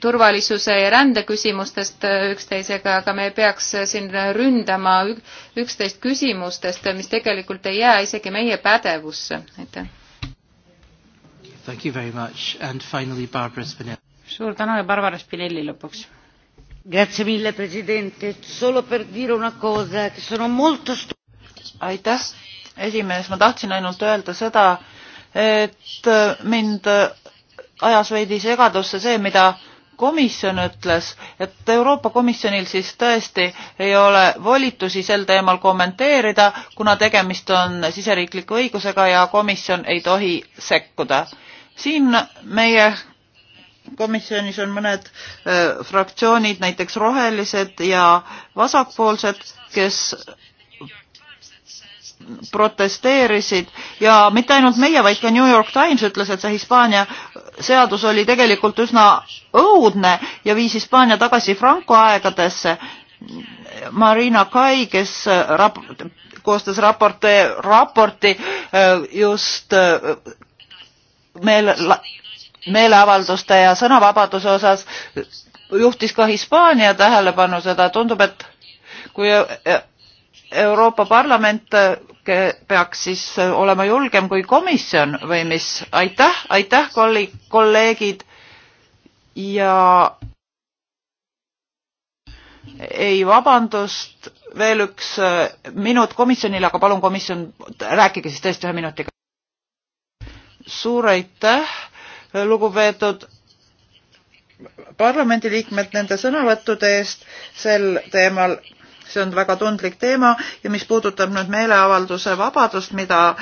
A: turvalisuse ja rände küsimustest äh, üksteisega, aga me ei peaks siin ründama üksteist küsimustest, mis tegelikult ei jää isegi meie pädevusse,
B: aitäh.
C: Thank you very much and finally Barbara Spinelli.
B: suur tänu ja Barbara Spinelli lõpuks Grazie mille, presidente. Solo per dire una
C: cosa, che sono molto stu-. aitäh, esimees, ma tahtsin ainult öelda seda, et mind ajas veidi segadusse see, mida komisjon ütles, et Euroopa Komisjonil siis tõesti ei ole volitusi sel teemal kommenteerida, kuna tegemist on siseriikliku õigusega ja komisjon ei tohi sekkuda. siin meie komisjonis on mõned äh, fraktsioonid, näiteks rohelised ja vasakpoolsed, kes protesteerisid ja mitte ainult meie, vaid ka New York Times ütles, et see Hispaania seadus oli tegelikult üsna õudne ja viis Hispaania tagasi Franco aegadesse. Marina Kai, kes äh, rap koostas raporti, raporti äh, just äh, meil meeleavalduste ja sõnavabaduse osas juhtis ka Hispaania tähelepanu seda, tundub, et kui e-, e-, Euroopa Parlament peaks siis olema julgem kui komisjon või mis? aitäh, aitäh, kolleegid ja ei, vabandust, veel üks minut komisjonile, aga palun, komisjon, rääkige siis tõesti ühe minutiga. suur aitäh lugupeetud parlamendiliikmed nende sõnavõttude eest sel teemal. see on väga tundlik teema ja mis puudutab nüüd meeleavalduse vabadust, mida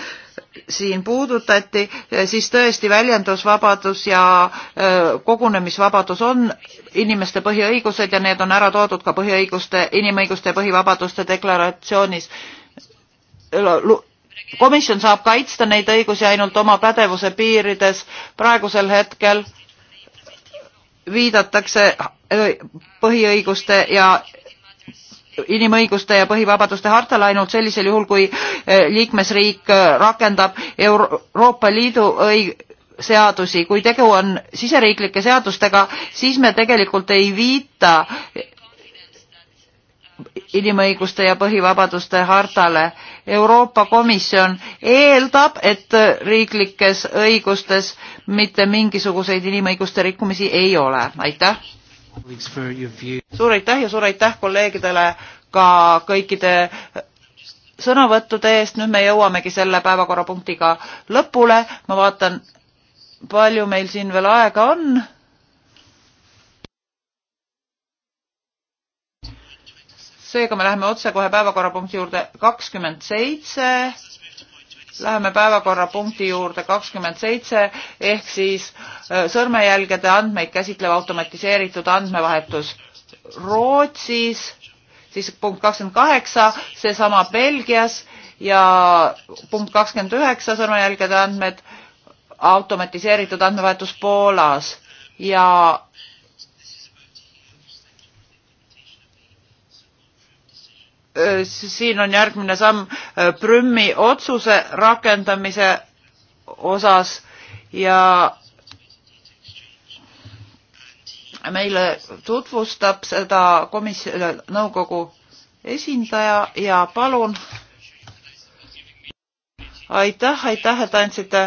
C: siin puudutati, siis tõesti väljendusvabadus ja e, kogunemisvabadus on inimeste põhiõigused ja need on ära toodud ka põhiõiguste, inimõiguste ja põhivabaduste deklaratsioonis komisjon saab kaitsta neid õigusi ainult oma pädevuse piirides. praegusel hetkel viidatakse äh, põhiõiguste ja inimõiguste ja põhivabaduste hartale ainult sellisel juhul, kui äh, liikmesriik äh, rakendab Euro Euroopa Liidu õig-, seadusi, kui tegu on siseriiklike seadustega, siis me tegelikult ei viita inimõiguste ja põhivabaduste hartale. Euroopa Komisjon eeldab, et riiklikes õigustes mitte mingisuguseid inimõiguste rikkumisi ei ole. aitäh! suur aitäh ja suur aitäh kolleegidele ka kõikide sõnavõttude eest, nüüd me jõuamegi selle päevakorrapunktiga lõpule, ma vaatan, palju meil siin veel aega on seega me läheme otsekohe päevakorrapunkti juurde kakskümmend seitse. Läheme päevakorrapunkti juurde kakskümmend seitse ehk siis äh, sõrmejälgede andmeid käsitlev automatiseeritud andmevahetus Rootsis, siis punkt kakskümmend kaheksa, seesama Belgias ja punkt kakskümmend üheksa sõrmejälgede andmed, automatiseeritud andmevahetus Poolas ja Äh, siin on järgmine samm äh, Prümmi otsuse rakendamise osas ja meile tutvustab seda komisjoni äh, nõukogu esindaja ja palun aitäh, aitäh, et andsite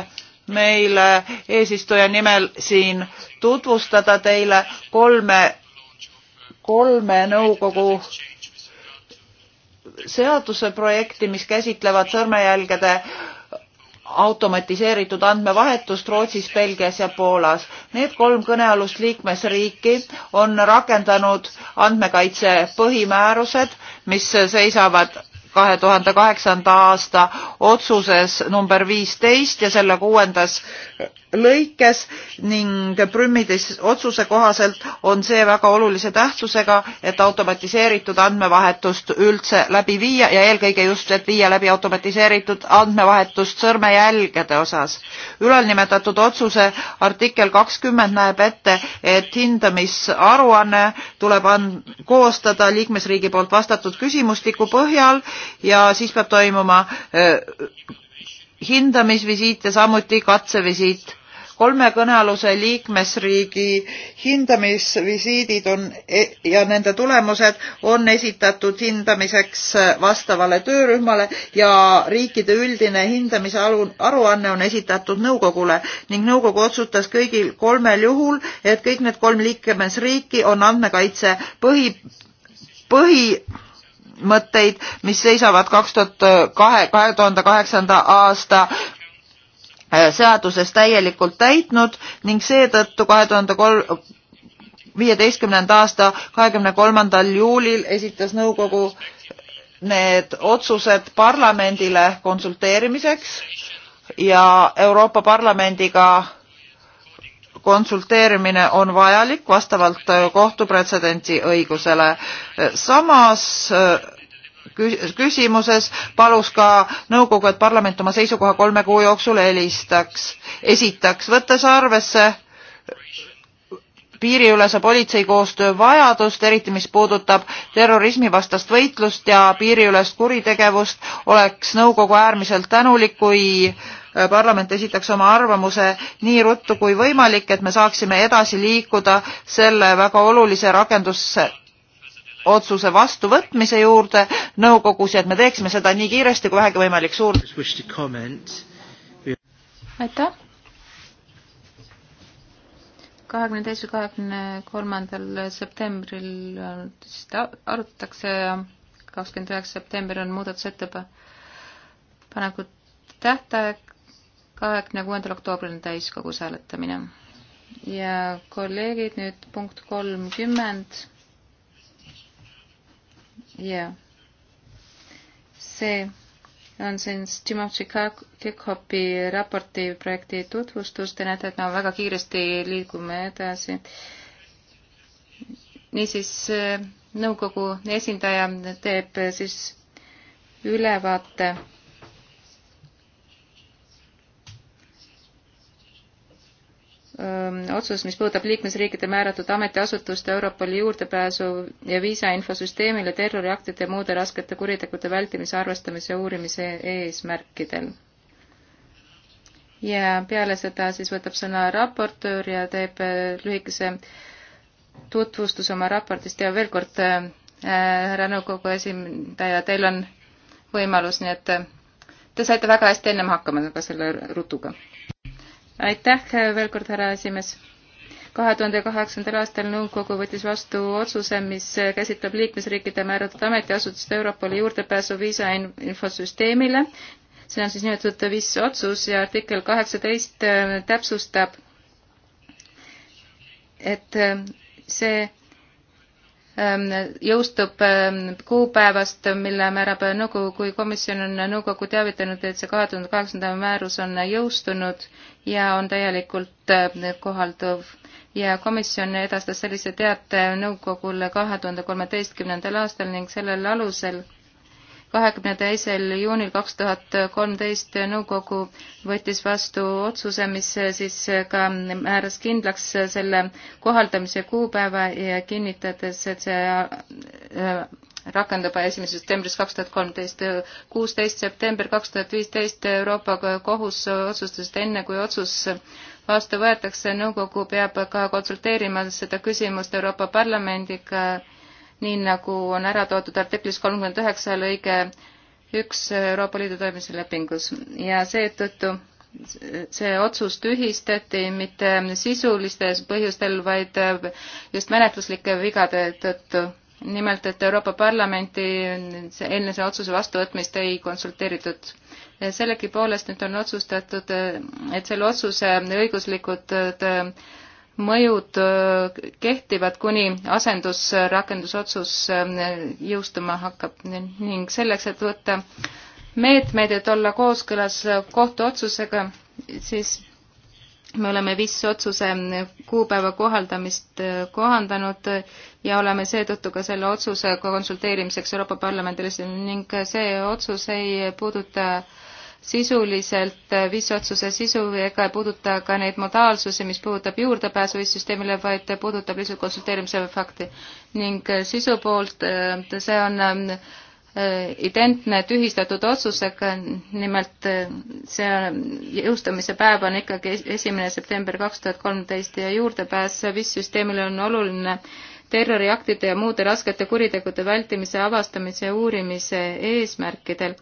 C: meile eesistuja nimel siin tutvustada teile kolme, kolme nõukogu seaduseprojekti, mis käsitlevad sõrmejälgede automatiseeritud andmevahetust Rootsis, Belgias ja Poolas. Need kolm kõnealust liikmesriiki on rakendanud andmekaitse põhimäärused, mis seisavad kahe tuhande kaheksanda aasta otsuses number viisteist ja selle kuuendas lõikes ning Prümmides otsuse kohaselt on see väga olulise tähtsusega, et automatiseeritud andmevahetust üldse läbi viia ja eelkõige just, et viia läbi automatiseeritud andmevahetust sõrmejälgede osas. ülalnimetatud otsuse artikkel kakskümmend näeb ette, et hindamisaruanne tuleb and-, koostada liikmesriigi poolt vastatud küsimustiku põhjal ja siis peab toimuma äh, hindamisvisiit ja samuti katsevisiit kolme kõnealuse liikmesriigi hindamisvisiidid on e- ja nende tulemused on esitatud hindamiseks vastavale töörühmale ja riikide üldine hindamise aruanne on esitatud nõukogule ning nõukogu otsustas kõigil kolmel juhul, et kõik need kolm liikmesriiki on andmekaitse põhi, põhi mõtteid, mis seisavad kaks tuhat kahe, kahe tuhande kaheksanda aasta Äh, seaduses täielikult täitnud ning seetõttu kahe tuhande kolm viieteistkümnenda aasta kahekümne kolmandal juulil esitas nõukogu need otsused parlamendile konsulteerimiseks ja Euroopa Parlamendiga konsulteerimine on vajalik vastavalt kohtupretsedentsi õigusele. samas äh, küsimuses palus ka nõukogu, et parlament oma seisukoha kolme kuu jooksul helistaks, esitaks, võttes arvesse piiriülese politsei koostöö vajadust, eriti mis puudutab terrorismivastast võitlust ja piiriülest kuritegevust, oleks nõukogu äärmiselt tänulik, kui äh, parlament esitaks oma arvamuse nii ruttu kui võimalik, et me saaksime edasi liikuda selle väga olulise rakendusse otsuse vastuvõtmise juurde nõukogus ja et me teeksime seda nii kiiresti kui vähegi võimalik suur-.
A: aitäh. kahekümne teisel, kahekümne kolmandal septembril seda arutatakse ja kakskümmend üheksa september on muudatusettepaneku tähtaeg, kahekümne kuuendal oktoobril on täiskogus hääletamine. ja kolleegid, nüüd punkt kolmkümmend ja see on siin Timothy Kirkhopi raporti projekti tutvustus, te näete, et me väga kiiresti liigume edasi. niisiis nõukogu esindaja teeb siis ülevaate Ähm, otsus, mis puudutab liikmesriikide määratud ametiasutuste Europoli juurdepääsu ja viisainfosüsteemile terroriaktide ja muude raskete kuritegude vältimise arvestamise uurimise eesmärkidel. ja peale seda siis võtab sõna raportöör ja teeb äh, lühikese tutvustuse oma raportist ja veel kord äh,, härra nõukogu esindaja, teil on võimalus, nii et äh, te saite väga hästi ennem hakkama ka selle rutuga aitäh veel kord, härra esimees kahe tuhande kaheksandal aastal nõukogu võttis vastu otsuse, mis käsitleb liikmesriikide määratud ametiasutuste Europoli juurdepääsu viisa infosüsteemile. see on siis nimetatud viis otsus ja artikkel kaheksateist äh, täpsustab, et äh, see Ähm, jõustub ähm, kuupäevast, mille määrab nõukogu, kui komisjon on nõukogu teavitanud, et see kahe tuhande kaheksanda määrus on jõustunud ja on täielikult äh, kohalduv. ja komisjon edastas sellise teate nõukogule kahe tuhande kolmeteistkümnendal aastal ning sellel alusel kahekümne teisel juunil kaks tuhat kolmteist nõukogu võttis vastu otsuse, mis siis ka määras kindlaks selle kohaldamise kuupäeva ja kinnitades, et see äh, rakendub esimesest septembrist kaks tuhat kolmteist. kuusteist september kaks tuhat viisteist Euroopa Kohus otsustas, et enne kui otsus vastu võetakse, nõukogu peab ka konsulteerima seda küsimust Euroopa Parlamendiga nii nagu on ära toodud artiklis kolmkümmend üheksa lõige üks Euroopa Liidu toimimise lepingus ja seetõttu see otsus tühistati mitte sisulistes põhjustel, vaid just menetluslike vigade tõttu. nimelt, et Euroopa Parlamenti enne selle otsuse vastuvõtmist ei konsulteeritud. sellegipoolest nüüd on otsustatud, et selle otsuse õiguslikud mõjud äh, kehtivad, kuni asendusrakendusotsus äh, jõustuma hakkab ning selleks, et võtta meetmeid, et olla kooskõlas kohtuotsusega, siis me oleme VIS otsuse kuupäeva kohaldamist äh, kohandanud ja oleme seetõttu ka selle otsuse konsulteerimiseks Euroopa Parlamendile ning see otsus ei puuduta äh, sisuliselt viisotsuse sisu ega ei puuduta ka neid modaalsusi, mis puudutab juurdepääsu viissüsteemile, vaid puudutab lihtsalt konsulteerimise fakti. ning sisu poolt see on äh, identne tühistatud otsusega, nimelt äh, see jõustumise päev on ikkagi esimene september kaks tuhat kolmteist ja juurdepääs viissüsteemile on oluline terroriaktide ja muude raskete kuritegude vältimise, avastamise ja uurimise eesmärkidel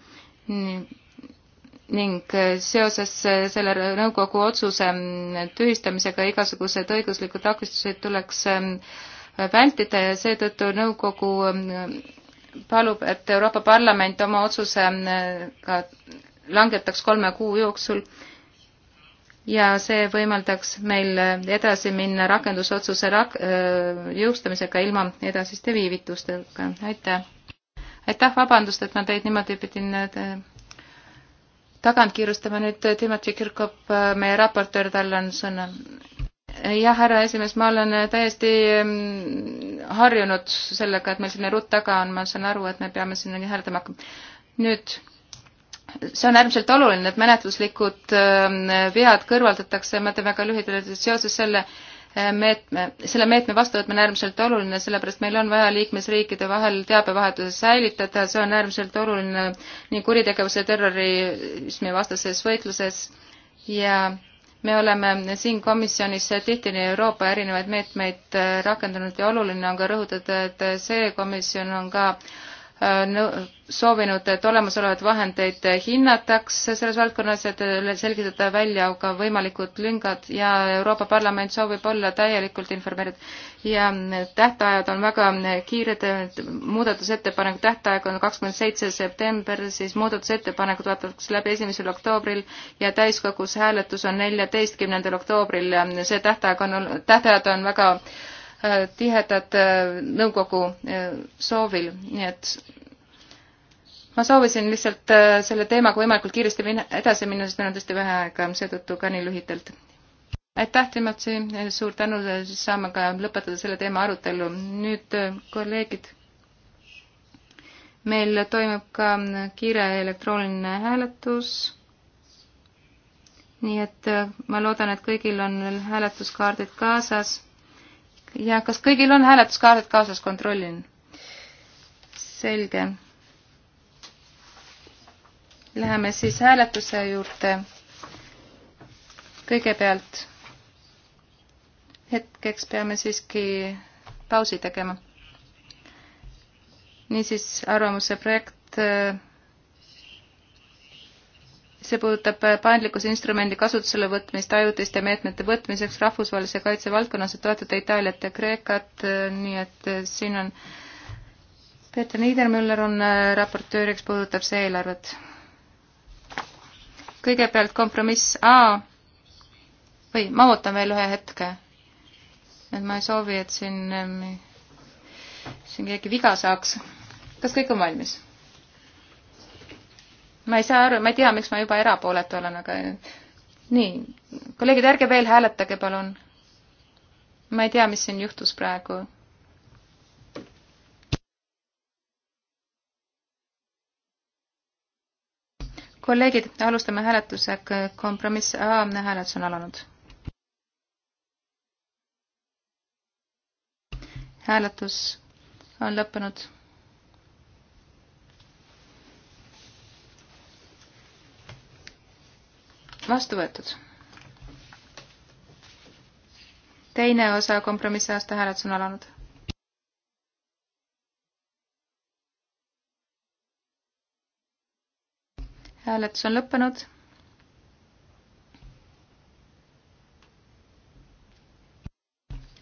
A: ning äh, seoses äh, selle nõukogu otsuse tühistamisega igasugused õiguslikud takistused tuleks ähm, vältida ja seetõttu nõukogu palub, et Euroopa Parlament oma otsuse ka langetaks kolme kuu jooksul ja see võimaldaks meil äh, edasi minna rakendusotsuse rak-, jõustamisega ilma edasiste viivitustega, aitäh! aitäh, vabandust, et ma teid niimoodi pidin tagant kiirustama nüüd äh, Timothy Kirkop, äh, meie raportöör, tal on sõna. jah, härra esimees, ma olen äh, täiesti ähm, harjunud sellega, et meil selline rutt taga on, ma saan aru, et me peame siin hääldama hakkama. nüüd, see on äärmiselt oluline, et menetluslikud ähm, vead kõrvaldatakse, ma teen väga lühidalt, et seoses selle äh, meetme, selle meetme vastuvõtmine äärmiselt oluline, sellepärast meil on vaja liikmesriikide vahel teabevahetuse säilitada, see on äärmiselt oluline nii kuritegevuse, terrorismi vastases võitluses ja me oleme siin komisjonis tihti Euroopa erinevaid meetmeid rakendanud ja oluline on ka rõhutada, et see komisjon on ka äh, Äh, soovinud, et olemasolevaid vahendeid hinnatakse selles valdkonnas, et selgitada välja ka võimalikud lüngad ja Euroopa Parlament soovib olla täielikult informeeritud. ja tähtajad on väga kiired, muudatusettepaneku tähtaeg on kakskümmend seitse september, siis muudatusettepanekud vaadatakse läbi esimesel oktoobril ja täiskogus hääletus on neljateistkümnendal oktoobril, see tähtaeg on, tähtajad on väga äh, Äh, tihedat äh, nõukogu äh, soovil, nii et ma soovisin lihtsalt selle teemaga võimalikult kiiresti minna, edasi minna, sest meil on tõesti vähe aega, seetõttu ka nii lühidalt. aitäh, Timotsi, suur tänu, siis saame ka lõpetada selle teema arutelu. nüüd kolleegid, meil toimub ka kiire elektrooniline hääletus, nii et ma loodan, et kõigil on hääletuskaardid kaasas ja kas kõigil on hääletuskaardid kaasas, kontrollin. selge. Läheme siis hääletuse juurde. kõigepealt hetkeks peame siiski pausi tegema. niisiis, arvamuse projekt see puudutab paindlikkuse instrumendi kasutusele võtmist ajutiste meetmete võtmiseks rahvusvahelise kaitse valdkonnas, et toetada Itaaliat ja Kreekat, nii et äh, siin on Peeter Niidermüller on äh, raportööriks, puudutab see eelarvet. kõigepealt kompromiss A või ma ootan veel ühe hetke. et ma ei soovi, et siin, äh, siin keegi viga saaks. kas kõik on valmis? ma ei saa aru, ma ei tea, miks ma juba erapooletu olen, aga nii, kolleegid, ärge veel hääletage, palun. ma ei tea, mis siin juhtus praegu. kolleegid, alustame hääletusega, kompromiss A, hääletus on alanud. hääletus on lõppenud vastu võetud. teine osa kompromissi aasta hääletus on alanud. hääletus on lõppenud.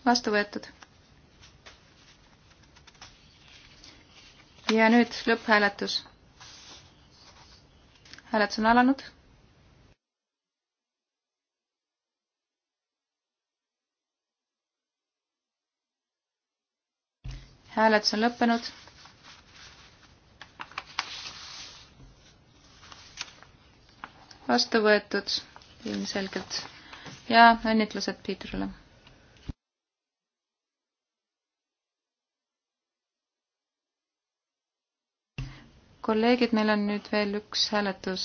A: vastu võetud. ja nüüd lõpphääletus. hääletus on alanud hääletus on lõppenud. vastu võetud ilmselgelt ja õnnitlused Piitrile. kolleegid, meil on nüüd veel üks hääletus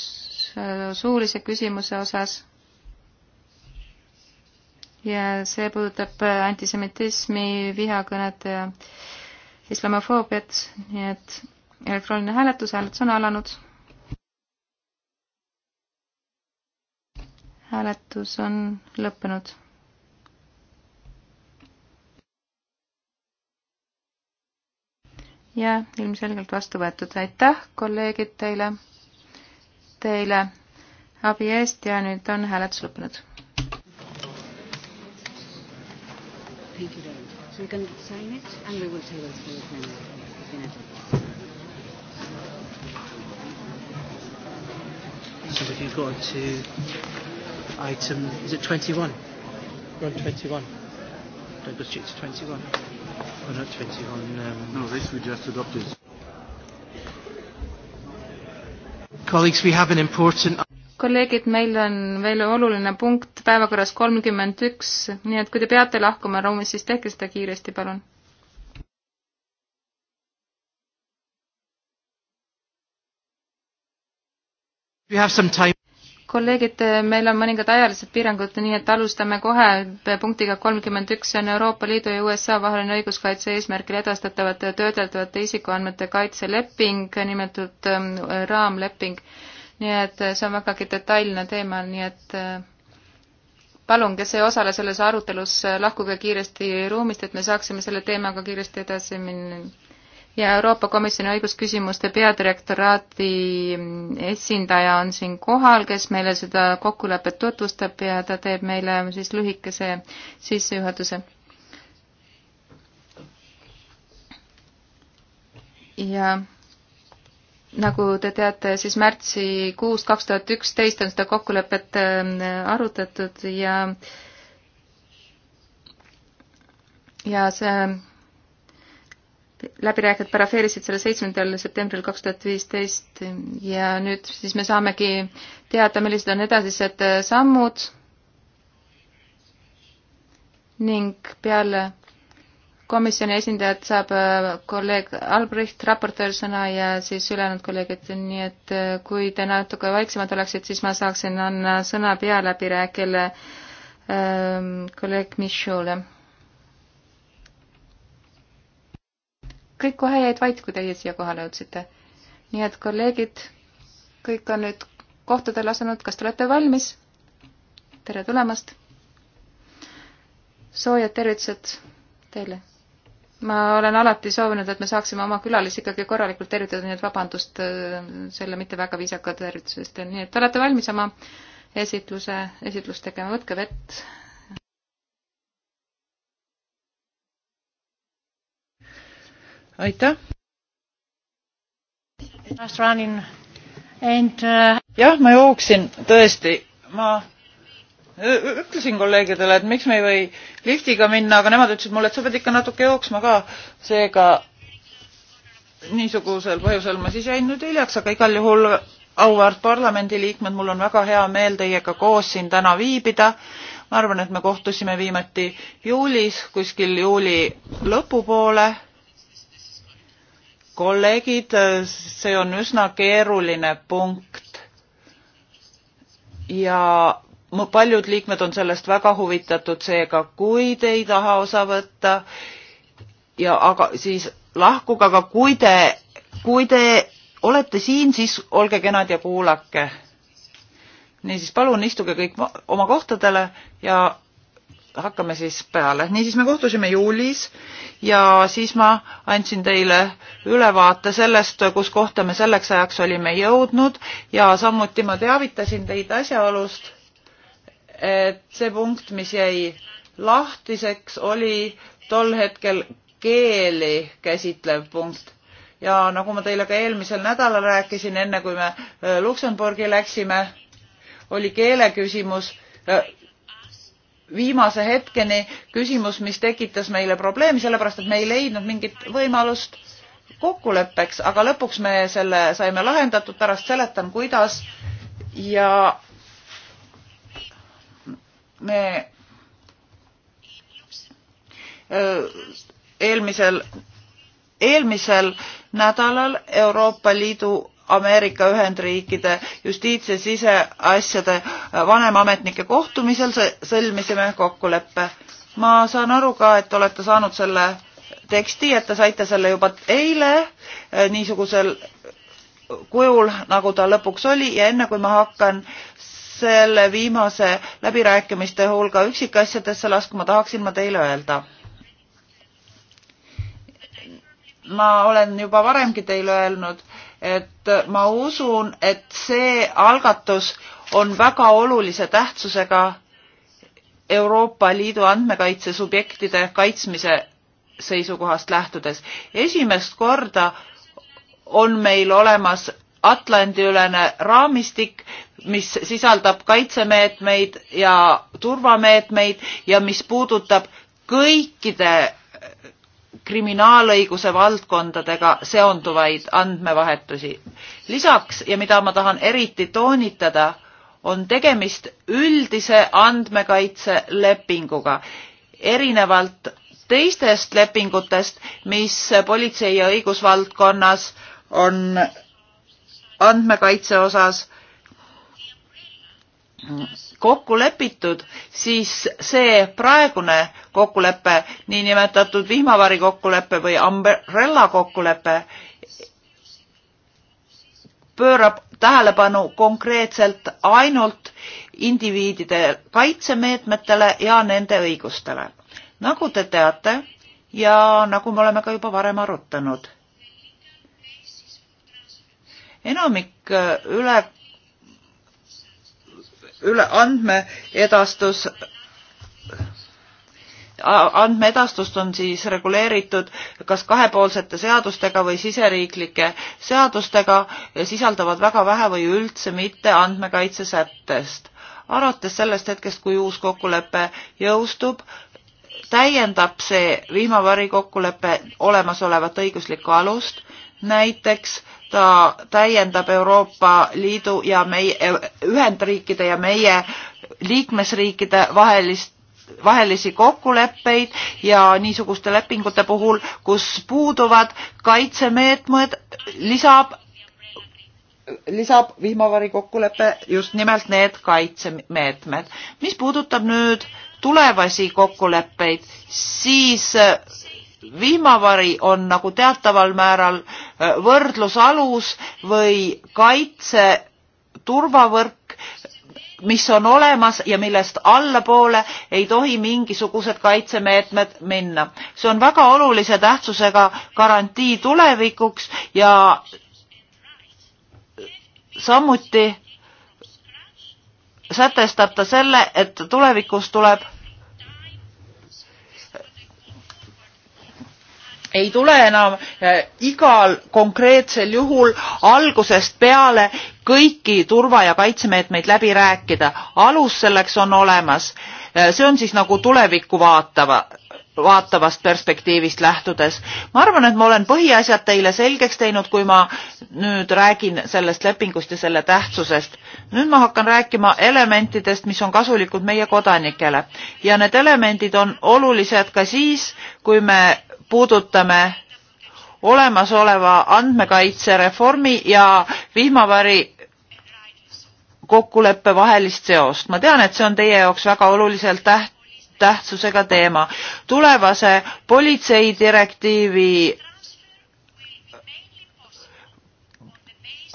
A: äh, suulise küsimuse osas ja see puudutab äh, antisemitismi, vihakõnet ja islamofoobiat, nii et elektrooniline hääletus, hääletus on alanud. hääletus on lõppenud. ja ilmselgelt vastu võetud. aitäh, kolleegid, teile, teile abi eest ja nüüd on hääletus lõppenud.
B: Thank you very much. So you can sign it and we will table it for the final.
C: So if you go on to item, is it 21? We're on 21. Don't go straight to 21. Oh, not 21. Um, no, this we just adopted.
A: Colleagues, we have an important kolleegid, meil on veel oluline punkt päevakorras kolmkümmend üks, nii et kui te peate lahkuma ruumist, siis tehke seda kiiresti, palun kolleegid, meil on mõningad ajalised piirangud, nii et alustame kohe punktiga kolmkümmend üks, see on Euroopa Liidu ja USA vaheline õiguskaitse eesmärgil edastatavate töödeldavate isikuandmete kaitseleping, nimetatud ähm, raamleping nii et eh, see on vägagi detailne teema, nii et eh, palun, kes ei osale selles arutelus, eh, lahkuge kiiresti ruumist, et me saaksime selle teemaga kiiresti edasi minna. ja Euroopa Komisjoni õigusküsimuste peadirektoraati mm, esindaja on siin kohal, kes meile seda kokkulepet tutvustab ja ta teeb meile siis lühikese sissejuhatuse ja nagu te teate, siis märtsikuus kaks tuhat üksteist on seda kokkulepet äh, arutatud ja ja see läbirääkijad parafeerisid selle seitsmendal septembril kaks tuhat viisteist ja nüüd siis me saamegi teada, millised on edasised sammud ning peale komisjoni esindajat saab äh, kolleeg Albrecht, raportöör sõna ja siis ülejäänud kolleegid, nii et äh, kui te natuke vaiksemad oleksite, siis ma saaksin anda sõna pealäbirääkijale ähm, kolleeg Michule. kõik kohe jäid vait, kui teie siia kohale jõudsite. nii et kolleegid, kõik on nüüd kohtadele asunud, kas te olete valmis? tere tulemast! soojad tervitused teile! ma olen alati soovinud, et me saaksime oma külalisi ikkagi korralikult tervitada, nii et vabandust äh, selle mitte väga viisaka tervituse eest, nii et olete valmis oma esitluse, esitlust tegema, võtke vett.
C: aitäh. Äh, jah, ma jooksin tõesti, ma ütlesin kolleegidele, et miks me ei või liftiga minna, aga nemad ütlesid mulle, et sa pead ikka natuke jooksma ka. seega niisugusel põhjusel ma siis jäin nüüd hiljaks, aga igal juhul auväärt parlamendiliikmed, mul on väga hea meel teiega koos siin täna viibida. ma arvan, et me kohtusime viimati juulis, kuskil juuli lõpupoole. kolleegid, see on üsna keeruline punkt. ja paljud liikmed on sellest väga huvitatud, seega kui te ei taha osa võtta ja aga siis lahkuge, aga kui te, kui te olete siin, siis olge kenad ja kuulake. niisiis, palun istuge kõik oma kohtadele ja hakkame siis peale. niisiis, me kohtusime juulis ja siis ma andsin teile ülevaate sellest, kus kohta me selleks ajaks olime jõudnud ja samuti ma teavitasin teid asjaolust et see punkt, mis jäi lahtiseks, oli tol hetkel keeli käsitlev punkt ja nagu ma teile ka eelmisel nädalal rääkisin, enne kui me äh, Luksemburgi läksime, oli keeleküsimus äh, viimase hetkeni küsimus, mis tekitas meile probleemi, sellepärast et me ei leidnud mingit võimalust kokkuleppeks, aga lõpuks me selle saime lahendatud, pärast seletan, kuidas ja me äh, eelmisel, eelmisel nädalal Euroopa Liidu Ameerika Ühendriikide justiits- ja siseasjade vanemametnike kohtumisel sõlmisime kokkuleppe. ma saan aru ka, et olete saanud selle teksti, et te saite selle juba eile äh, niisugusel kujul, nagu ta lõpuks oli ja enne kui ma hakkan selle viimase läbirääkimiste hulga üksikasjadesse laskma tahaksin ma teile öelda. ma olen juba varemgi teile öelnud, et ma usun, et see algatus on väga olulise tähtsusega Euroopa Liidu andmekaitse subjektide kaitsmise seisukohast lähtudes. esimest korda on meil olemas Atlandi-ülene raamistik, mis sisaldab kaitsemeetmeid ja turvameetmeid ja mis puudutab kõikide kriminaalõiguse valdkondadega seonduvaid andmevahetusi. lisaks ja mida ma tahan eriti toonitada, on tegemist üldise andmekaitselepinguga, erinevalt teistest lepingutest, mis politsei ja õigusvaldkonnas on andmekaitse osas kokku lepitud, siis see praegune kokkulepe, niinimetatud vihmavari kokkulepe või umbrella kokkulepe, pöörab tähelepanu konkreetselt ainult indiviidide kaitsemeetmetele ja nende õigustele. nagu te teate ja nagu me oleme ka juba varem arutanud enamik äh, üle, üle andmeedastus andmeedastust on siis reguleeritud kas kahepoolsete seadustega või siseriiklike seadustega ja sisaldavad väga vähe või üldse mitte andmekaitsesättest. alates sellest hetkest, kui uus kokkulepe jõustub, täiendab see vihmavari kokkulepe olemasolevat õiguslikku alust, näiteks ta täiendab Euroopa Liidu ja meie Ühendriikide ja meie liikmesriikide vahelist vahelisi kokkuleppeid ja niisuguste lepingute puhul, kus puuduvad kaitsemeetmed, lisab, lisab vihmavari kokkulepe just nimelt need kaitsemeetmed. mis puudutab nüüd tulevasi kokkuleppeid, siis vihmavari on nagu teataval määral äh, võrdlusalus või kaitse turvavõrk, mis on olemas ja millest allapoole ei tohi mingisugused kaitsemeetmed minna. see on väga olulise tähtsusega garantii tulevikuks ja samuti sätestab ta selle, et tulevikus tuleb ei tule enam eh, igal konkreetsel juhul algusest peale kõiki turva- ja kaitsemeetmeid läbi rääkida. alus selleks on olemas. Eh, see on siis nagu tulevikku vaatava vaatavast perspektiivist lähtudes. ma arvan, et ma olen põhiasjad teile selgeks teinud, kui ma nüüd räägin sellest lepingust ja selle tähtsusest. nüüd ma hakkan rääkima elementidest, mis on kasulikud meie kodanikele ja need elemendid on olulised ka siis, kui me puudutame olemasoleva andmekaitsereformi ja vihmavari kokkuleppe vahelist seost. ma tean, et see on teie jaoks väga oluliselt täht-, tähtsusega teema. tulevase politseidirektiivi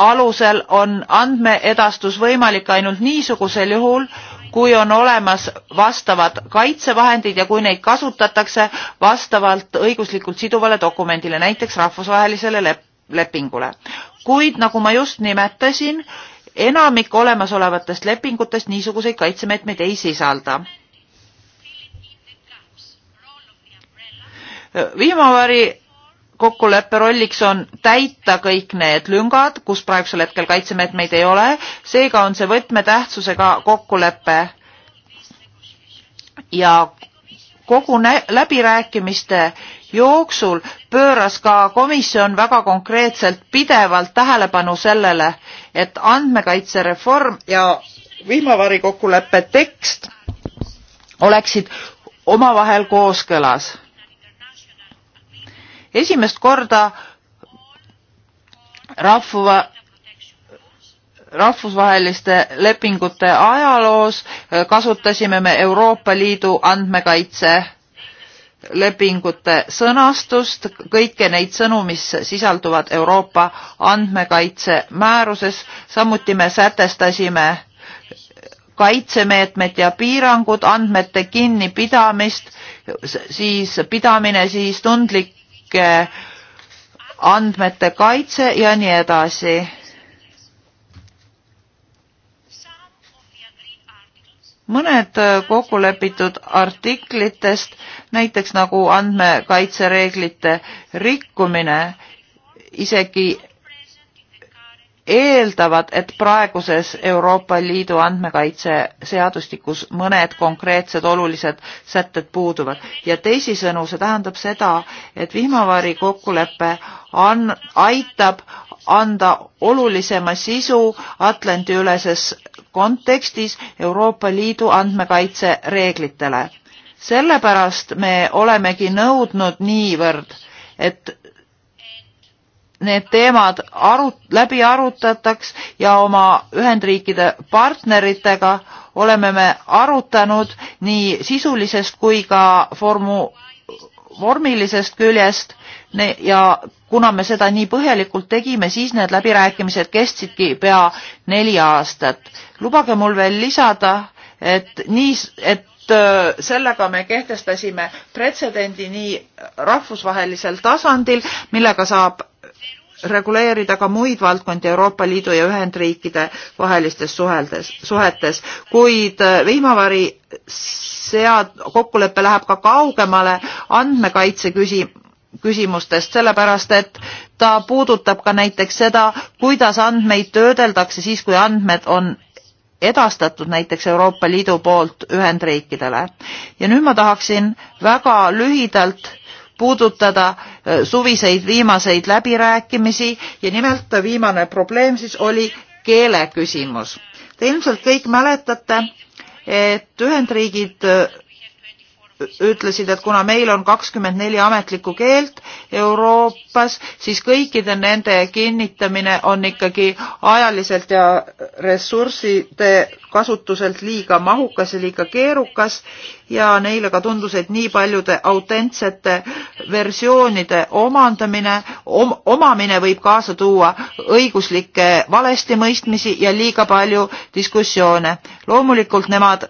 C: alusel on andmeedastus võimalik ainult niisugusel juhul, kui on olemas vastavad kaitsevahendid ja kui neid kasutatakse vastavalt õiguslikult siduvale dokumendile, näiteks rahvusvahelisele lep lepingule. kuid nagu ma just nimetasin, enamik olemasolevatest lepingutest niisuguseid kaitsemeetmeid ei sisalda. vihmavari kokkuleppe rolliks on täita kõik need lüngad, kus praegusel hetkel kaitsemeetmeid ei ole, seega on see võtmetähtsusega kokkulepe ja kogu läbirääkimiste jooksul pööras ka komisjon väga konkreetselt pidevalt tähelepanu sellele, et andmekaitsereform ja vihmavari kokkuleppe tekst oleksid omavahel kooskõlas esimest korda rahva rahvusvaheliste lepingute ajaloos kasutasime me Euroopa Liidu andmekaitse lepingute sõnastust, kõiki neid sõnu, mis sisalduvad Euroopa andmekaitse määruses. samuti me sätestasime kaitsemeetmed ja piirangud, andmete kinnipidamist, siis pidamine, siis tundlik andmete kaitse ja nii edasi. mõned kokkulepitud artiklitest, näiteks nagu andmekaitsereeglite rikkumine, isegi eeldavad, et praeguses Euroopa Liidu andmekaitseseadustikus mõned konkreetsed olulised sätted puuduvad ja teisisõnu, see tähendab seda, et vihmavari kokkulepe on, aitab anda olulisema sisu Atlandi-üleses kontekstis Euroopa Liidu andmekaitsereeglitele. sellepärast me olemegi nõudnud niivõrd, et need teemad arut, läbi arutataks ja oma Ühendriikide partneritega oleme me arutanud nii sisulisest kui ka formu, vormilisest küljest ne, ja kuna me seda nii põhjalikult tegime, siis need läbirääkimised kestsidki pea neli aastat. lubage mul veel lisada, et nii, et sellega me kehtestasime pretsedendi nii rahvusvahelisel tasandil, millega saab reguleerida ka muid valdkondi Euroopa Liidu ja Ühendriikide vahelistes suheldes, suhetes, kuid äh, vihmavari sead-, kokkulepe läheb ka kaugemale andmekaitse küsi-, küsimustest, sellepärast et ta puudutab ka näiteks seda, kuidas andmeid töödeldakse siis, kui andmed on edastatud näiteks Euroopa Liidu poolt Ühendriikidele. ja nüüd ma tahaksin väga lühidalt puudutada eh, suviseid viimaseid läbirääkimisi ja nimelt viimane probleem siis oli keele küsimus. Te ilmselt kõik mäletate, et Ühendriigid eh, ütlesid, et kuna meil on kakskümmend neli ametlikku keelt Euroopas, siis kõikide nende kinnitamine on ikkagi ajaliselt ja ressursside kasutuselt liiga mahukas ja liiga keerukas ja neile ka tundus, et nii paljude autentsete versioonide omandamine om,, omamine võib kaasa tuua õiguslikke valestimõistmisi ja liiga palju diskussioone. loomulikult nemad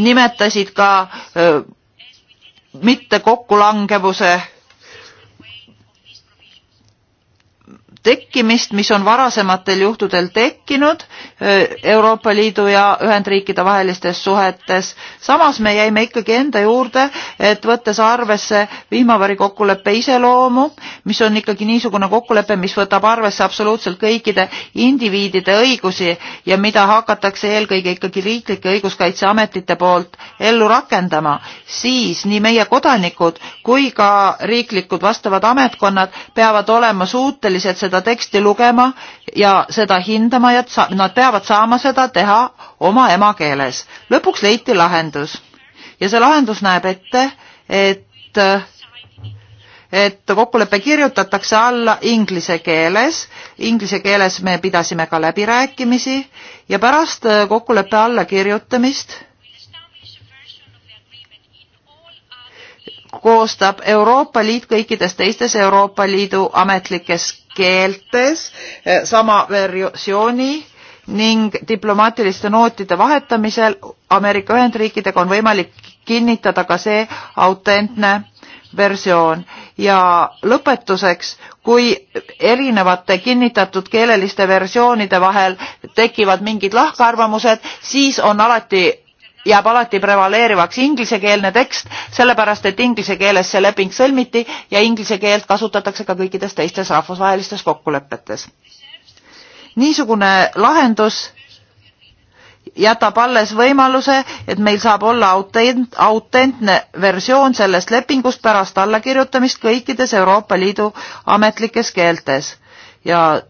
C: nimetasid ka äh, mitte kokkulangevuse tekkimist, mis on varasematel juhtudel tekkinud Euroopa Liidu ja Ühendriikide vahelistes suhetes. samas me jäime ikkagi enda juurde, et võttes arvesse vihmavari kokkuleppe iseloomu, mis on ikkagi niisugune kokkulepe, mis võtab arvesse absoluutselt kõikide indiviidide õigusi ja mida hakatakse eelkõige ikkagi riiklike õiguskaitseametite poolt ellu rakendama, siis nii meie kodanikud kui ka riiklikud vastavad ametkonnad peavad olema suutelised seda seda teksti lugema ja seda hindama ja nad peavad saama seda teha oma emakeeles. lõpuks leiti lahendus ja see lahendus näeb ette, et et kokkulepe kirjutatakse alla inglise keeles, inglise keeles me pidasime ka läbirääkimisi ja pärast kokkuleppe allakirjutamist koostab Euroopa Liit kõikides teistes Euroopa Liidu ametlikes keeltes eh, sama versiooni ning diplomaatiliste nootide vahetamisel Ameerika Ühendriikidega on võimalik kinnitada ka see autentne versioon ja lõpetuseks, kui erinevate kinnitatud keeleliste versioonide vahel tekivad mingid lahkarvamused, siis on alati jääb alati prevaleerivaks inglisekeelne tekst, sellepärast et inglise keeles see leping sõlmiti ja inglise keelt kasutatakse ka kõikides teistes rahvusvahelistes kokkulepetes. niisugune lahendus jätab alles võimaluse, et meil saab olla autent, autentne versioon sellest lepingust pärast allakirjutamist kõikides Euroopa Liidu ametlikes keeltes. ja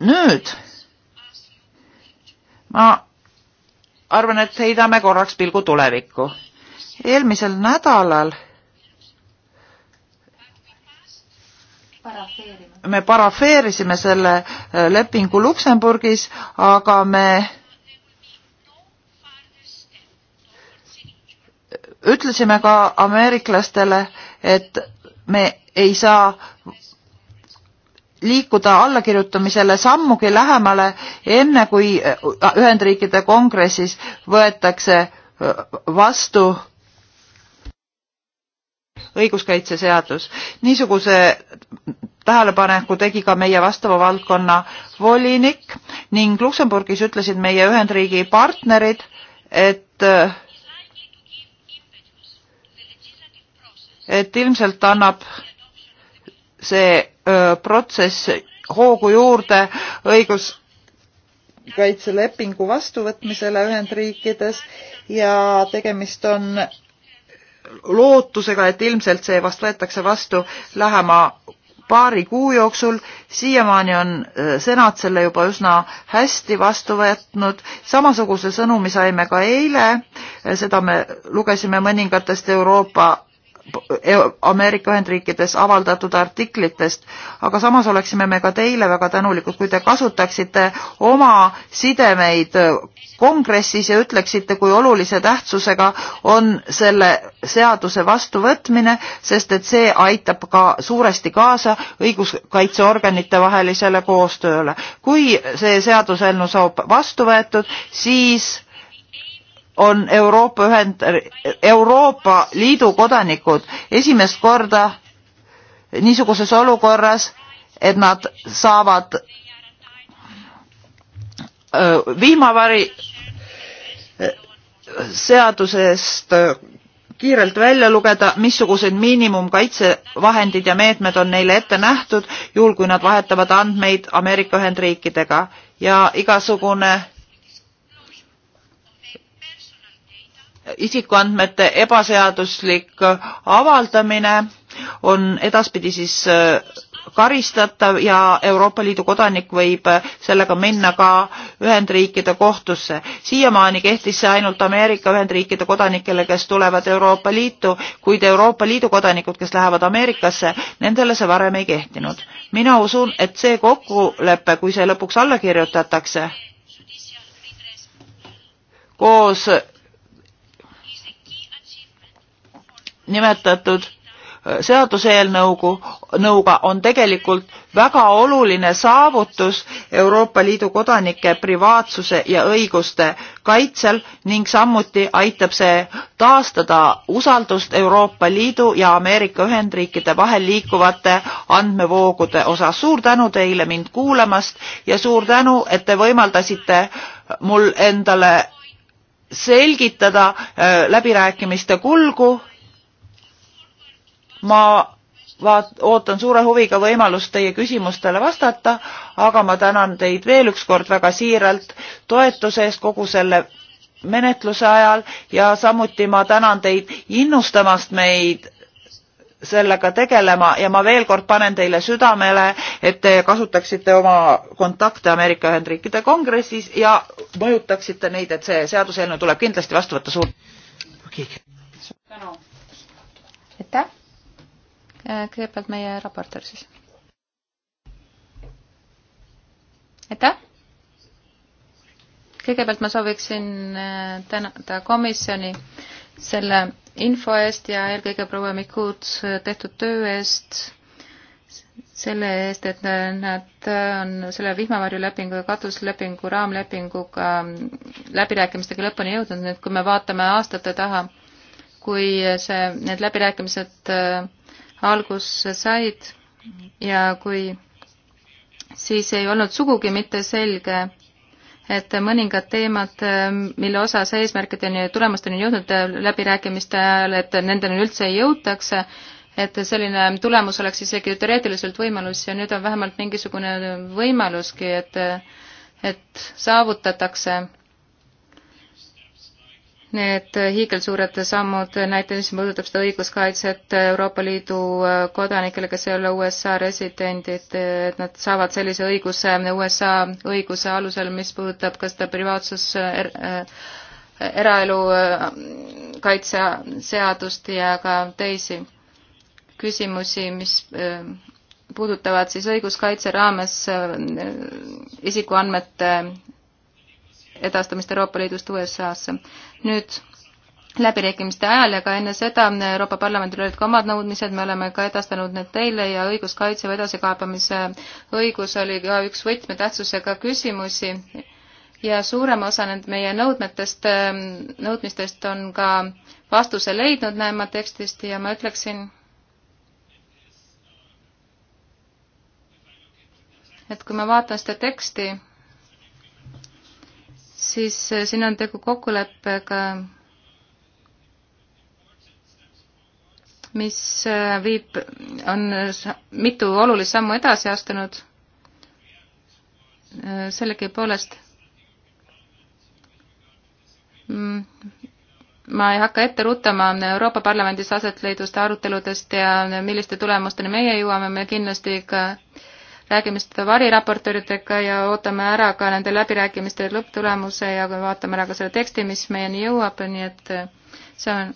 C: nüüd ma arvan, et heidame korraks pilgu tulevikku. eelmisel nädalal me parafeerisime selle äh, lepingu Luksemburgis, aga me ütlesime ka ameeriklastele, et me ei saa liikuda allakirjutamisele sammugi lähemale, enne kui äh, Ühendriikide kongressis võetakse äh, vastu õiguskaitseseadus. niisuguse tähelepaneku tegi ka meie vastava valdkonna volinik ning Luksemburgis ütlesid meie Ühendriigi partnerid, et äh, et ilmselt annab see protsess hoogu juurde õiguskaitselepingu vastuvõtmisele Ühendriikides ja tegemist on lootusega, et ilmselt see vast võetakse vastu lähema paari kuu jooksul. siiamaani on senat selle juba üsna hästi vastu võtnud. samasuguse sõnumi saime ka eile, seda me lugesime mõningatest Euroopa E-, Ameerika Ühendriikides avaldatud artiklitest, aga samas oleksime me ka teile väga tänulikud, kui te kasutaksite oma sidemeid kongressis ja ütleksite, kui olulise tähtsusega on selle seaduse vastuvõtmine, sest et see aitab ka suuresti kaasa õiguskaitseorganite vahelisele koostööle. kui see seaduseelnõu saab vastu võetud, siis on Euroopa ühend, Euroopa Liidu kodanikud esimest korda niisuguses olukorras, et nad saavad vihmavari seadusest kiirelt välja lugeda, missugused miinimumkaitsevahendid ja meetmed on neile ette nähtud, juhul kui nad vahetavad andmeid Ameerika Ühendriikidega ja igasugune isikuandmete ebaseaduslik avaldamine on edaspidi siis äh, karistatav ja Euroopa Liidu kodanik võib äh, sellega minna ka Ühendriikide kohtusse. siiamaani kehtis see ainult Ameerika Ühendriikide kodanikele, kes tulevad Euroopa Liitu, kuid Euroopa Liidu kodanikud, kes lähevad Ameerikasse, nendele see varem ei kehtinud. mina usun, et see kokkulepe, kui see lõpuks alla kirjutatakse, koos nimetatud seaduseelnõugu, nõuga on tegelikult väga oluline saavutus Euroopa Liidu kodanike privaatsuse ja õiguste kaitsel ning samuti aitab see taastada usaldust Euroopa Liidu ja Ameerika Ühendriikide vahel liikuvate andmevoogude osas. suur tänu teile mind kuulamast ja suur tänu, et te võimaldasite mul endale selgitada äh, läbirääkimiste kulgu ma vaat-, ootan suure huviga võimalust teie küsimustele vastata, aga ma tänan teid veel ükskord väga siiralt toetuse eest kogu selle menetluse ajal ja samuti ma tänan teid innustamast meid sellega tegelema ja ma veel kord panen teile südamele, et te kasutaksite oma kontakte Ameerika Ühendriikide Kongressis ja mõjutaksite neid, et see seaduseelnõu tuleb kindlasti vastu võtta
B: suur- okay.. suur tänu. aitäh
A: Eh, kõigepealt meie raportöör siis. aitäh! kõigepealt ma sooviksin eh, tänada komisjoni selle info eest ja eelkõige proua Mikud tehtud töö eest, selle eest, et nad on selle vihmavarjulepingu ja katuslepingu raamlepinguga läbirääkimistega lõpuni jõudnud, nii et kui me vaatame aastate taha, kui see, need läbirääkimised äh, alguse said ja kui siis ei olnud sugugi mitte selge, et mõningad teemad, mille osas eesmärkideni ja tulemusteni on jõudnud läbirääkimiste ajal, et nendeni üldse ei jõutakse, et selline tulemus oleks isegi teoreetiliselt võimalus ja nüüd on vähemalt mingisugune võimaluski, et, et saavutatakse need hiigelsuured sammud, näiteks mis puudutab seda õiguskaitset Euroopa Liidu äh, kodanikele, kes ei ole USA residendid, et nad saavad sellise õiguse USA õiguse alusel, mis puudutab ka seda privaatsus er, äh, eraelu äh, kaitseseadust ja ka teisi küsimusi, mis puudutavad siis õiguskaitse raames isikuandmete edastamist Euroopa Liidust USA-sse. nüüd läbirääkimiste ajal ja ka enne seda Euroopa Parlamendil olid ka omad nõudmised, me oleme ka edastanud need teile ja õiguskaitse edasikaebamise õigus oli ka üks võtmetähtsusega küsimusi ja suurema osa need meie nõudmetest, ähm, nõudmistest on ka vastuse leidnud näema tekstist ja ma ütleksin, et kui ma vaatan seda teksti, siis eh, siin on tegu kokkuleppega, mis eh, viib, on mitu olulist sammu edasi astunud, eh, sellegipoolest mm, ma ei hakka ette ruttama Euroopa Parlamendis aset leidvuste aruteludest ja milliste tulemusteni meie jõuame, me kindlasti ka räägime seda variraportööridega ja ootame ära ka nende läbirääkimiste lõpptulemuse ja vaatame ära ka selle teksti, mis meieni jõuab, nii et äh, see on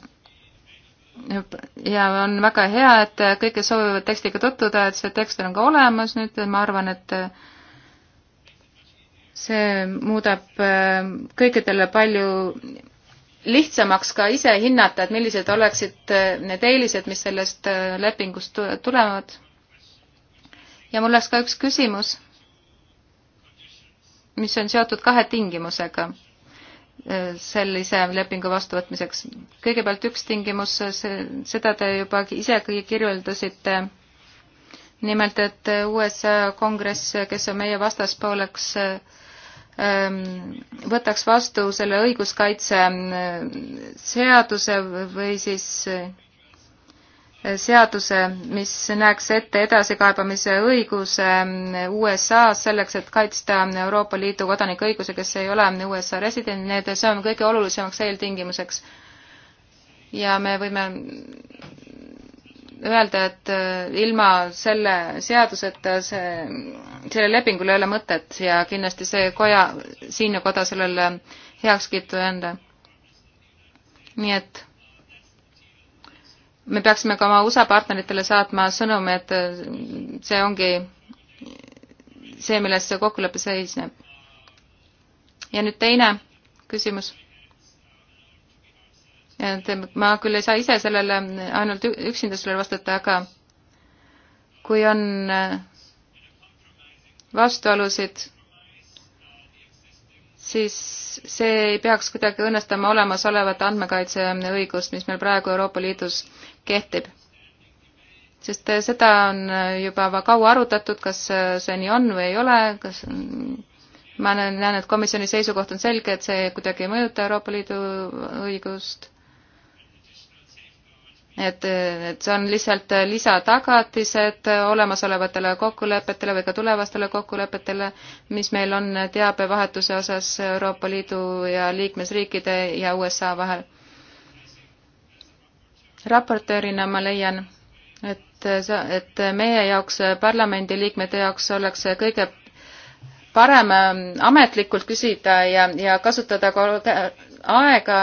A: ja on väga hea, et kõik, kes soovivad tekstiga tutvuda, et see tekst on ka olemas nüüd, ma arvan, et äh, see muudab äh, kõikidele palju lihtsamaks ka ise hinnata, et millised oleksid need eelised, mis sellest lepingust tulevad ja mul oleks ka üks küsimus, mis on seotud kahe tingimusega äh, sellise lepingu vastuvõtmiseks. kõigepealt üks tingimus, seda te juba ise kirjeldasite, nimelt et USA kongress, kes on meie vastaspooleks, äh, ähm, võtaks vastu selle õiguskaitse äh, seaduse või siis seaduse, mis näeks ette edasikaebamise õiguse ähm, USA-s selleks, et kaitsta Euroopa Liidu kodanike õigusi, kes ei ole USA resident, need, see on kõige olulisemaks eeltingimuseks. ja me võime öelda, et äh, ilma selle seaduseta see, sellel lepingul ei ole mõtet ja kindlasti see koja, siinne koda sellele heakskiitu anda. nii et me peaksime ka oma USA partneritele saatma sõnumi, et äh, see ongi see, milles see kokkulepe seisneb. ja nüüd teine küsimus. et ma küll ei saa ise sellele ainult üksinda sellele vastata, aga kui on äh, vastuolusid, siis see ei peaks kuidagi õnnestama olemasolevat andmekaitseõigust, mis meil praegu Euroopa Liidus kehtib. sest äh, seda on äh, juba kaua arutatud, kas äh, see nii on või ei ole, kas ma näen, et komisjoni seisukoht on selge, et see kuidagi ei mõjuta Euroopa Liidu õigust. et, et see on lihtsalt lisatagatised olemasolevatele kokkulepetele või ka tulevastele kokkulepetele, mis meil on teabevahetuse osas Euroopa Liidu ja liikmesriikide ja USA vahel raportöörina ma leian, et, et meie jaoks, parlamendiliikmete jaoks oleks kõige parem ähm, ametlikult küsida ja, ja kasutada ka aega,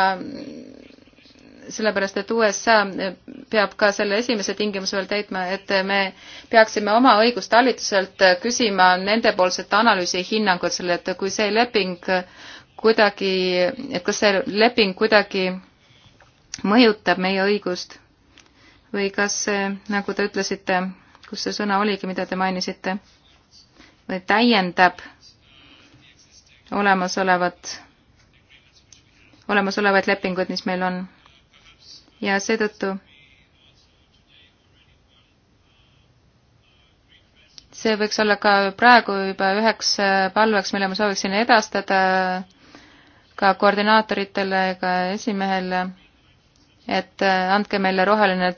A: sellepärast et USA peab ka selle esimese tingimuse veel täitma, et me peaksime oma õigustalituselt küsima nendepoolset analüüsi hinnangut selle, et kui see leping kuidagi, et kas see leping kuidagi mõjutab meie õigust või kas see, nagu te ütlesite, kus see sõna oligi, mida te mainisite, või täiendab olemasolevat, olemasolevaid lepinguid, mis meil on. ja seetõttu see võiks olla ka praegu juba üheks palveks, mille ma sooviksin edastada ka koordinaatoritele, ka esimehele et äh, andke meile roheline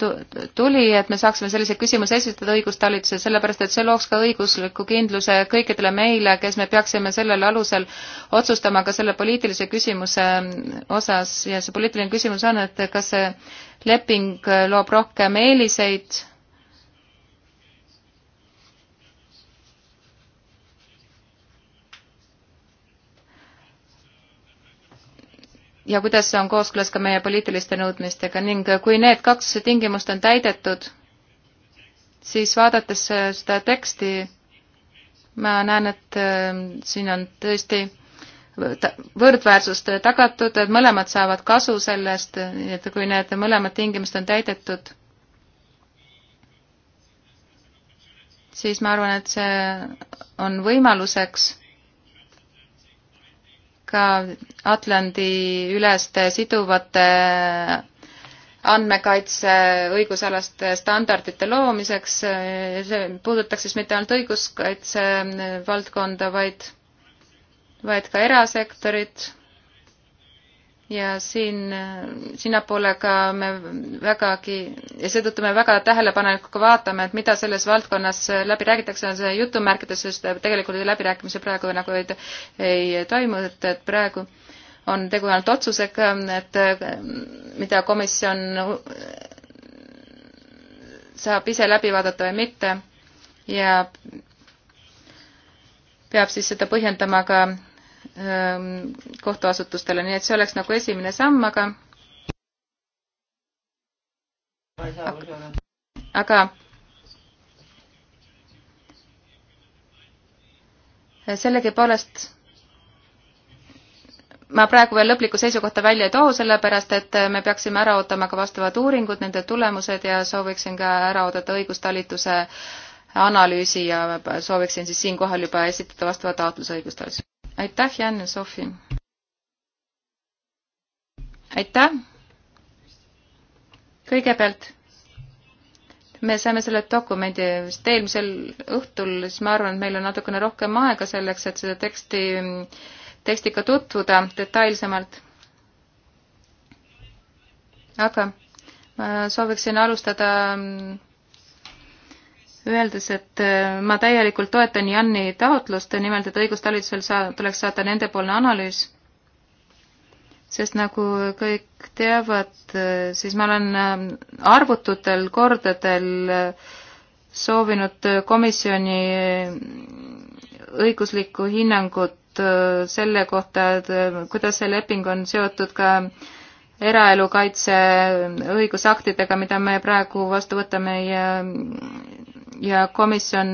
A: tuli, et me saaksime sellise küsimuse esitada õigustalitusele, sellepärast et see looks ka õigusliku kindluse kõikidele meile, kes me peaksime sellel alusel otsustama ka selle poliitilise küsimuse mm, osas ja see poliitiline küsimus on, et kas see leping äh, loob rohkem eeliseid ja kuidas see on kooskõlas ka meie poliitiliste nõudmistega ning kui need kaks tingimust on täidetud, siis vaadates seda teksti, ma näen, et ähm, siin on tõesti võrdväärsust tagatud, et mõlemad saavad kasu sellest, nii et kui need mõlemad tingimused on täidetud, siis ma arvan, et see on võimaluseks ka Atlandi üleste siduvate andmekaitse õigusalaste standardite loomiseks, see puudutaks siis mitte ainult õiguskaitse valdkonda, vaid, vaid ka erasektorit ja siin, sinnapoole ka me vägagi, ja seetõttu me väga tähelepanelikuga vaatame, et mida selles valdkonnas läbi räägitakse, on see jutumärkides, sest tegelikult läbirääkimisi praegu nagu ei, ei toimu, et, et praegu on tegu ainult otsusega, et mida komisjon saab ise läbi vaadata või mitte ja peab siis seda põhjendama ka Ähm, kohtuasutustele, nii et see oleks nagu esimene samm, aga aga sellegipoolest ma praegu veel lõplikku seisukohta välja ei too, sellepärast et me peaksime ära ootama ka vastavad uuringud, nende tulemused ja sooviksin ka ära oodata õigustalituse analüüsi ja sooviksin siis siinkohal juba esitada vastava taotluse õigustalitusele aitäh, Jan ja Sofi! aitäh! kõigepealt me saime selle dokumendi vist eelmisel õhtul, siis ma arvan, et meil on natukene rohkem aega selleks, et seda teksti, tekstiga tutvuda detailsemalt. aga ma sooviksin alustada mm, öeldes, et äh, ma täielikult toetan Janni taotlust, nimelt et õigustalitusel saa-, tuleks saata nendepoolne analüüs, sest nagu kõik teavad, äh, siis ma olen äh, arvututel kordadel soovinud komisjoni õiguslikku hinnangut selle kohta, et kuidas see leping on seotud ka eraelu kaitse õigusaktidega, mida me praegu vastu võtame ja ja komisjon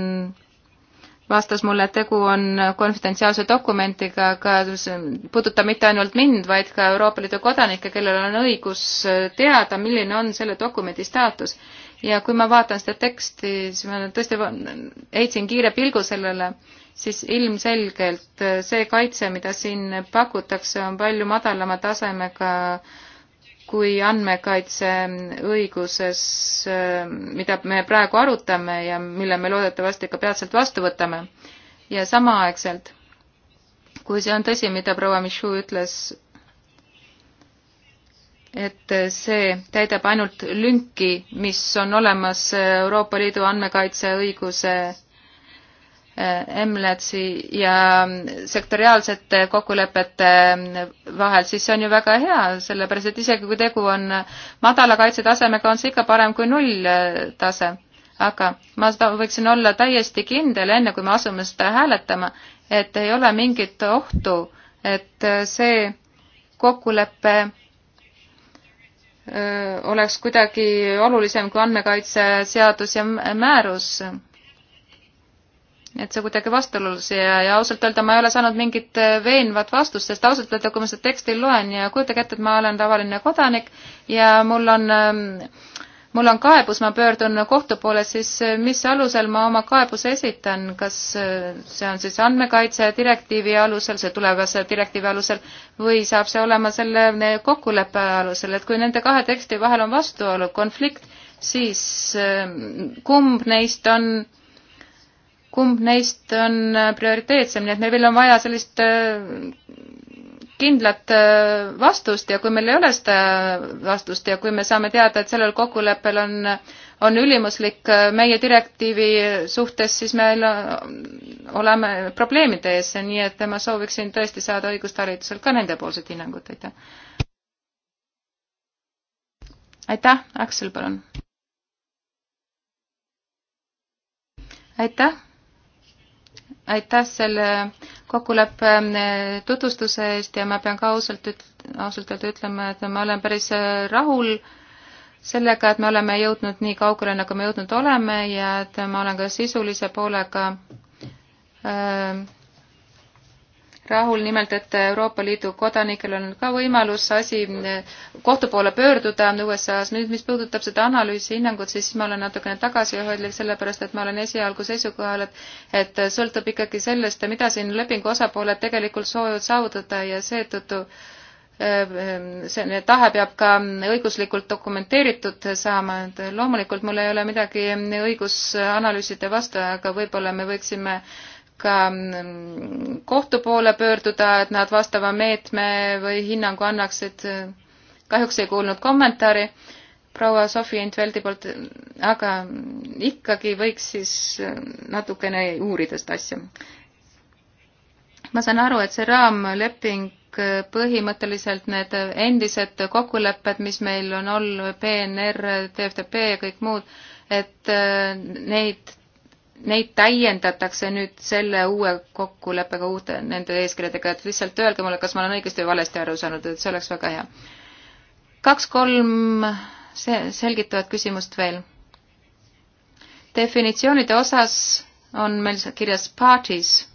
A: vastas mulle, et tegu on konfidentsiaalse dokumendiga, aga puudutab mitte ainult mind, vaid ka Euroopa Liidu kodanikke, kellel on õigus teada, milline on selle dokumendi staatus. ja kui ma vaatan seda teksti, siis ma tõesti heitsin kiire pilgu sellele, siis ilmselgelt see kaitse, mida siin pakutakse, on palju madalama tasemega ka kui andmekaitseõiguses, äh, mida me praegu arutame ja mille me loodetavasti ka peatselt vastu võtame. ja samaaegselt, kui see on tõsi, mida proua Michu ütles, et see täidab ainult lünki, mis on olemas Euroopa Liidu andmekaitseõiguse MLATS-i ja sektoriaalsete kokkulepete vahel, siis see on ju väga hea, sellepärast et isegi kui tegu on madala kaitsetasemega, on see ikka parem kui nulltase. aga ma võiksin olla täiesti kindel, enne kui me asume seda hääletama, et ei ole mingit ohtu, et see kokkulepe oleks kuidagi olulisem kui andmekaitseseadus ja määrus et see kuidagi vastuolus ja, ja ausalt öelda ma ei ole saanud mingit äh, veenvat vastust, sest ausalt öelda, kui ma seda teksti loen ja kujutage ette, et ma olen tavaline kodanik ja mul on ähm, mul on kaebus, ma pöördun kohtu poole, siis äh, mis alusel ma oma kaebuse esitan, kas äh, see on siis andmekaitse direktiivi alusel, see tulevase direktiivi alusel, või saab see olema selle kokkuleppe alusel, et kui nende kahe teksti vahel on vastuolu, konflikt, siis kumb neist on äh, kumb neist on äh, prioriteetsem, nii et meil on vaja sellist äh, kindlat äh, vastust ja kui meil ei ole seda vastust ja kui me saame teada, et sellel kokkuleppel on, on ülimuslik meie direktiivi suhtes, siis me oleme probleemide ees, nii et ma sooviksin tõesti saada õigustalitluselt ka nendepoolset hinnangut, aitäh. aitäh, Aksel, palun. aitäh aitäh selle kokkuleppe ähm, tutvustuse eest ja ma pean ka ausalt üt-, ausalt öelda ütlema, et ma olen päris äh, rahul sellega, et me oleme jõudnud nii kaugele, nagu me jõudnud oleme ja et ma olen ka sisulise poolega äh, rahul, nimelt et Euroopa Liidu kodanikel on ka võimalus asi kohtu poole pöörduda USA-s. nüüd, mis puudutab seda analüüsi hinnangut, siis ma olen natukene tagasihoidlik, sellepärast et ma olen esialgu seisukohal, et, et sõltub ikkagi sellest, mida siin lepingu osapooled tegelikult soovivad saavutada ja seetõttu äh, see tahe peab ka õiguslikult dokumenteeritud saama, et loomulikult mul ei ole midagi õigusanalüüside vastu, aga võib-olla me võiksime äh, ka mm, kohtu poole pöörduda, et nad vastava meetme või hinnangu annaksid. kahjuks ei kuulnud kommentaari proua Sofi Entveldi poolt, aga ikkagi võiks siis natukene uurida seda asja. ma saan aru, et see raamleping põhimõtteliselt need endised kokkulepped, mis meil on olnud, PNR, TFTP ja kõik muud, et äh, neid neid täiendatakse nüüd selle uue kokkuleppega, uute nende eeskirjadega, et lihtsalt öelge mulle, kas ma olen õigesti või valesti aru saanud, et see oleks väga hea. kaks-kolm see, selgitavat küsimust veel. definitsioonide osas on meil kirjas parties.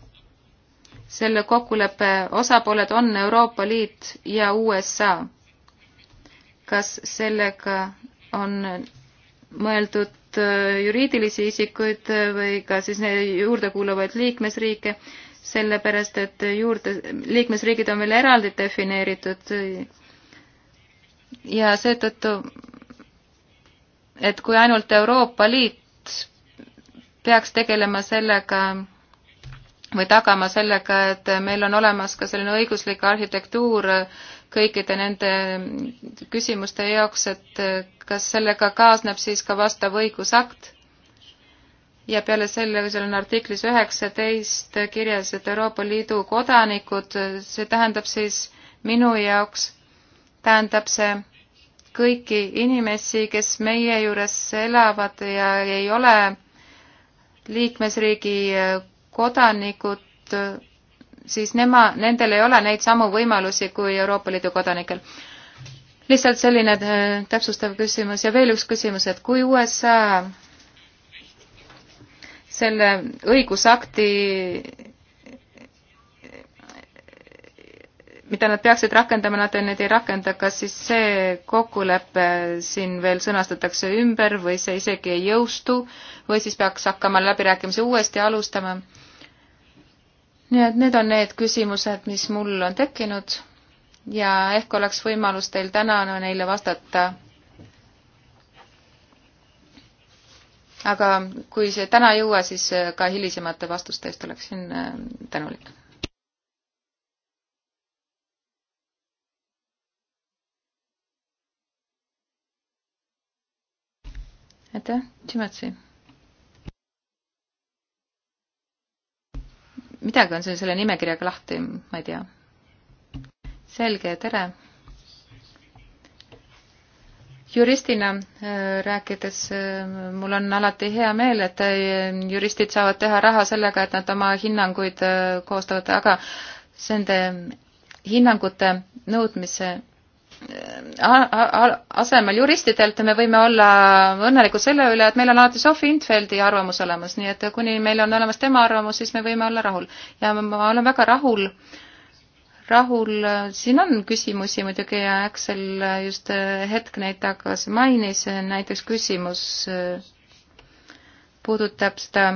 A: selle kokkuleppe osapooled on Euroopa Liit ja USA. kas sellega on mõeldud puudutab äh, juriidilisi isikuid äh, või ka siis juurde kuuluvaid liikmesriike, sellepärast et juurde, liikmesriigid on veel eraldi defineeritud ja seetõttu, et kui ainult Euroopa Liit peaks tegelema sellega või tagama sellega, et meil on olemas ka selline õiguslik arhitektuur äh, kõikide nende küsimuste jaoks, et kas sellega kaasneb siis ka vastav õigusakt ja peale selle, seal on artiklis üheksateist kirjas, et Euroopa Liidu kodanikud, see tähendab siis minu jaoks, tähendab see kõiki inimesi, kes meie juures elavad ja ei ole liikmesriigi kodanikud, siis nema, nendel ei ole neid samu võimalusi kui Euroopa Liidu kodanikel. lihtsalt selline äh, täpsustav küsimus ja veel üks küsimus, et kui USA selle õigusakti, mida nad peaksid rakendama, nad neid ei rakenda, kas siis see kokkulepe siin veel sõnastatakse ümber või see isegi ei jõustu või siis peaks hakkama läbirääkimisi uuesti alustama? nii et need on need küsimused, mis mul on tekkinud ja ehk oleks võimalus teil täna no, neile vastata. aga kui see täna ei jõua, siis äh, ka hilisemate vastuste eest oleksin äh, tänulik. aitäh, Tšimotsi midagi on siin selle nimekirjaga lahti, ma ei tea. selge, tere. juristina äh, rääkides, äh, mul on alati hea meel, et äh, juristid saavad teha raha sellega, et nad oma hinnanguid koostavad, aga nende hinnangute nõudmise asemel juristidelt me võime olla õnnelikud selle üle, et meil on alati Sofi Intveldi arvamus olemas, nii et kuni meil on olemas tema arvamus, siis me võime olla rahul. ja ma olen väga rahul, rahul, siin on küsimusi muidugi ja Axel just hetk neid tagasi mainis, näiteks küsimus äh, puudutab seda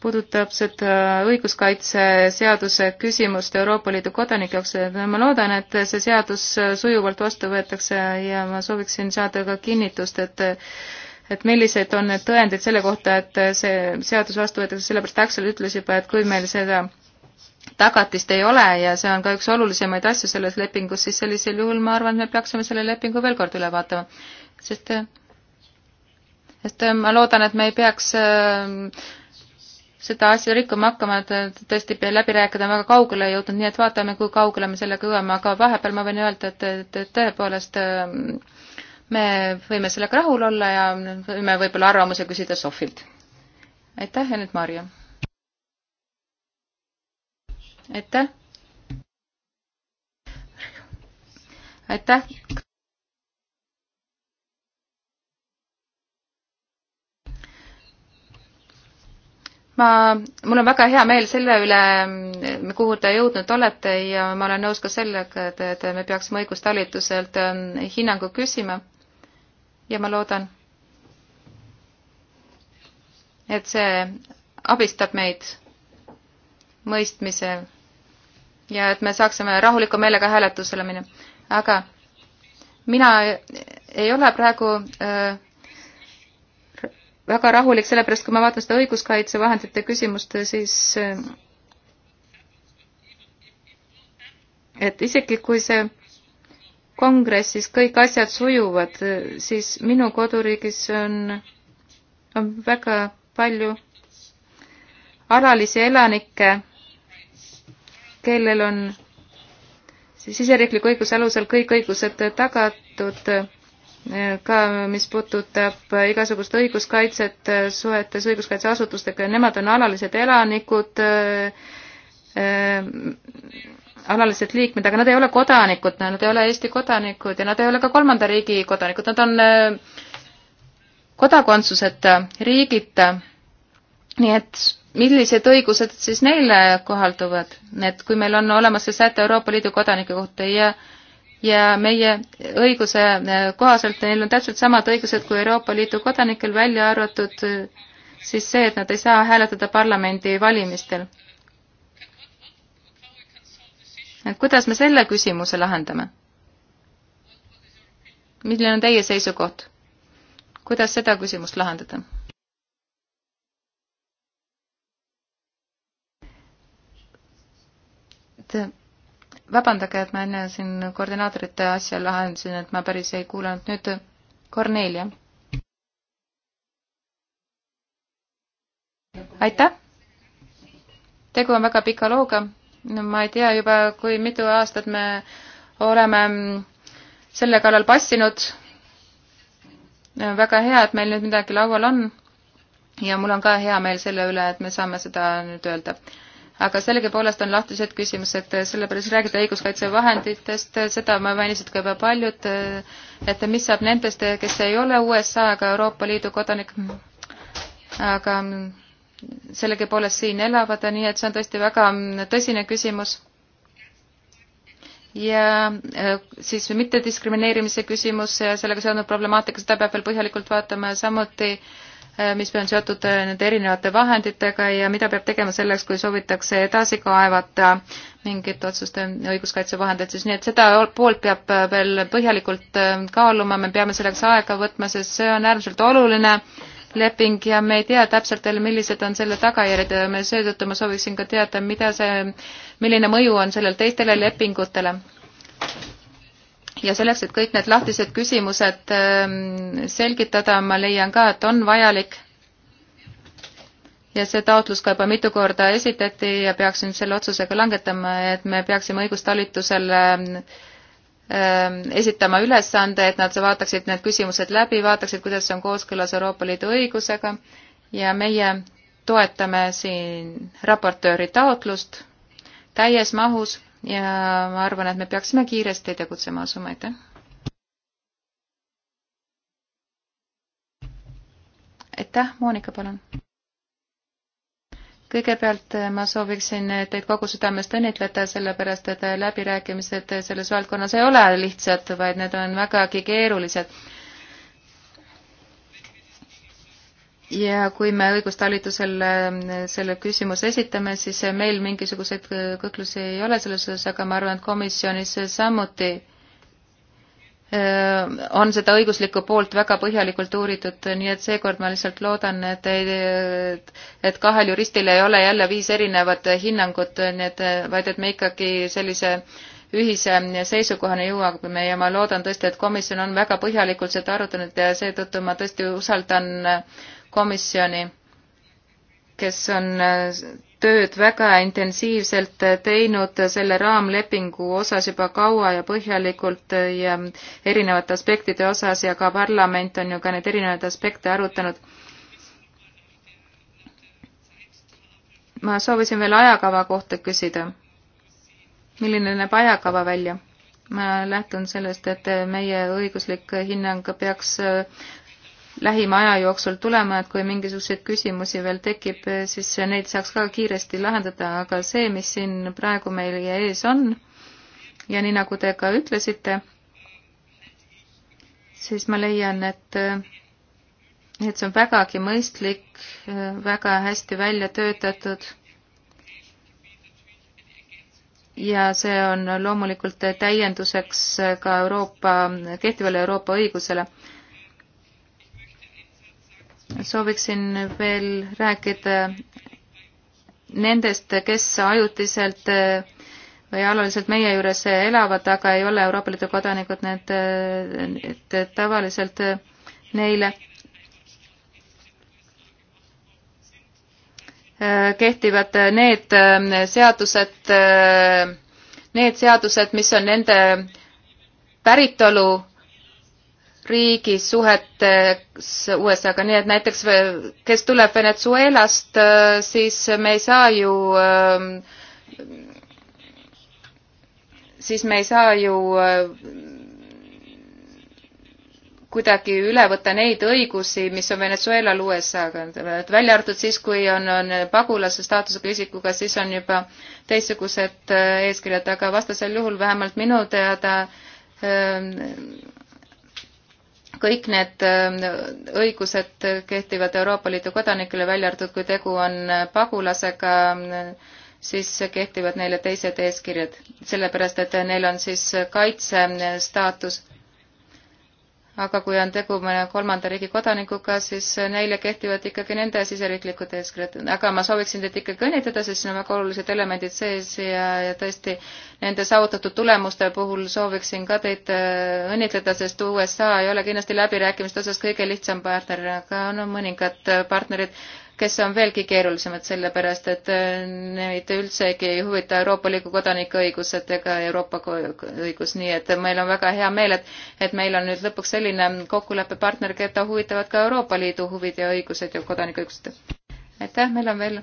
A: puudutab seda õiguskaitseseaduse küsimust Euroopa Liidu kodanike jaoks, et ma loodan, et see seadus sujuvalt vastu võetakse ja ma sooviksin saada ka kinnitust, et et millised on need tõendid selle kohta, et see seadus vastu võetakse, sellepärast Axel ütles juba, et kui meil seda tagatist ei ole ja see on ka üks olulisemaid asju selles lepingus, siis sellisel juhul ma arvan, et me peaksime selle lepingu veel kord üle vaatama, sest sest ma loodan, et me ei peaks äh, seda asja rikkuma hakkama, et tõesti läbi rääkida on väga kaugele jõudnud, nii et vaatame, kui kaugele me sellega jõuame, aga vahepeal ma võin öelda, et, et, et tõepoolest ähm, me võime sellega rahul olla ja võime võib-olla arvamuse küsida Sofilt. aitäh ja nüüd Marju. aitäh. aitäh ma, mul on väga hea meel selle üle, mm, kuhu te jõudnud olete ja ma olen nõus ka sellega, et, et me peaksime õigustalituselt ähm, hinnangu küsima. ja ma loodan, et see abistab meid mõistmisel ja et me saaksime rahuliku meelega hääletusele minna. aga mina ei ole praegu öö, äh, väga rahulik, sellepärast kui ma vaatan seda õiguskaitsevahendite küsimust, siis et isegi, kui see kongressis kõik asjad sujuvad, siis minu koduriigis on, on väga palju alalisi elanikke, kellel on siseriikliku õiguse alusel kõik õigused tagatud ka mis puudutab igasugust õiguskaitset suhetes õiguskaitseasutustega, nemad on alalised elanikud äh,, alalised liikmed, aga nad ei ole kodanikud, nad ei ole Eesti kodanikud ja nad ei ole ka kolmanda riigi kodanikud, nad on äh, kodakondsuseta, riigita. nii et millised õigused siis neile kohalduvad, et kui meil on olemas see säte Euroopa Liidu kodanike kohta ja äh, ja meie õiguse äh, kohaselt neil on täpselt samad õigused kui Euroopa Liidu kodanikel, välja arvatud äh, siis see, et nad ei saa hääletada parlamendivalimistel. et kuidas me selle küsimuse lahendame? milline on teie seisukoht? kuidas seda küsimust lahendada? et vabandage, et ma enne siin koordinaatorite asja lahendasin, et ma päris ei kuulanud. nüüd Kornelia. aitäh! tegu on väga pika looga. no ma ei tea juba, kui mitu aastat me oleme selle kallal passinud. väga hea, et meil nüüd midagi laual on. ja mul on ka hea meel selle üle, et me saame seda nüüd öelda aga sellegipoolest on lahtised küsimused, sellepärast räägite õiguskaitsevahenditest, seda ma mainisid ka juba paljud, et mis saab nendest, kes ei ole USA ega Euroopa Liidu kodanik, aga sellegipoolest siin elavad, nii et see on tõesti väga tõsine küsimus. ja eh, siis mittediskrimineerimise küsimus ja sellega seonduv problemaatika, seda peab veel põhjalikult vaatama ja samuti äh, Äh, mis on seotud äh, nende erinevate vahenditega ja mida peab tegema selleks, kui soovitakse edasi kaevata mingit otsust õiguskaitsevahendeid, siis nii et seda poolt peab äh, veel põhjalikult kaaluma, me peame selleks aega võtma, sest see on äärmiselt oluline leping ja me ei tea täpselt veel, millised on selle tagajärjed ja me seetõttu ma sooviksin ka teada, mida see, milline mõju on sellel teistele lepingutele ja selleks, et kõik need lahtised küsimused ähm, selgitada, ma leian ka, et on vajalik ja see taotlus ka juba mitu korda esitati ja peaks nüüd selle otsusega langetama, et me peaksime õigustalitusele ähm, ähm, esitama ülesande, et nad vaataksid need küsimused läbi, vaataksid, kuidas see on kooskõlas Euroopa Liidu õigusega ja meie toetame siin raportööri taotlust täies mahus ja ma arvan, et me peaksime kiiresti tegutsema asuma, aitäh. aitäh, Monika, palun. kõigepealt eh, ma sooviksin eh, teid kogu südamest õnnitleda, sellepärast et eh, läbirääkimised selles valdkonnas ei ole lihtsad, vaid need on vägagi keerulised ja kui me õigustalitusele ähm, selle küsimuse esitame, siis äh, meil mingisuguseid kõhklusi ei ole selles osas, aga ma arvan, et komisjonis äh, samuti äh, on seda õiguslikku poolt väga põhjalikult uuritud, nii et seekord ma lihtsalt loodan, et ei, et kahel juristil ei ole jälle viis erinevat hinnangut, nii et, vaid et me ikkagi sellise ühise seisukohani jõuame ja ma loodan tõesti, et komisjon on väga põhjalikult seda arutanud ja seetõttu ma tõesti usaldan äh, komisjoni, kes on äh, tööd väga intensiivselt äh, teinud selle raamlepingu osas juba kaua ja põhjalikult äh, ja erinevate aspektide osas ja ka parlament on ju ka neid erinevaid aspekte arutanud. ma soovisin veel ajakava kohta küsida. milline näeb ajakava välja? ma lähtun sellest, et meie õiguslik hinnang peaks lähima aja jooksul tulema, et kui mingisuguseid küsimusi veel tekib, siis neid saaks ka kiiresti lahendada, aga see, mis siin praegu meie ees on ja nii nagu te ka ütlesite, siis ma leian, et, et see on vägagi mõistlik, väga hästi välja töötatud ja see on loomulikult täienduseks ka Euroopa, kehtivale Euroopa õigusele sooviksin veel rääkida nendest, kes ajutiselt äh, või alaliselt meie juures elavad, aga ei ole Euroopa Liidu kodanikud, need, et tavaliselt äh, neile äh, kehtivad need seadused, need seadused, mis on nende päritolu riigis suhetes USA-ga, nii et näiteks kes tuleb Venezuelast, äh, siis me ei saa ju, ähm, siis me ei saa ju äh, kuidagi üle võtta neid õigusi, mis on Venezuelal USA-ga, et välja arvatud siis, kui on, on pagulase staatusega isikuga, siis on juba teistsugused äh, eeskirjad, aga vastasel juhul vähemalt minu teada öö, ähm, kõik need äh, õigused kehtivad Euroopa Liidu kodanikele, välja arvatud kui tegu on äh, pagulasega, äh, siis kehtivad neile teised eeskirjad, sellepärast et neil on siis kaitsestaatus aga kui on tegu mõne kolmanda riigi kodanikuga, siis neile kehtivad ikkagi nende siseriiklikud eeskirjad. aga ma sooviksin teid ikkagi õnnitleda, sest siin on väga olulised elemendid sees ja, ja tõesti nende saavutatud tulemuste puhul sooviksin ka teid äh, õnnitleda, sest USA ei ole kindlasti läbirääkimiste osas kõige lihtsam partner, aga on no, mõningad äh, partnerid kes on veelgi keerulisemad, sellepärast et äh, neid üldsegi ei huvita Euroopa Liidu kodanike õigused ega Euroopa õigus, nii et meil on väga hea meel, et, et meil on nüüd lõpuks selline kokkuleppepartner, keda huvitavad ka Euroopa Liidu huvid ja õigused ja kodanike õigused. aitäh, meil on veel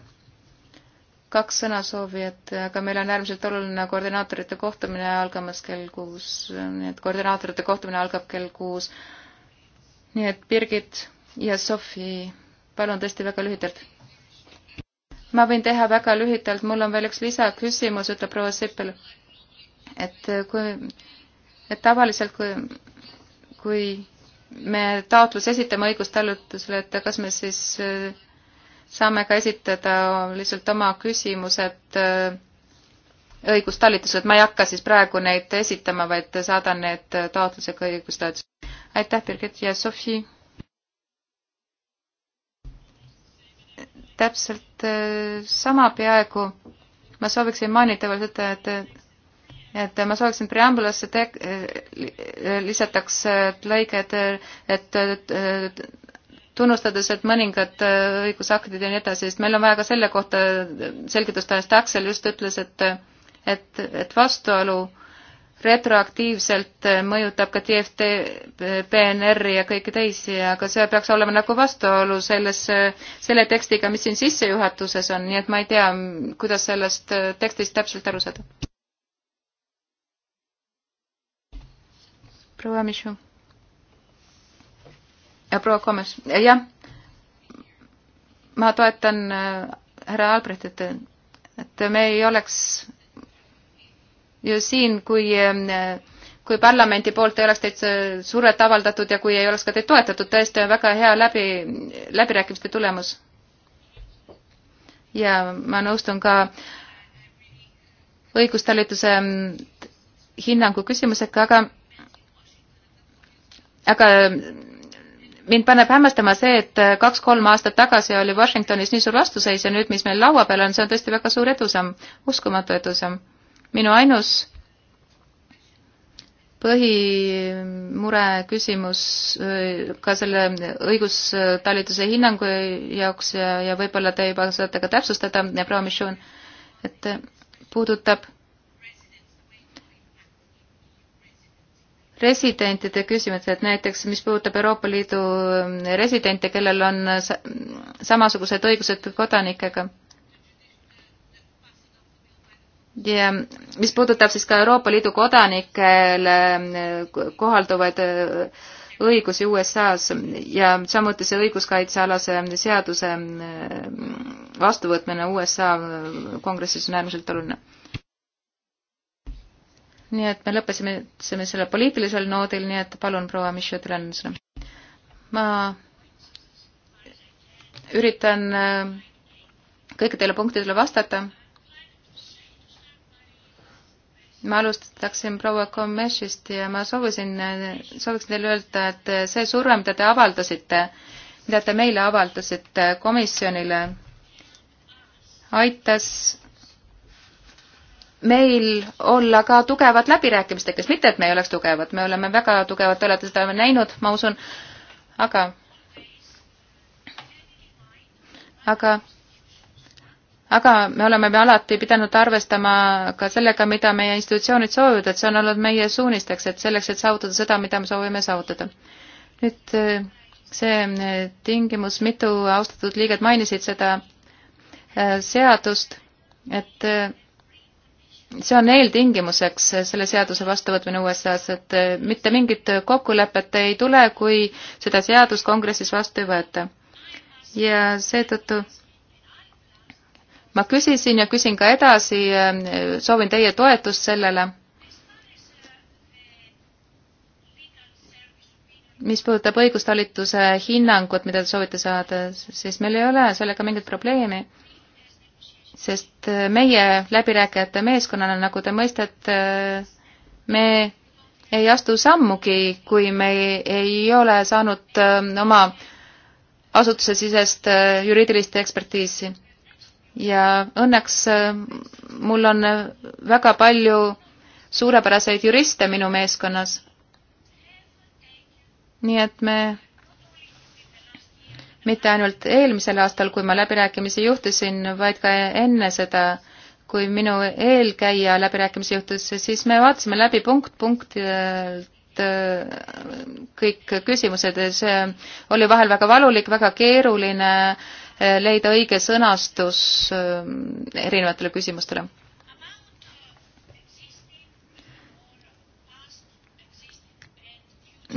A: kaks sõnasoovijat, aga meil on äärmiselt oluline koordinaatorite kohtumine algamas kell kuus, nii et koordinaatorite kohtumine algab kell kuus. nii et Birgit ja Sofi palun tõesti väga lühidalt. ma võin teha väga lühidalt, mul on veel üks lisaküsimus, ütleb proua Sippel. et äh, kui, et tavaliselt, kui, kui me taotluse esitame õigustalutusele, et kas me siis äh, saame ka esitada lihtsalt oma küsimused äh, õigustalitused, ma ei hakka siis praegu neid esitama, vaid saadan need taotlusega õigustalutusele. aitäh, Birgit ja Sofi täpselt äh, sama peaaegu. ma sooviksin mainida veel seda, et et ma sooviksin preambulasse te-, äh, äh, lisataks lõiged, et, et tunnustades, et mõningad õigusaktid ja nii edasi, sest meil on vaja ka selle kohta selgitust, sest Aksel just ütles, et et, et vastuolu äh, retroaktiivselt äh, mõjutab ka TFT, PNR-i ja kõiki teisi, aga see peaks olema nagu vastuolu selles, äh, selle tekstiga, mis siin sissejuhatuses on, nii et ma ei tea, kuidas sellest äh, tekstist täpselt aru saada. proua Mišu. ja proua Komes, jah. ma toetan härra Albrechtit, et me ei oleks ju siin, kui ähm, kui parlamendi poolt ei oleks teid äh, survet avaldatud ja kui ei oleks ka teid toetatud, tõesti on väga hea läbi, läbirääkimiste tulemus. ja ma nõustun ka õigustalituse ähm, hinnangu küsimusega, aga aga ähm, mind paneb hämmastama see, et äh, kaks-kolm aastat tagasi oli Washingtonis nii suur vastuseis ja nüüd, mis meil laua peal on, see on tõesti väga suur edusamm, uskumatu edusamm minu ainus põhimure küsimus äh, ka selle õigustalituse hinnangu jaoks ja, ja võib-olla te juba saate ka täpsustada, proua Michon, et puudutab residentide küsimus, et näiteks mis puudutab Euroopa Liidu residente, kellel on samasugused õigused kodanikega ja mis puudutab siis ka Euroopa Liidu kodanikele eh, kohalduvaid eh, õigusi USA-s ja samuti see õiguskaitsealase seaduse eh, vastuvõtmine USA kongressis on äärmiselt oluline. nii et me lõpesime selle poliitilisel noodil, nii et palun, proua Michaud, üle anda sõna. ma üritan kõikidele punktidele vastata ma alustataksin proua Komešist ja ma soovisin, sooviksin teile öelda, et see surve, mida te avaldasite, mida te meile avaldasite komisjonile, aitas meil olla ka tugevad läbirääkimisteks, mitte et me ei oleks tugevad, me oleme väga tugevad, te olete seda näinud, ma usun, aga, aga aga me oleme me alati pidanud arvestama ka sellega, mida meie institutsioonid soovivad, et see on olnud meie suunisteks, et selleks, et saavutada seda, mida me soovime saavutada. nüüd eh, see eh, tingimus, mitu austatud liiget mainisid seda eh, seadust, et see on eeltingimuseks selle seaduse vastuvõtmine USA-s, et mitte mingit kokkulepet ei tule, kui seda seadust kongressis vastu ei võeta. ja seetõttu ma küsisin ja küsin ka edasi, äh, soovin teie toetust sellele. mis puudutab õigustalituse hinnangut, mida te soovite saada, siis meil ei ole sellega mingit probleemi sest äh, meie läbirääkijate meeskonnana, nagu te mõistate, äh, me ei astu sammugi, kui me ei ole saanud oma asutusesisest juriidilist ekspertiisi ja õnneks äh, mul on äh, väga palju suurepäraseid juriste minu meeskonnas. nii et me mitte ainult eelmisel aastal, kui ma läbirääkimisi juhtisin, vaid ka enne seda, kui minu eelkäija läbirääkimisi juhtis, siis me vaatasime läbi punkt punktilt äh, kõik küsimused ja see oli vahel väga valulik, väga keeruline äh, Äh, leida õige sõnastus äh, erinevatele küsimustele.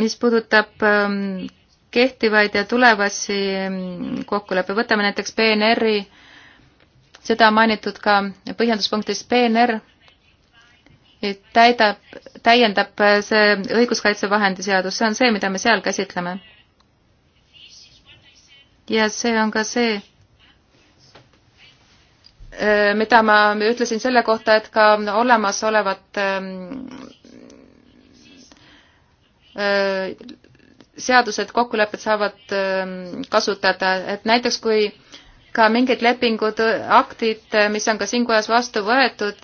A: mis puudutab ähm, kehtivaid ja tulevasi ähm, kokkuleppe, võtame näiteks PNR-i, seda on mainitud ka põhjenduspunktis PNR täidab, täiendab äh, see õiguskaitsevahendi seadus, see on see, mida me seal käsitleme ja see on ka see, äh, mida ma ütlesin selle kohta, et ka olemasolevad ähm, äh, seadused, kokkulepped saavad ähm, kasutada, et näiteks kui ka mingid lepingud, äh, aktid, mis on ka siin kojas vastu võetud,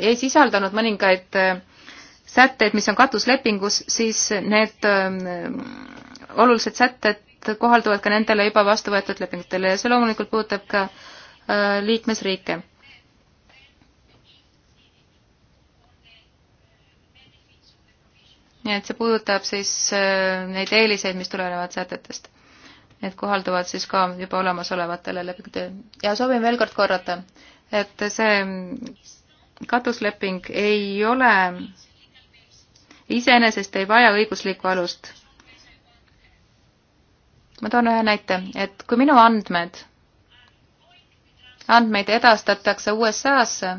A: ei sisaldanud mõningaid sätteid, mis on katuslepingus, siis need ähm, olulised sätted kohalduvad ka nendele juba vastu võetud lepingutele ja see loomulikult puudutab ka äh, liikmesriike. nii et see puudutab siis äh, neid eeliseid, mis tulenevad sätetest. Need kohalduvad siis ka juba olemasolevatele lepingutele ja soovin veel kord korrata, et see katusleping ei ole iseenesest ei vaja õiguslikku alust ma toon ühe näite, et kui minu andmed, andmeid edastatakse USA-sse,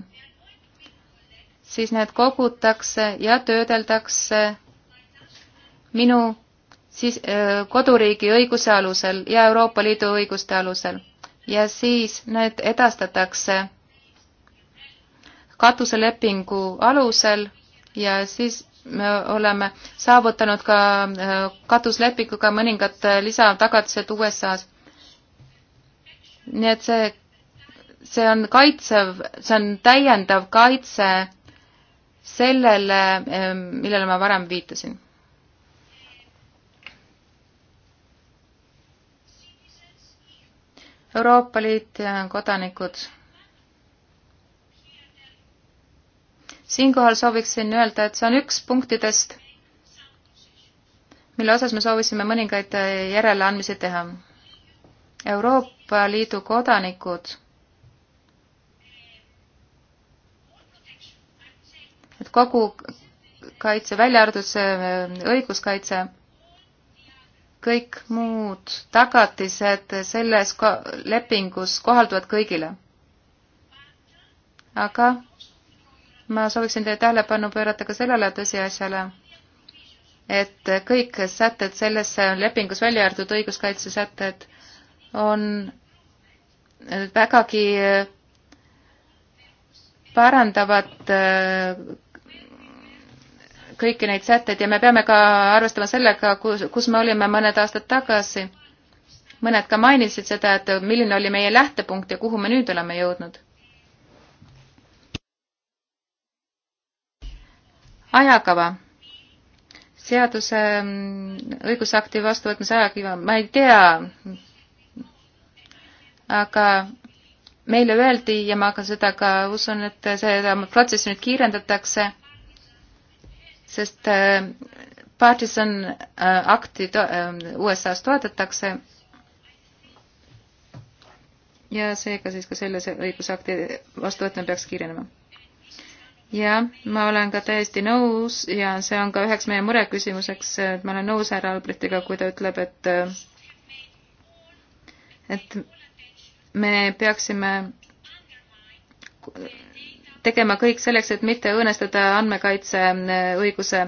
A: siis need kogutakse ja töödeldakse minu siis koduriigi õiguse alusel ja Euroopa Liidu õiguste alusel ja siis need edastatakse katuselepingu alusel ja siis me oleme saavutanud ka äh, katuslepinguga mõningad äh, lisatagatised USA-s. nii et see, see on kaitsev, see on täiendav kaitse sellele, äh, millele ma varem viitasin. Euroopa Liit ja kodanikud siinkohal sooviksin öelda, et see on üks punktidest, mille osas me soovisime mõningaid järeleandmisi teha. Euroopa Liidu kodanikud et kogu kaitse, välja arvatud see äh, õiguskaitse, kõik muud tagatised selles lepingus kohalduvad kõigile. aga ma sooviksin teie tähelepanu pöörata ka sellele tõsiasjale, et kõik sätted sellesse lepingus välja arvatud õiguskaitsesätted on vägagi parandavad äh, kõiki neid sätteid ja me peame ka arvestama sellega, kus, kus me olime mõned aastad tagasi. mõned ka mainisid seda, et milline oli meie lähtepunkt ja kuhu me nüüd oleme jõudnud ajakava seaduse mm, õigusakti vastuvõtmise ajakava, ma ei tea, aga meile öeldi ja ma ka seda ka usun, et seda protsessi nüüd kiirendatakse, sest äh, partisan äh, akti to äh, USA-s toetatakse ja seega siis ka selle õigusakti vastuvõtmine peaks kiirenema jah, ma olen ka täiesti nõus ja see on ka üheks meie mureküsimuseks, et ma olen nõus härra Albrechtiga, kui ta ütleb, et et me peaksime tegema kõik selleks, et mitte õõnestada andmekaitseõiguse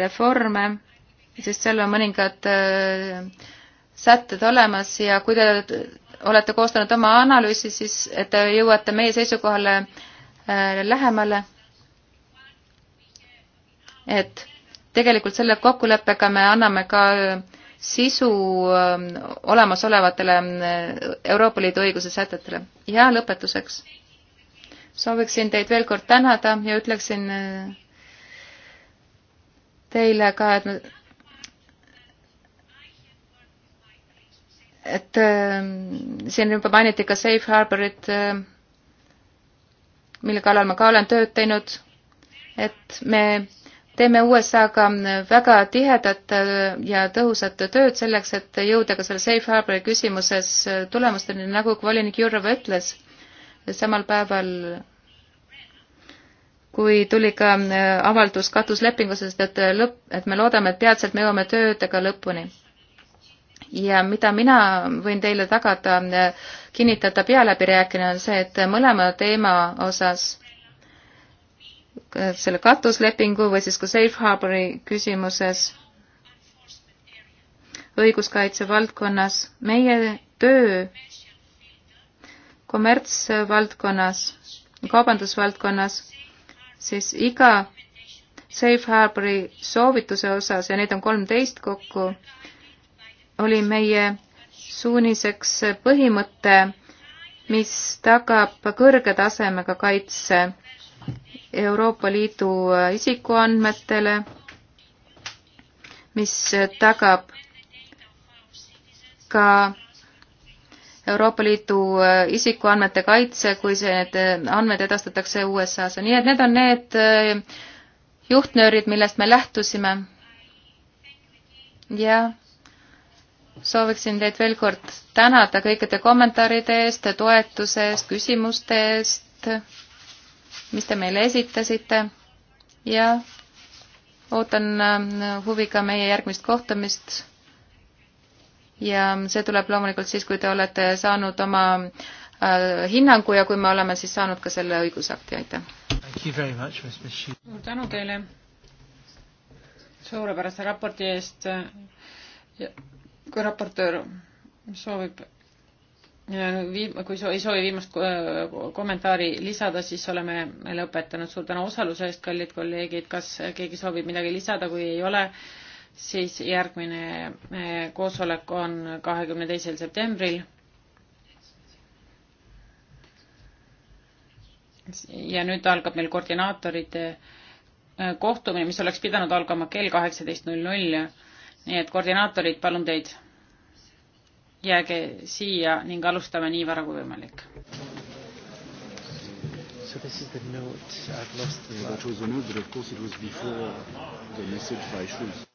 A: reforme, sest seal on mõningad äh, sätted olemas ja kui te olete koostanud oma analüüsi, siis et te jõuate meie seisukohale äh, lähemale et tegelikult selle kokkuleppega me anname ka sisu ähm, olemasolevatele äh, Euroopa Liidu õiguse sätetele. ja lõpetuseks sooviksin teid veel kord tänada ja ütleksin äh, teile ka, et me et äh, siin juba mainiti ka Safe Harborit, mille kallal ma ka olen tööd teinud, et me teeme USA-ga väga tihedat ja tõhusat tööd selleks, et jõuda ka selle safe harbori küsimuses tulemusteni, nagu volinik Jurova ütles samal päeval, kui tuli ka avaldus katuslepingusest, et lõpp, et me loodame, et peatselt me jõuame töödega lõpuni ja mida mina võin teile tagada, kinnitada pealäbirääkimine, on see, et mõlema teema osas selle katuslepingu või siis ka safe harbori küsimuses õiguskaitse valdkonnas. meie töö kommertsvaldkonnas, kaubandusvaldkonnas, siis iga safe harbori soovituse osas ja neid on kolmteist kokku, oli meie suuniseks põhimõte, mis tagab kõrge tasemega kaitse Euroopa Liidu äh, isikuandmetele, mis äh, tagab ka Euroopa Liidu äh, isikuandmete kaitse, kui see, need andmed edastatakse USA-sse. nii et need on need juhtnöörid, millest me lähtusime. ja sooviksin teid veel kord tänada kõikide kommentaaride eest, toetuse eest, küsimuste eest mis te meile esitasite ja ootan äh, huviga meie järgmist kohtumist. ja see tuleb loomulikult siis, kui te olete saanud oma äh, hinnangu ja kui me oleme siis saanud ka selle õigusakti, aitäh.
C: suur
B: tänu teile suurepärase raporti eest. kui raportöör soovib viim-, kui ei soovi viimast äh, kommentaari lisada, siis oleme lõpetanud. suur tänu osaluse eest, kallid kolleegid. kas keegi soovib midagi lisada, kui ei ole, siis järgmine äh, koosolek on kahekümne teisel septembril. ja nüüd algab meil koordinaatorite äh, kohtumine, mis oleks pidanud algama kell kaheksateist null null. nii et koordinaatorid, palun teid jääge siia ning alustame nii vara kui võimalik. So this is the note I've lost. That was
C: the note, but of course it was before the message by Schulz.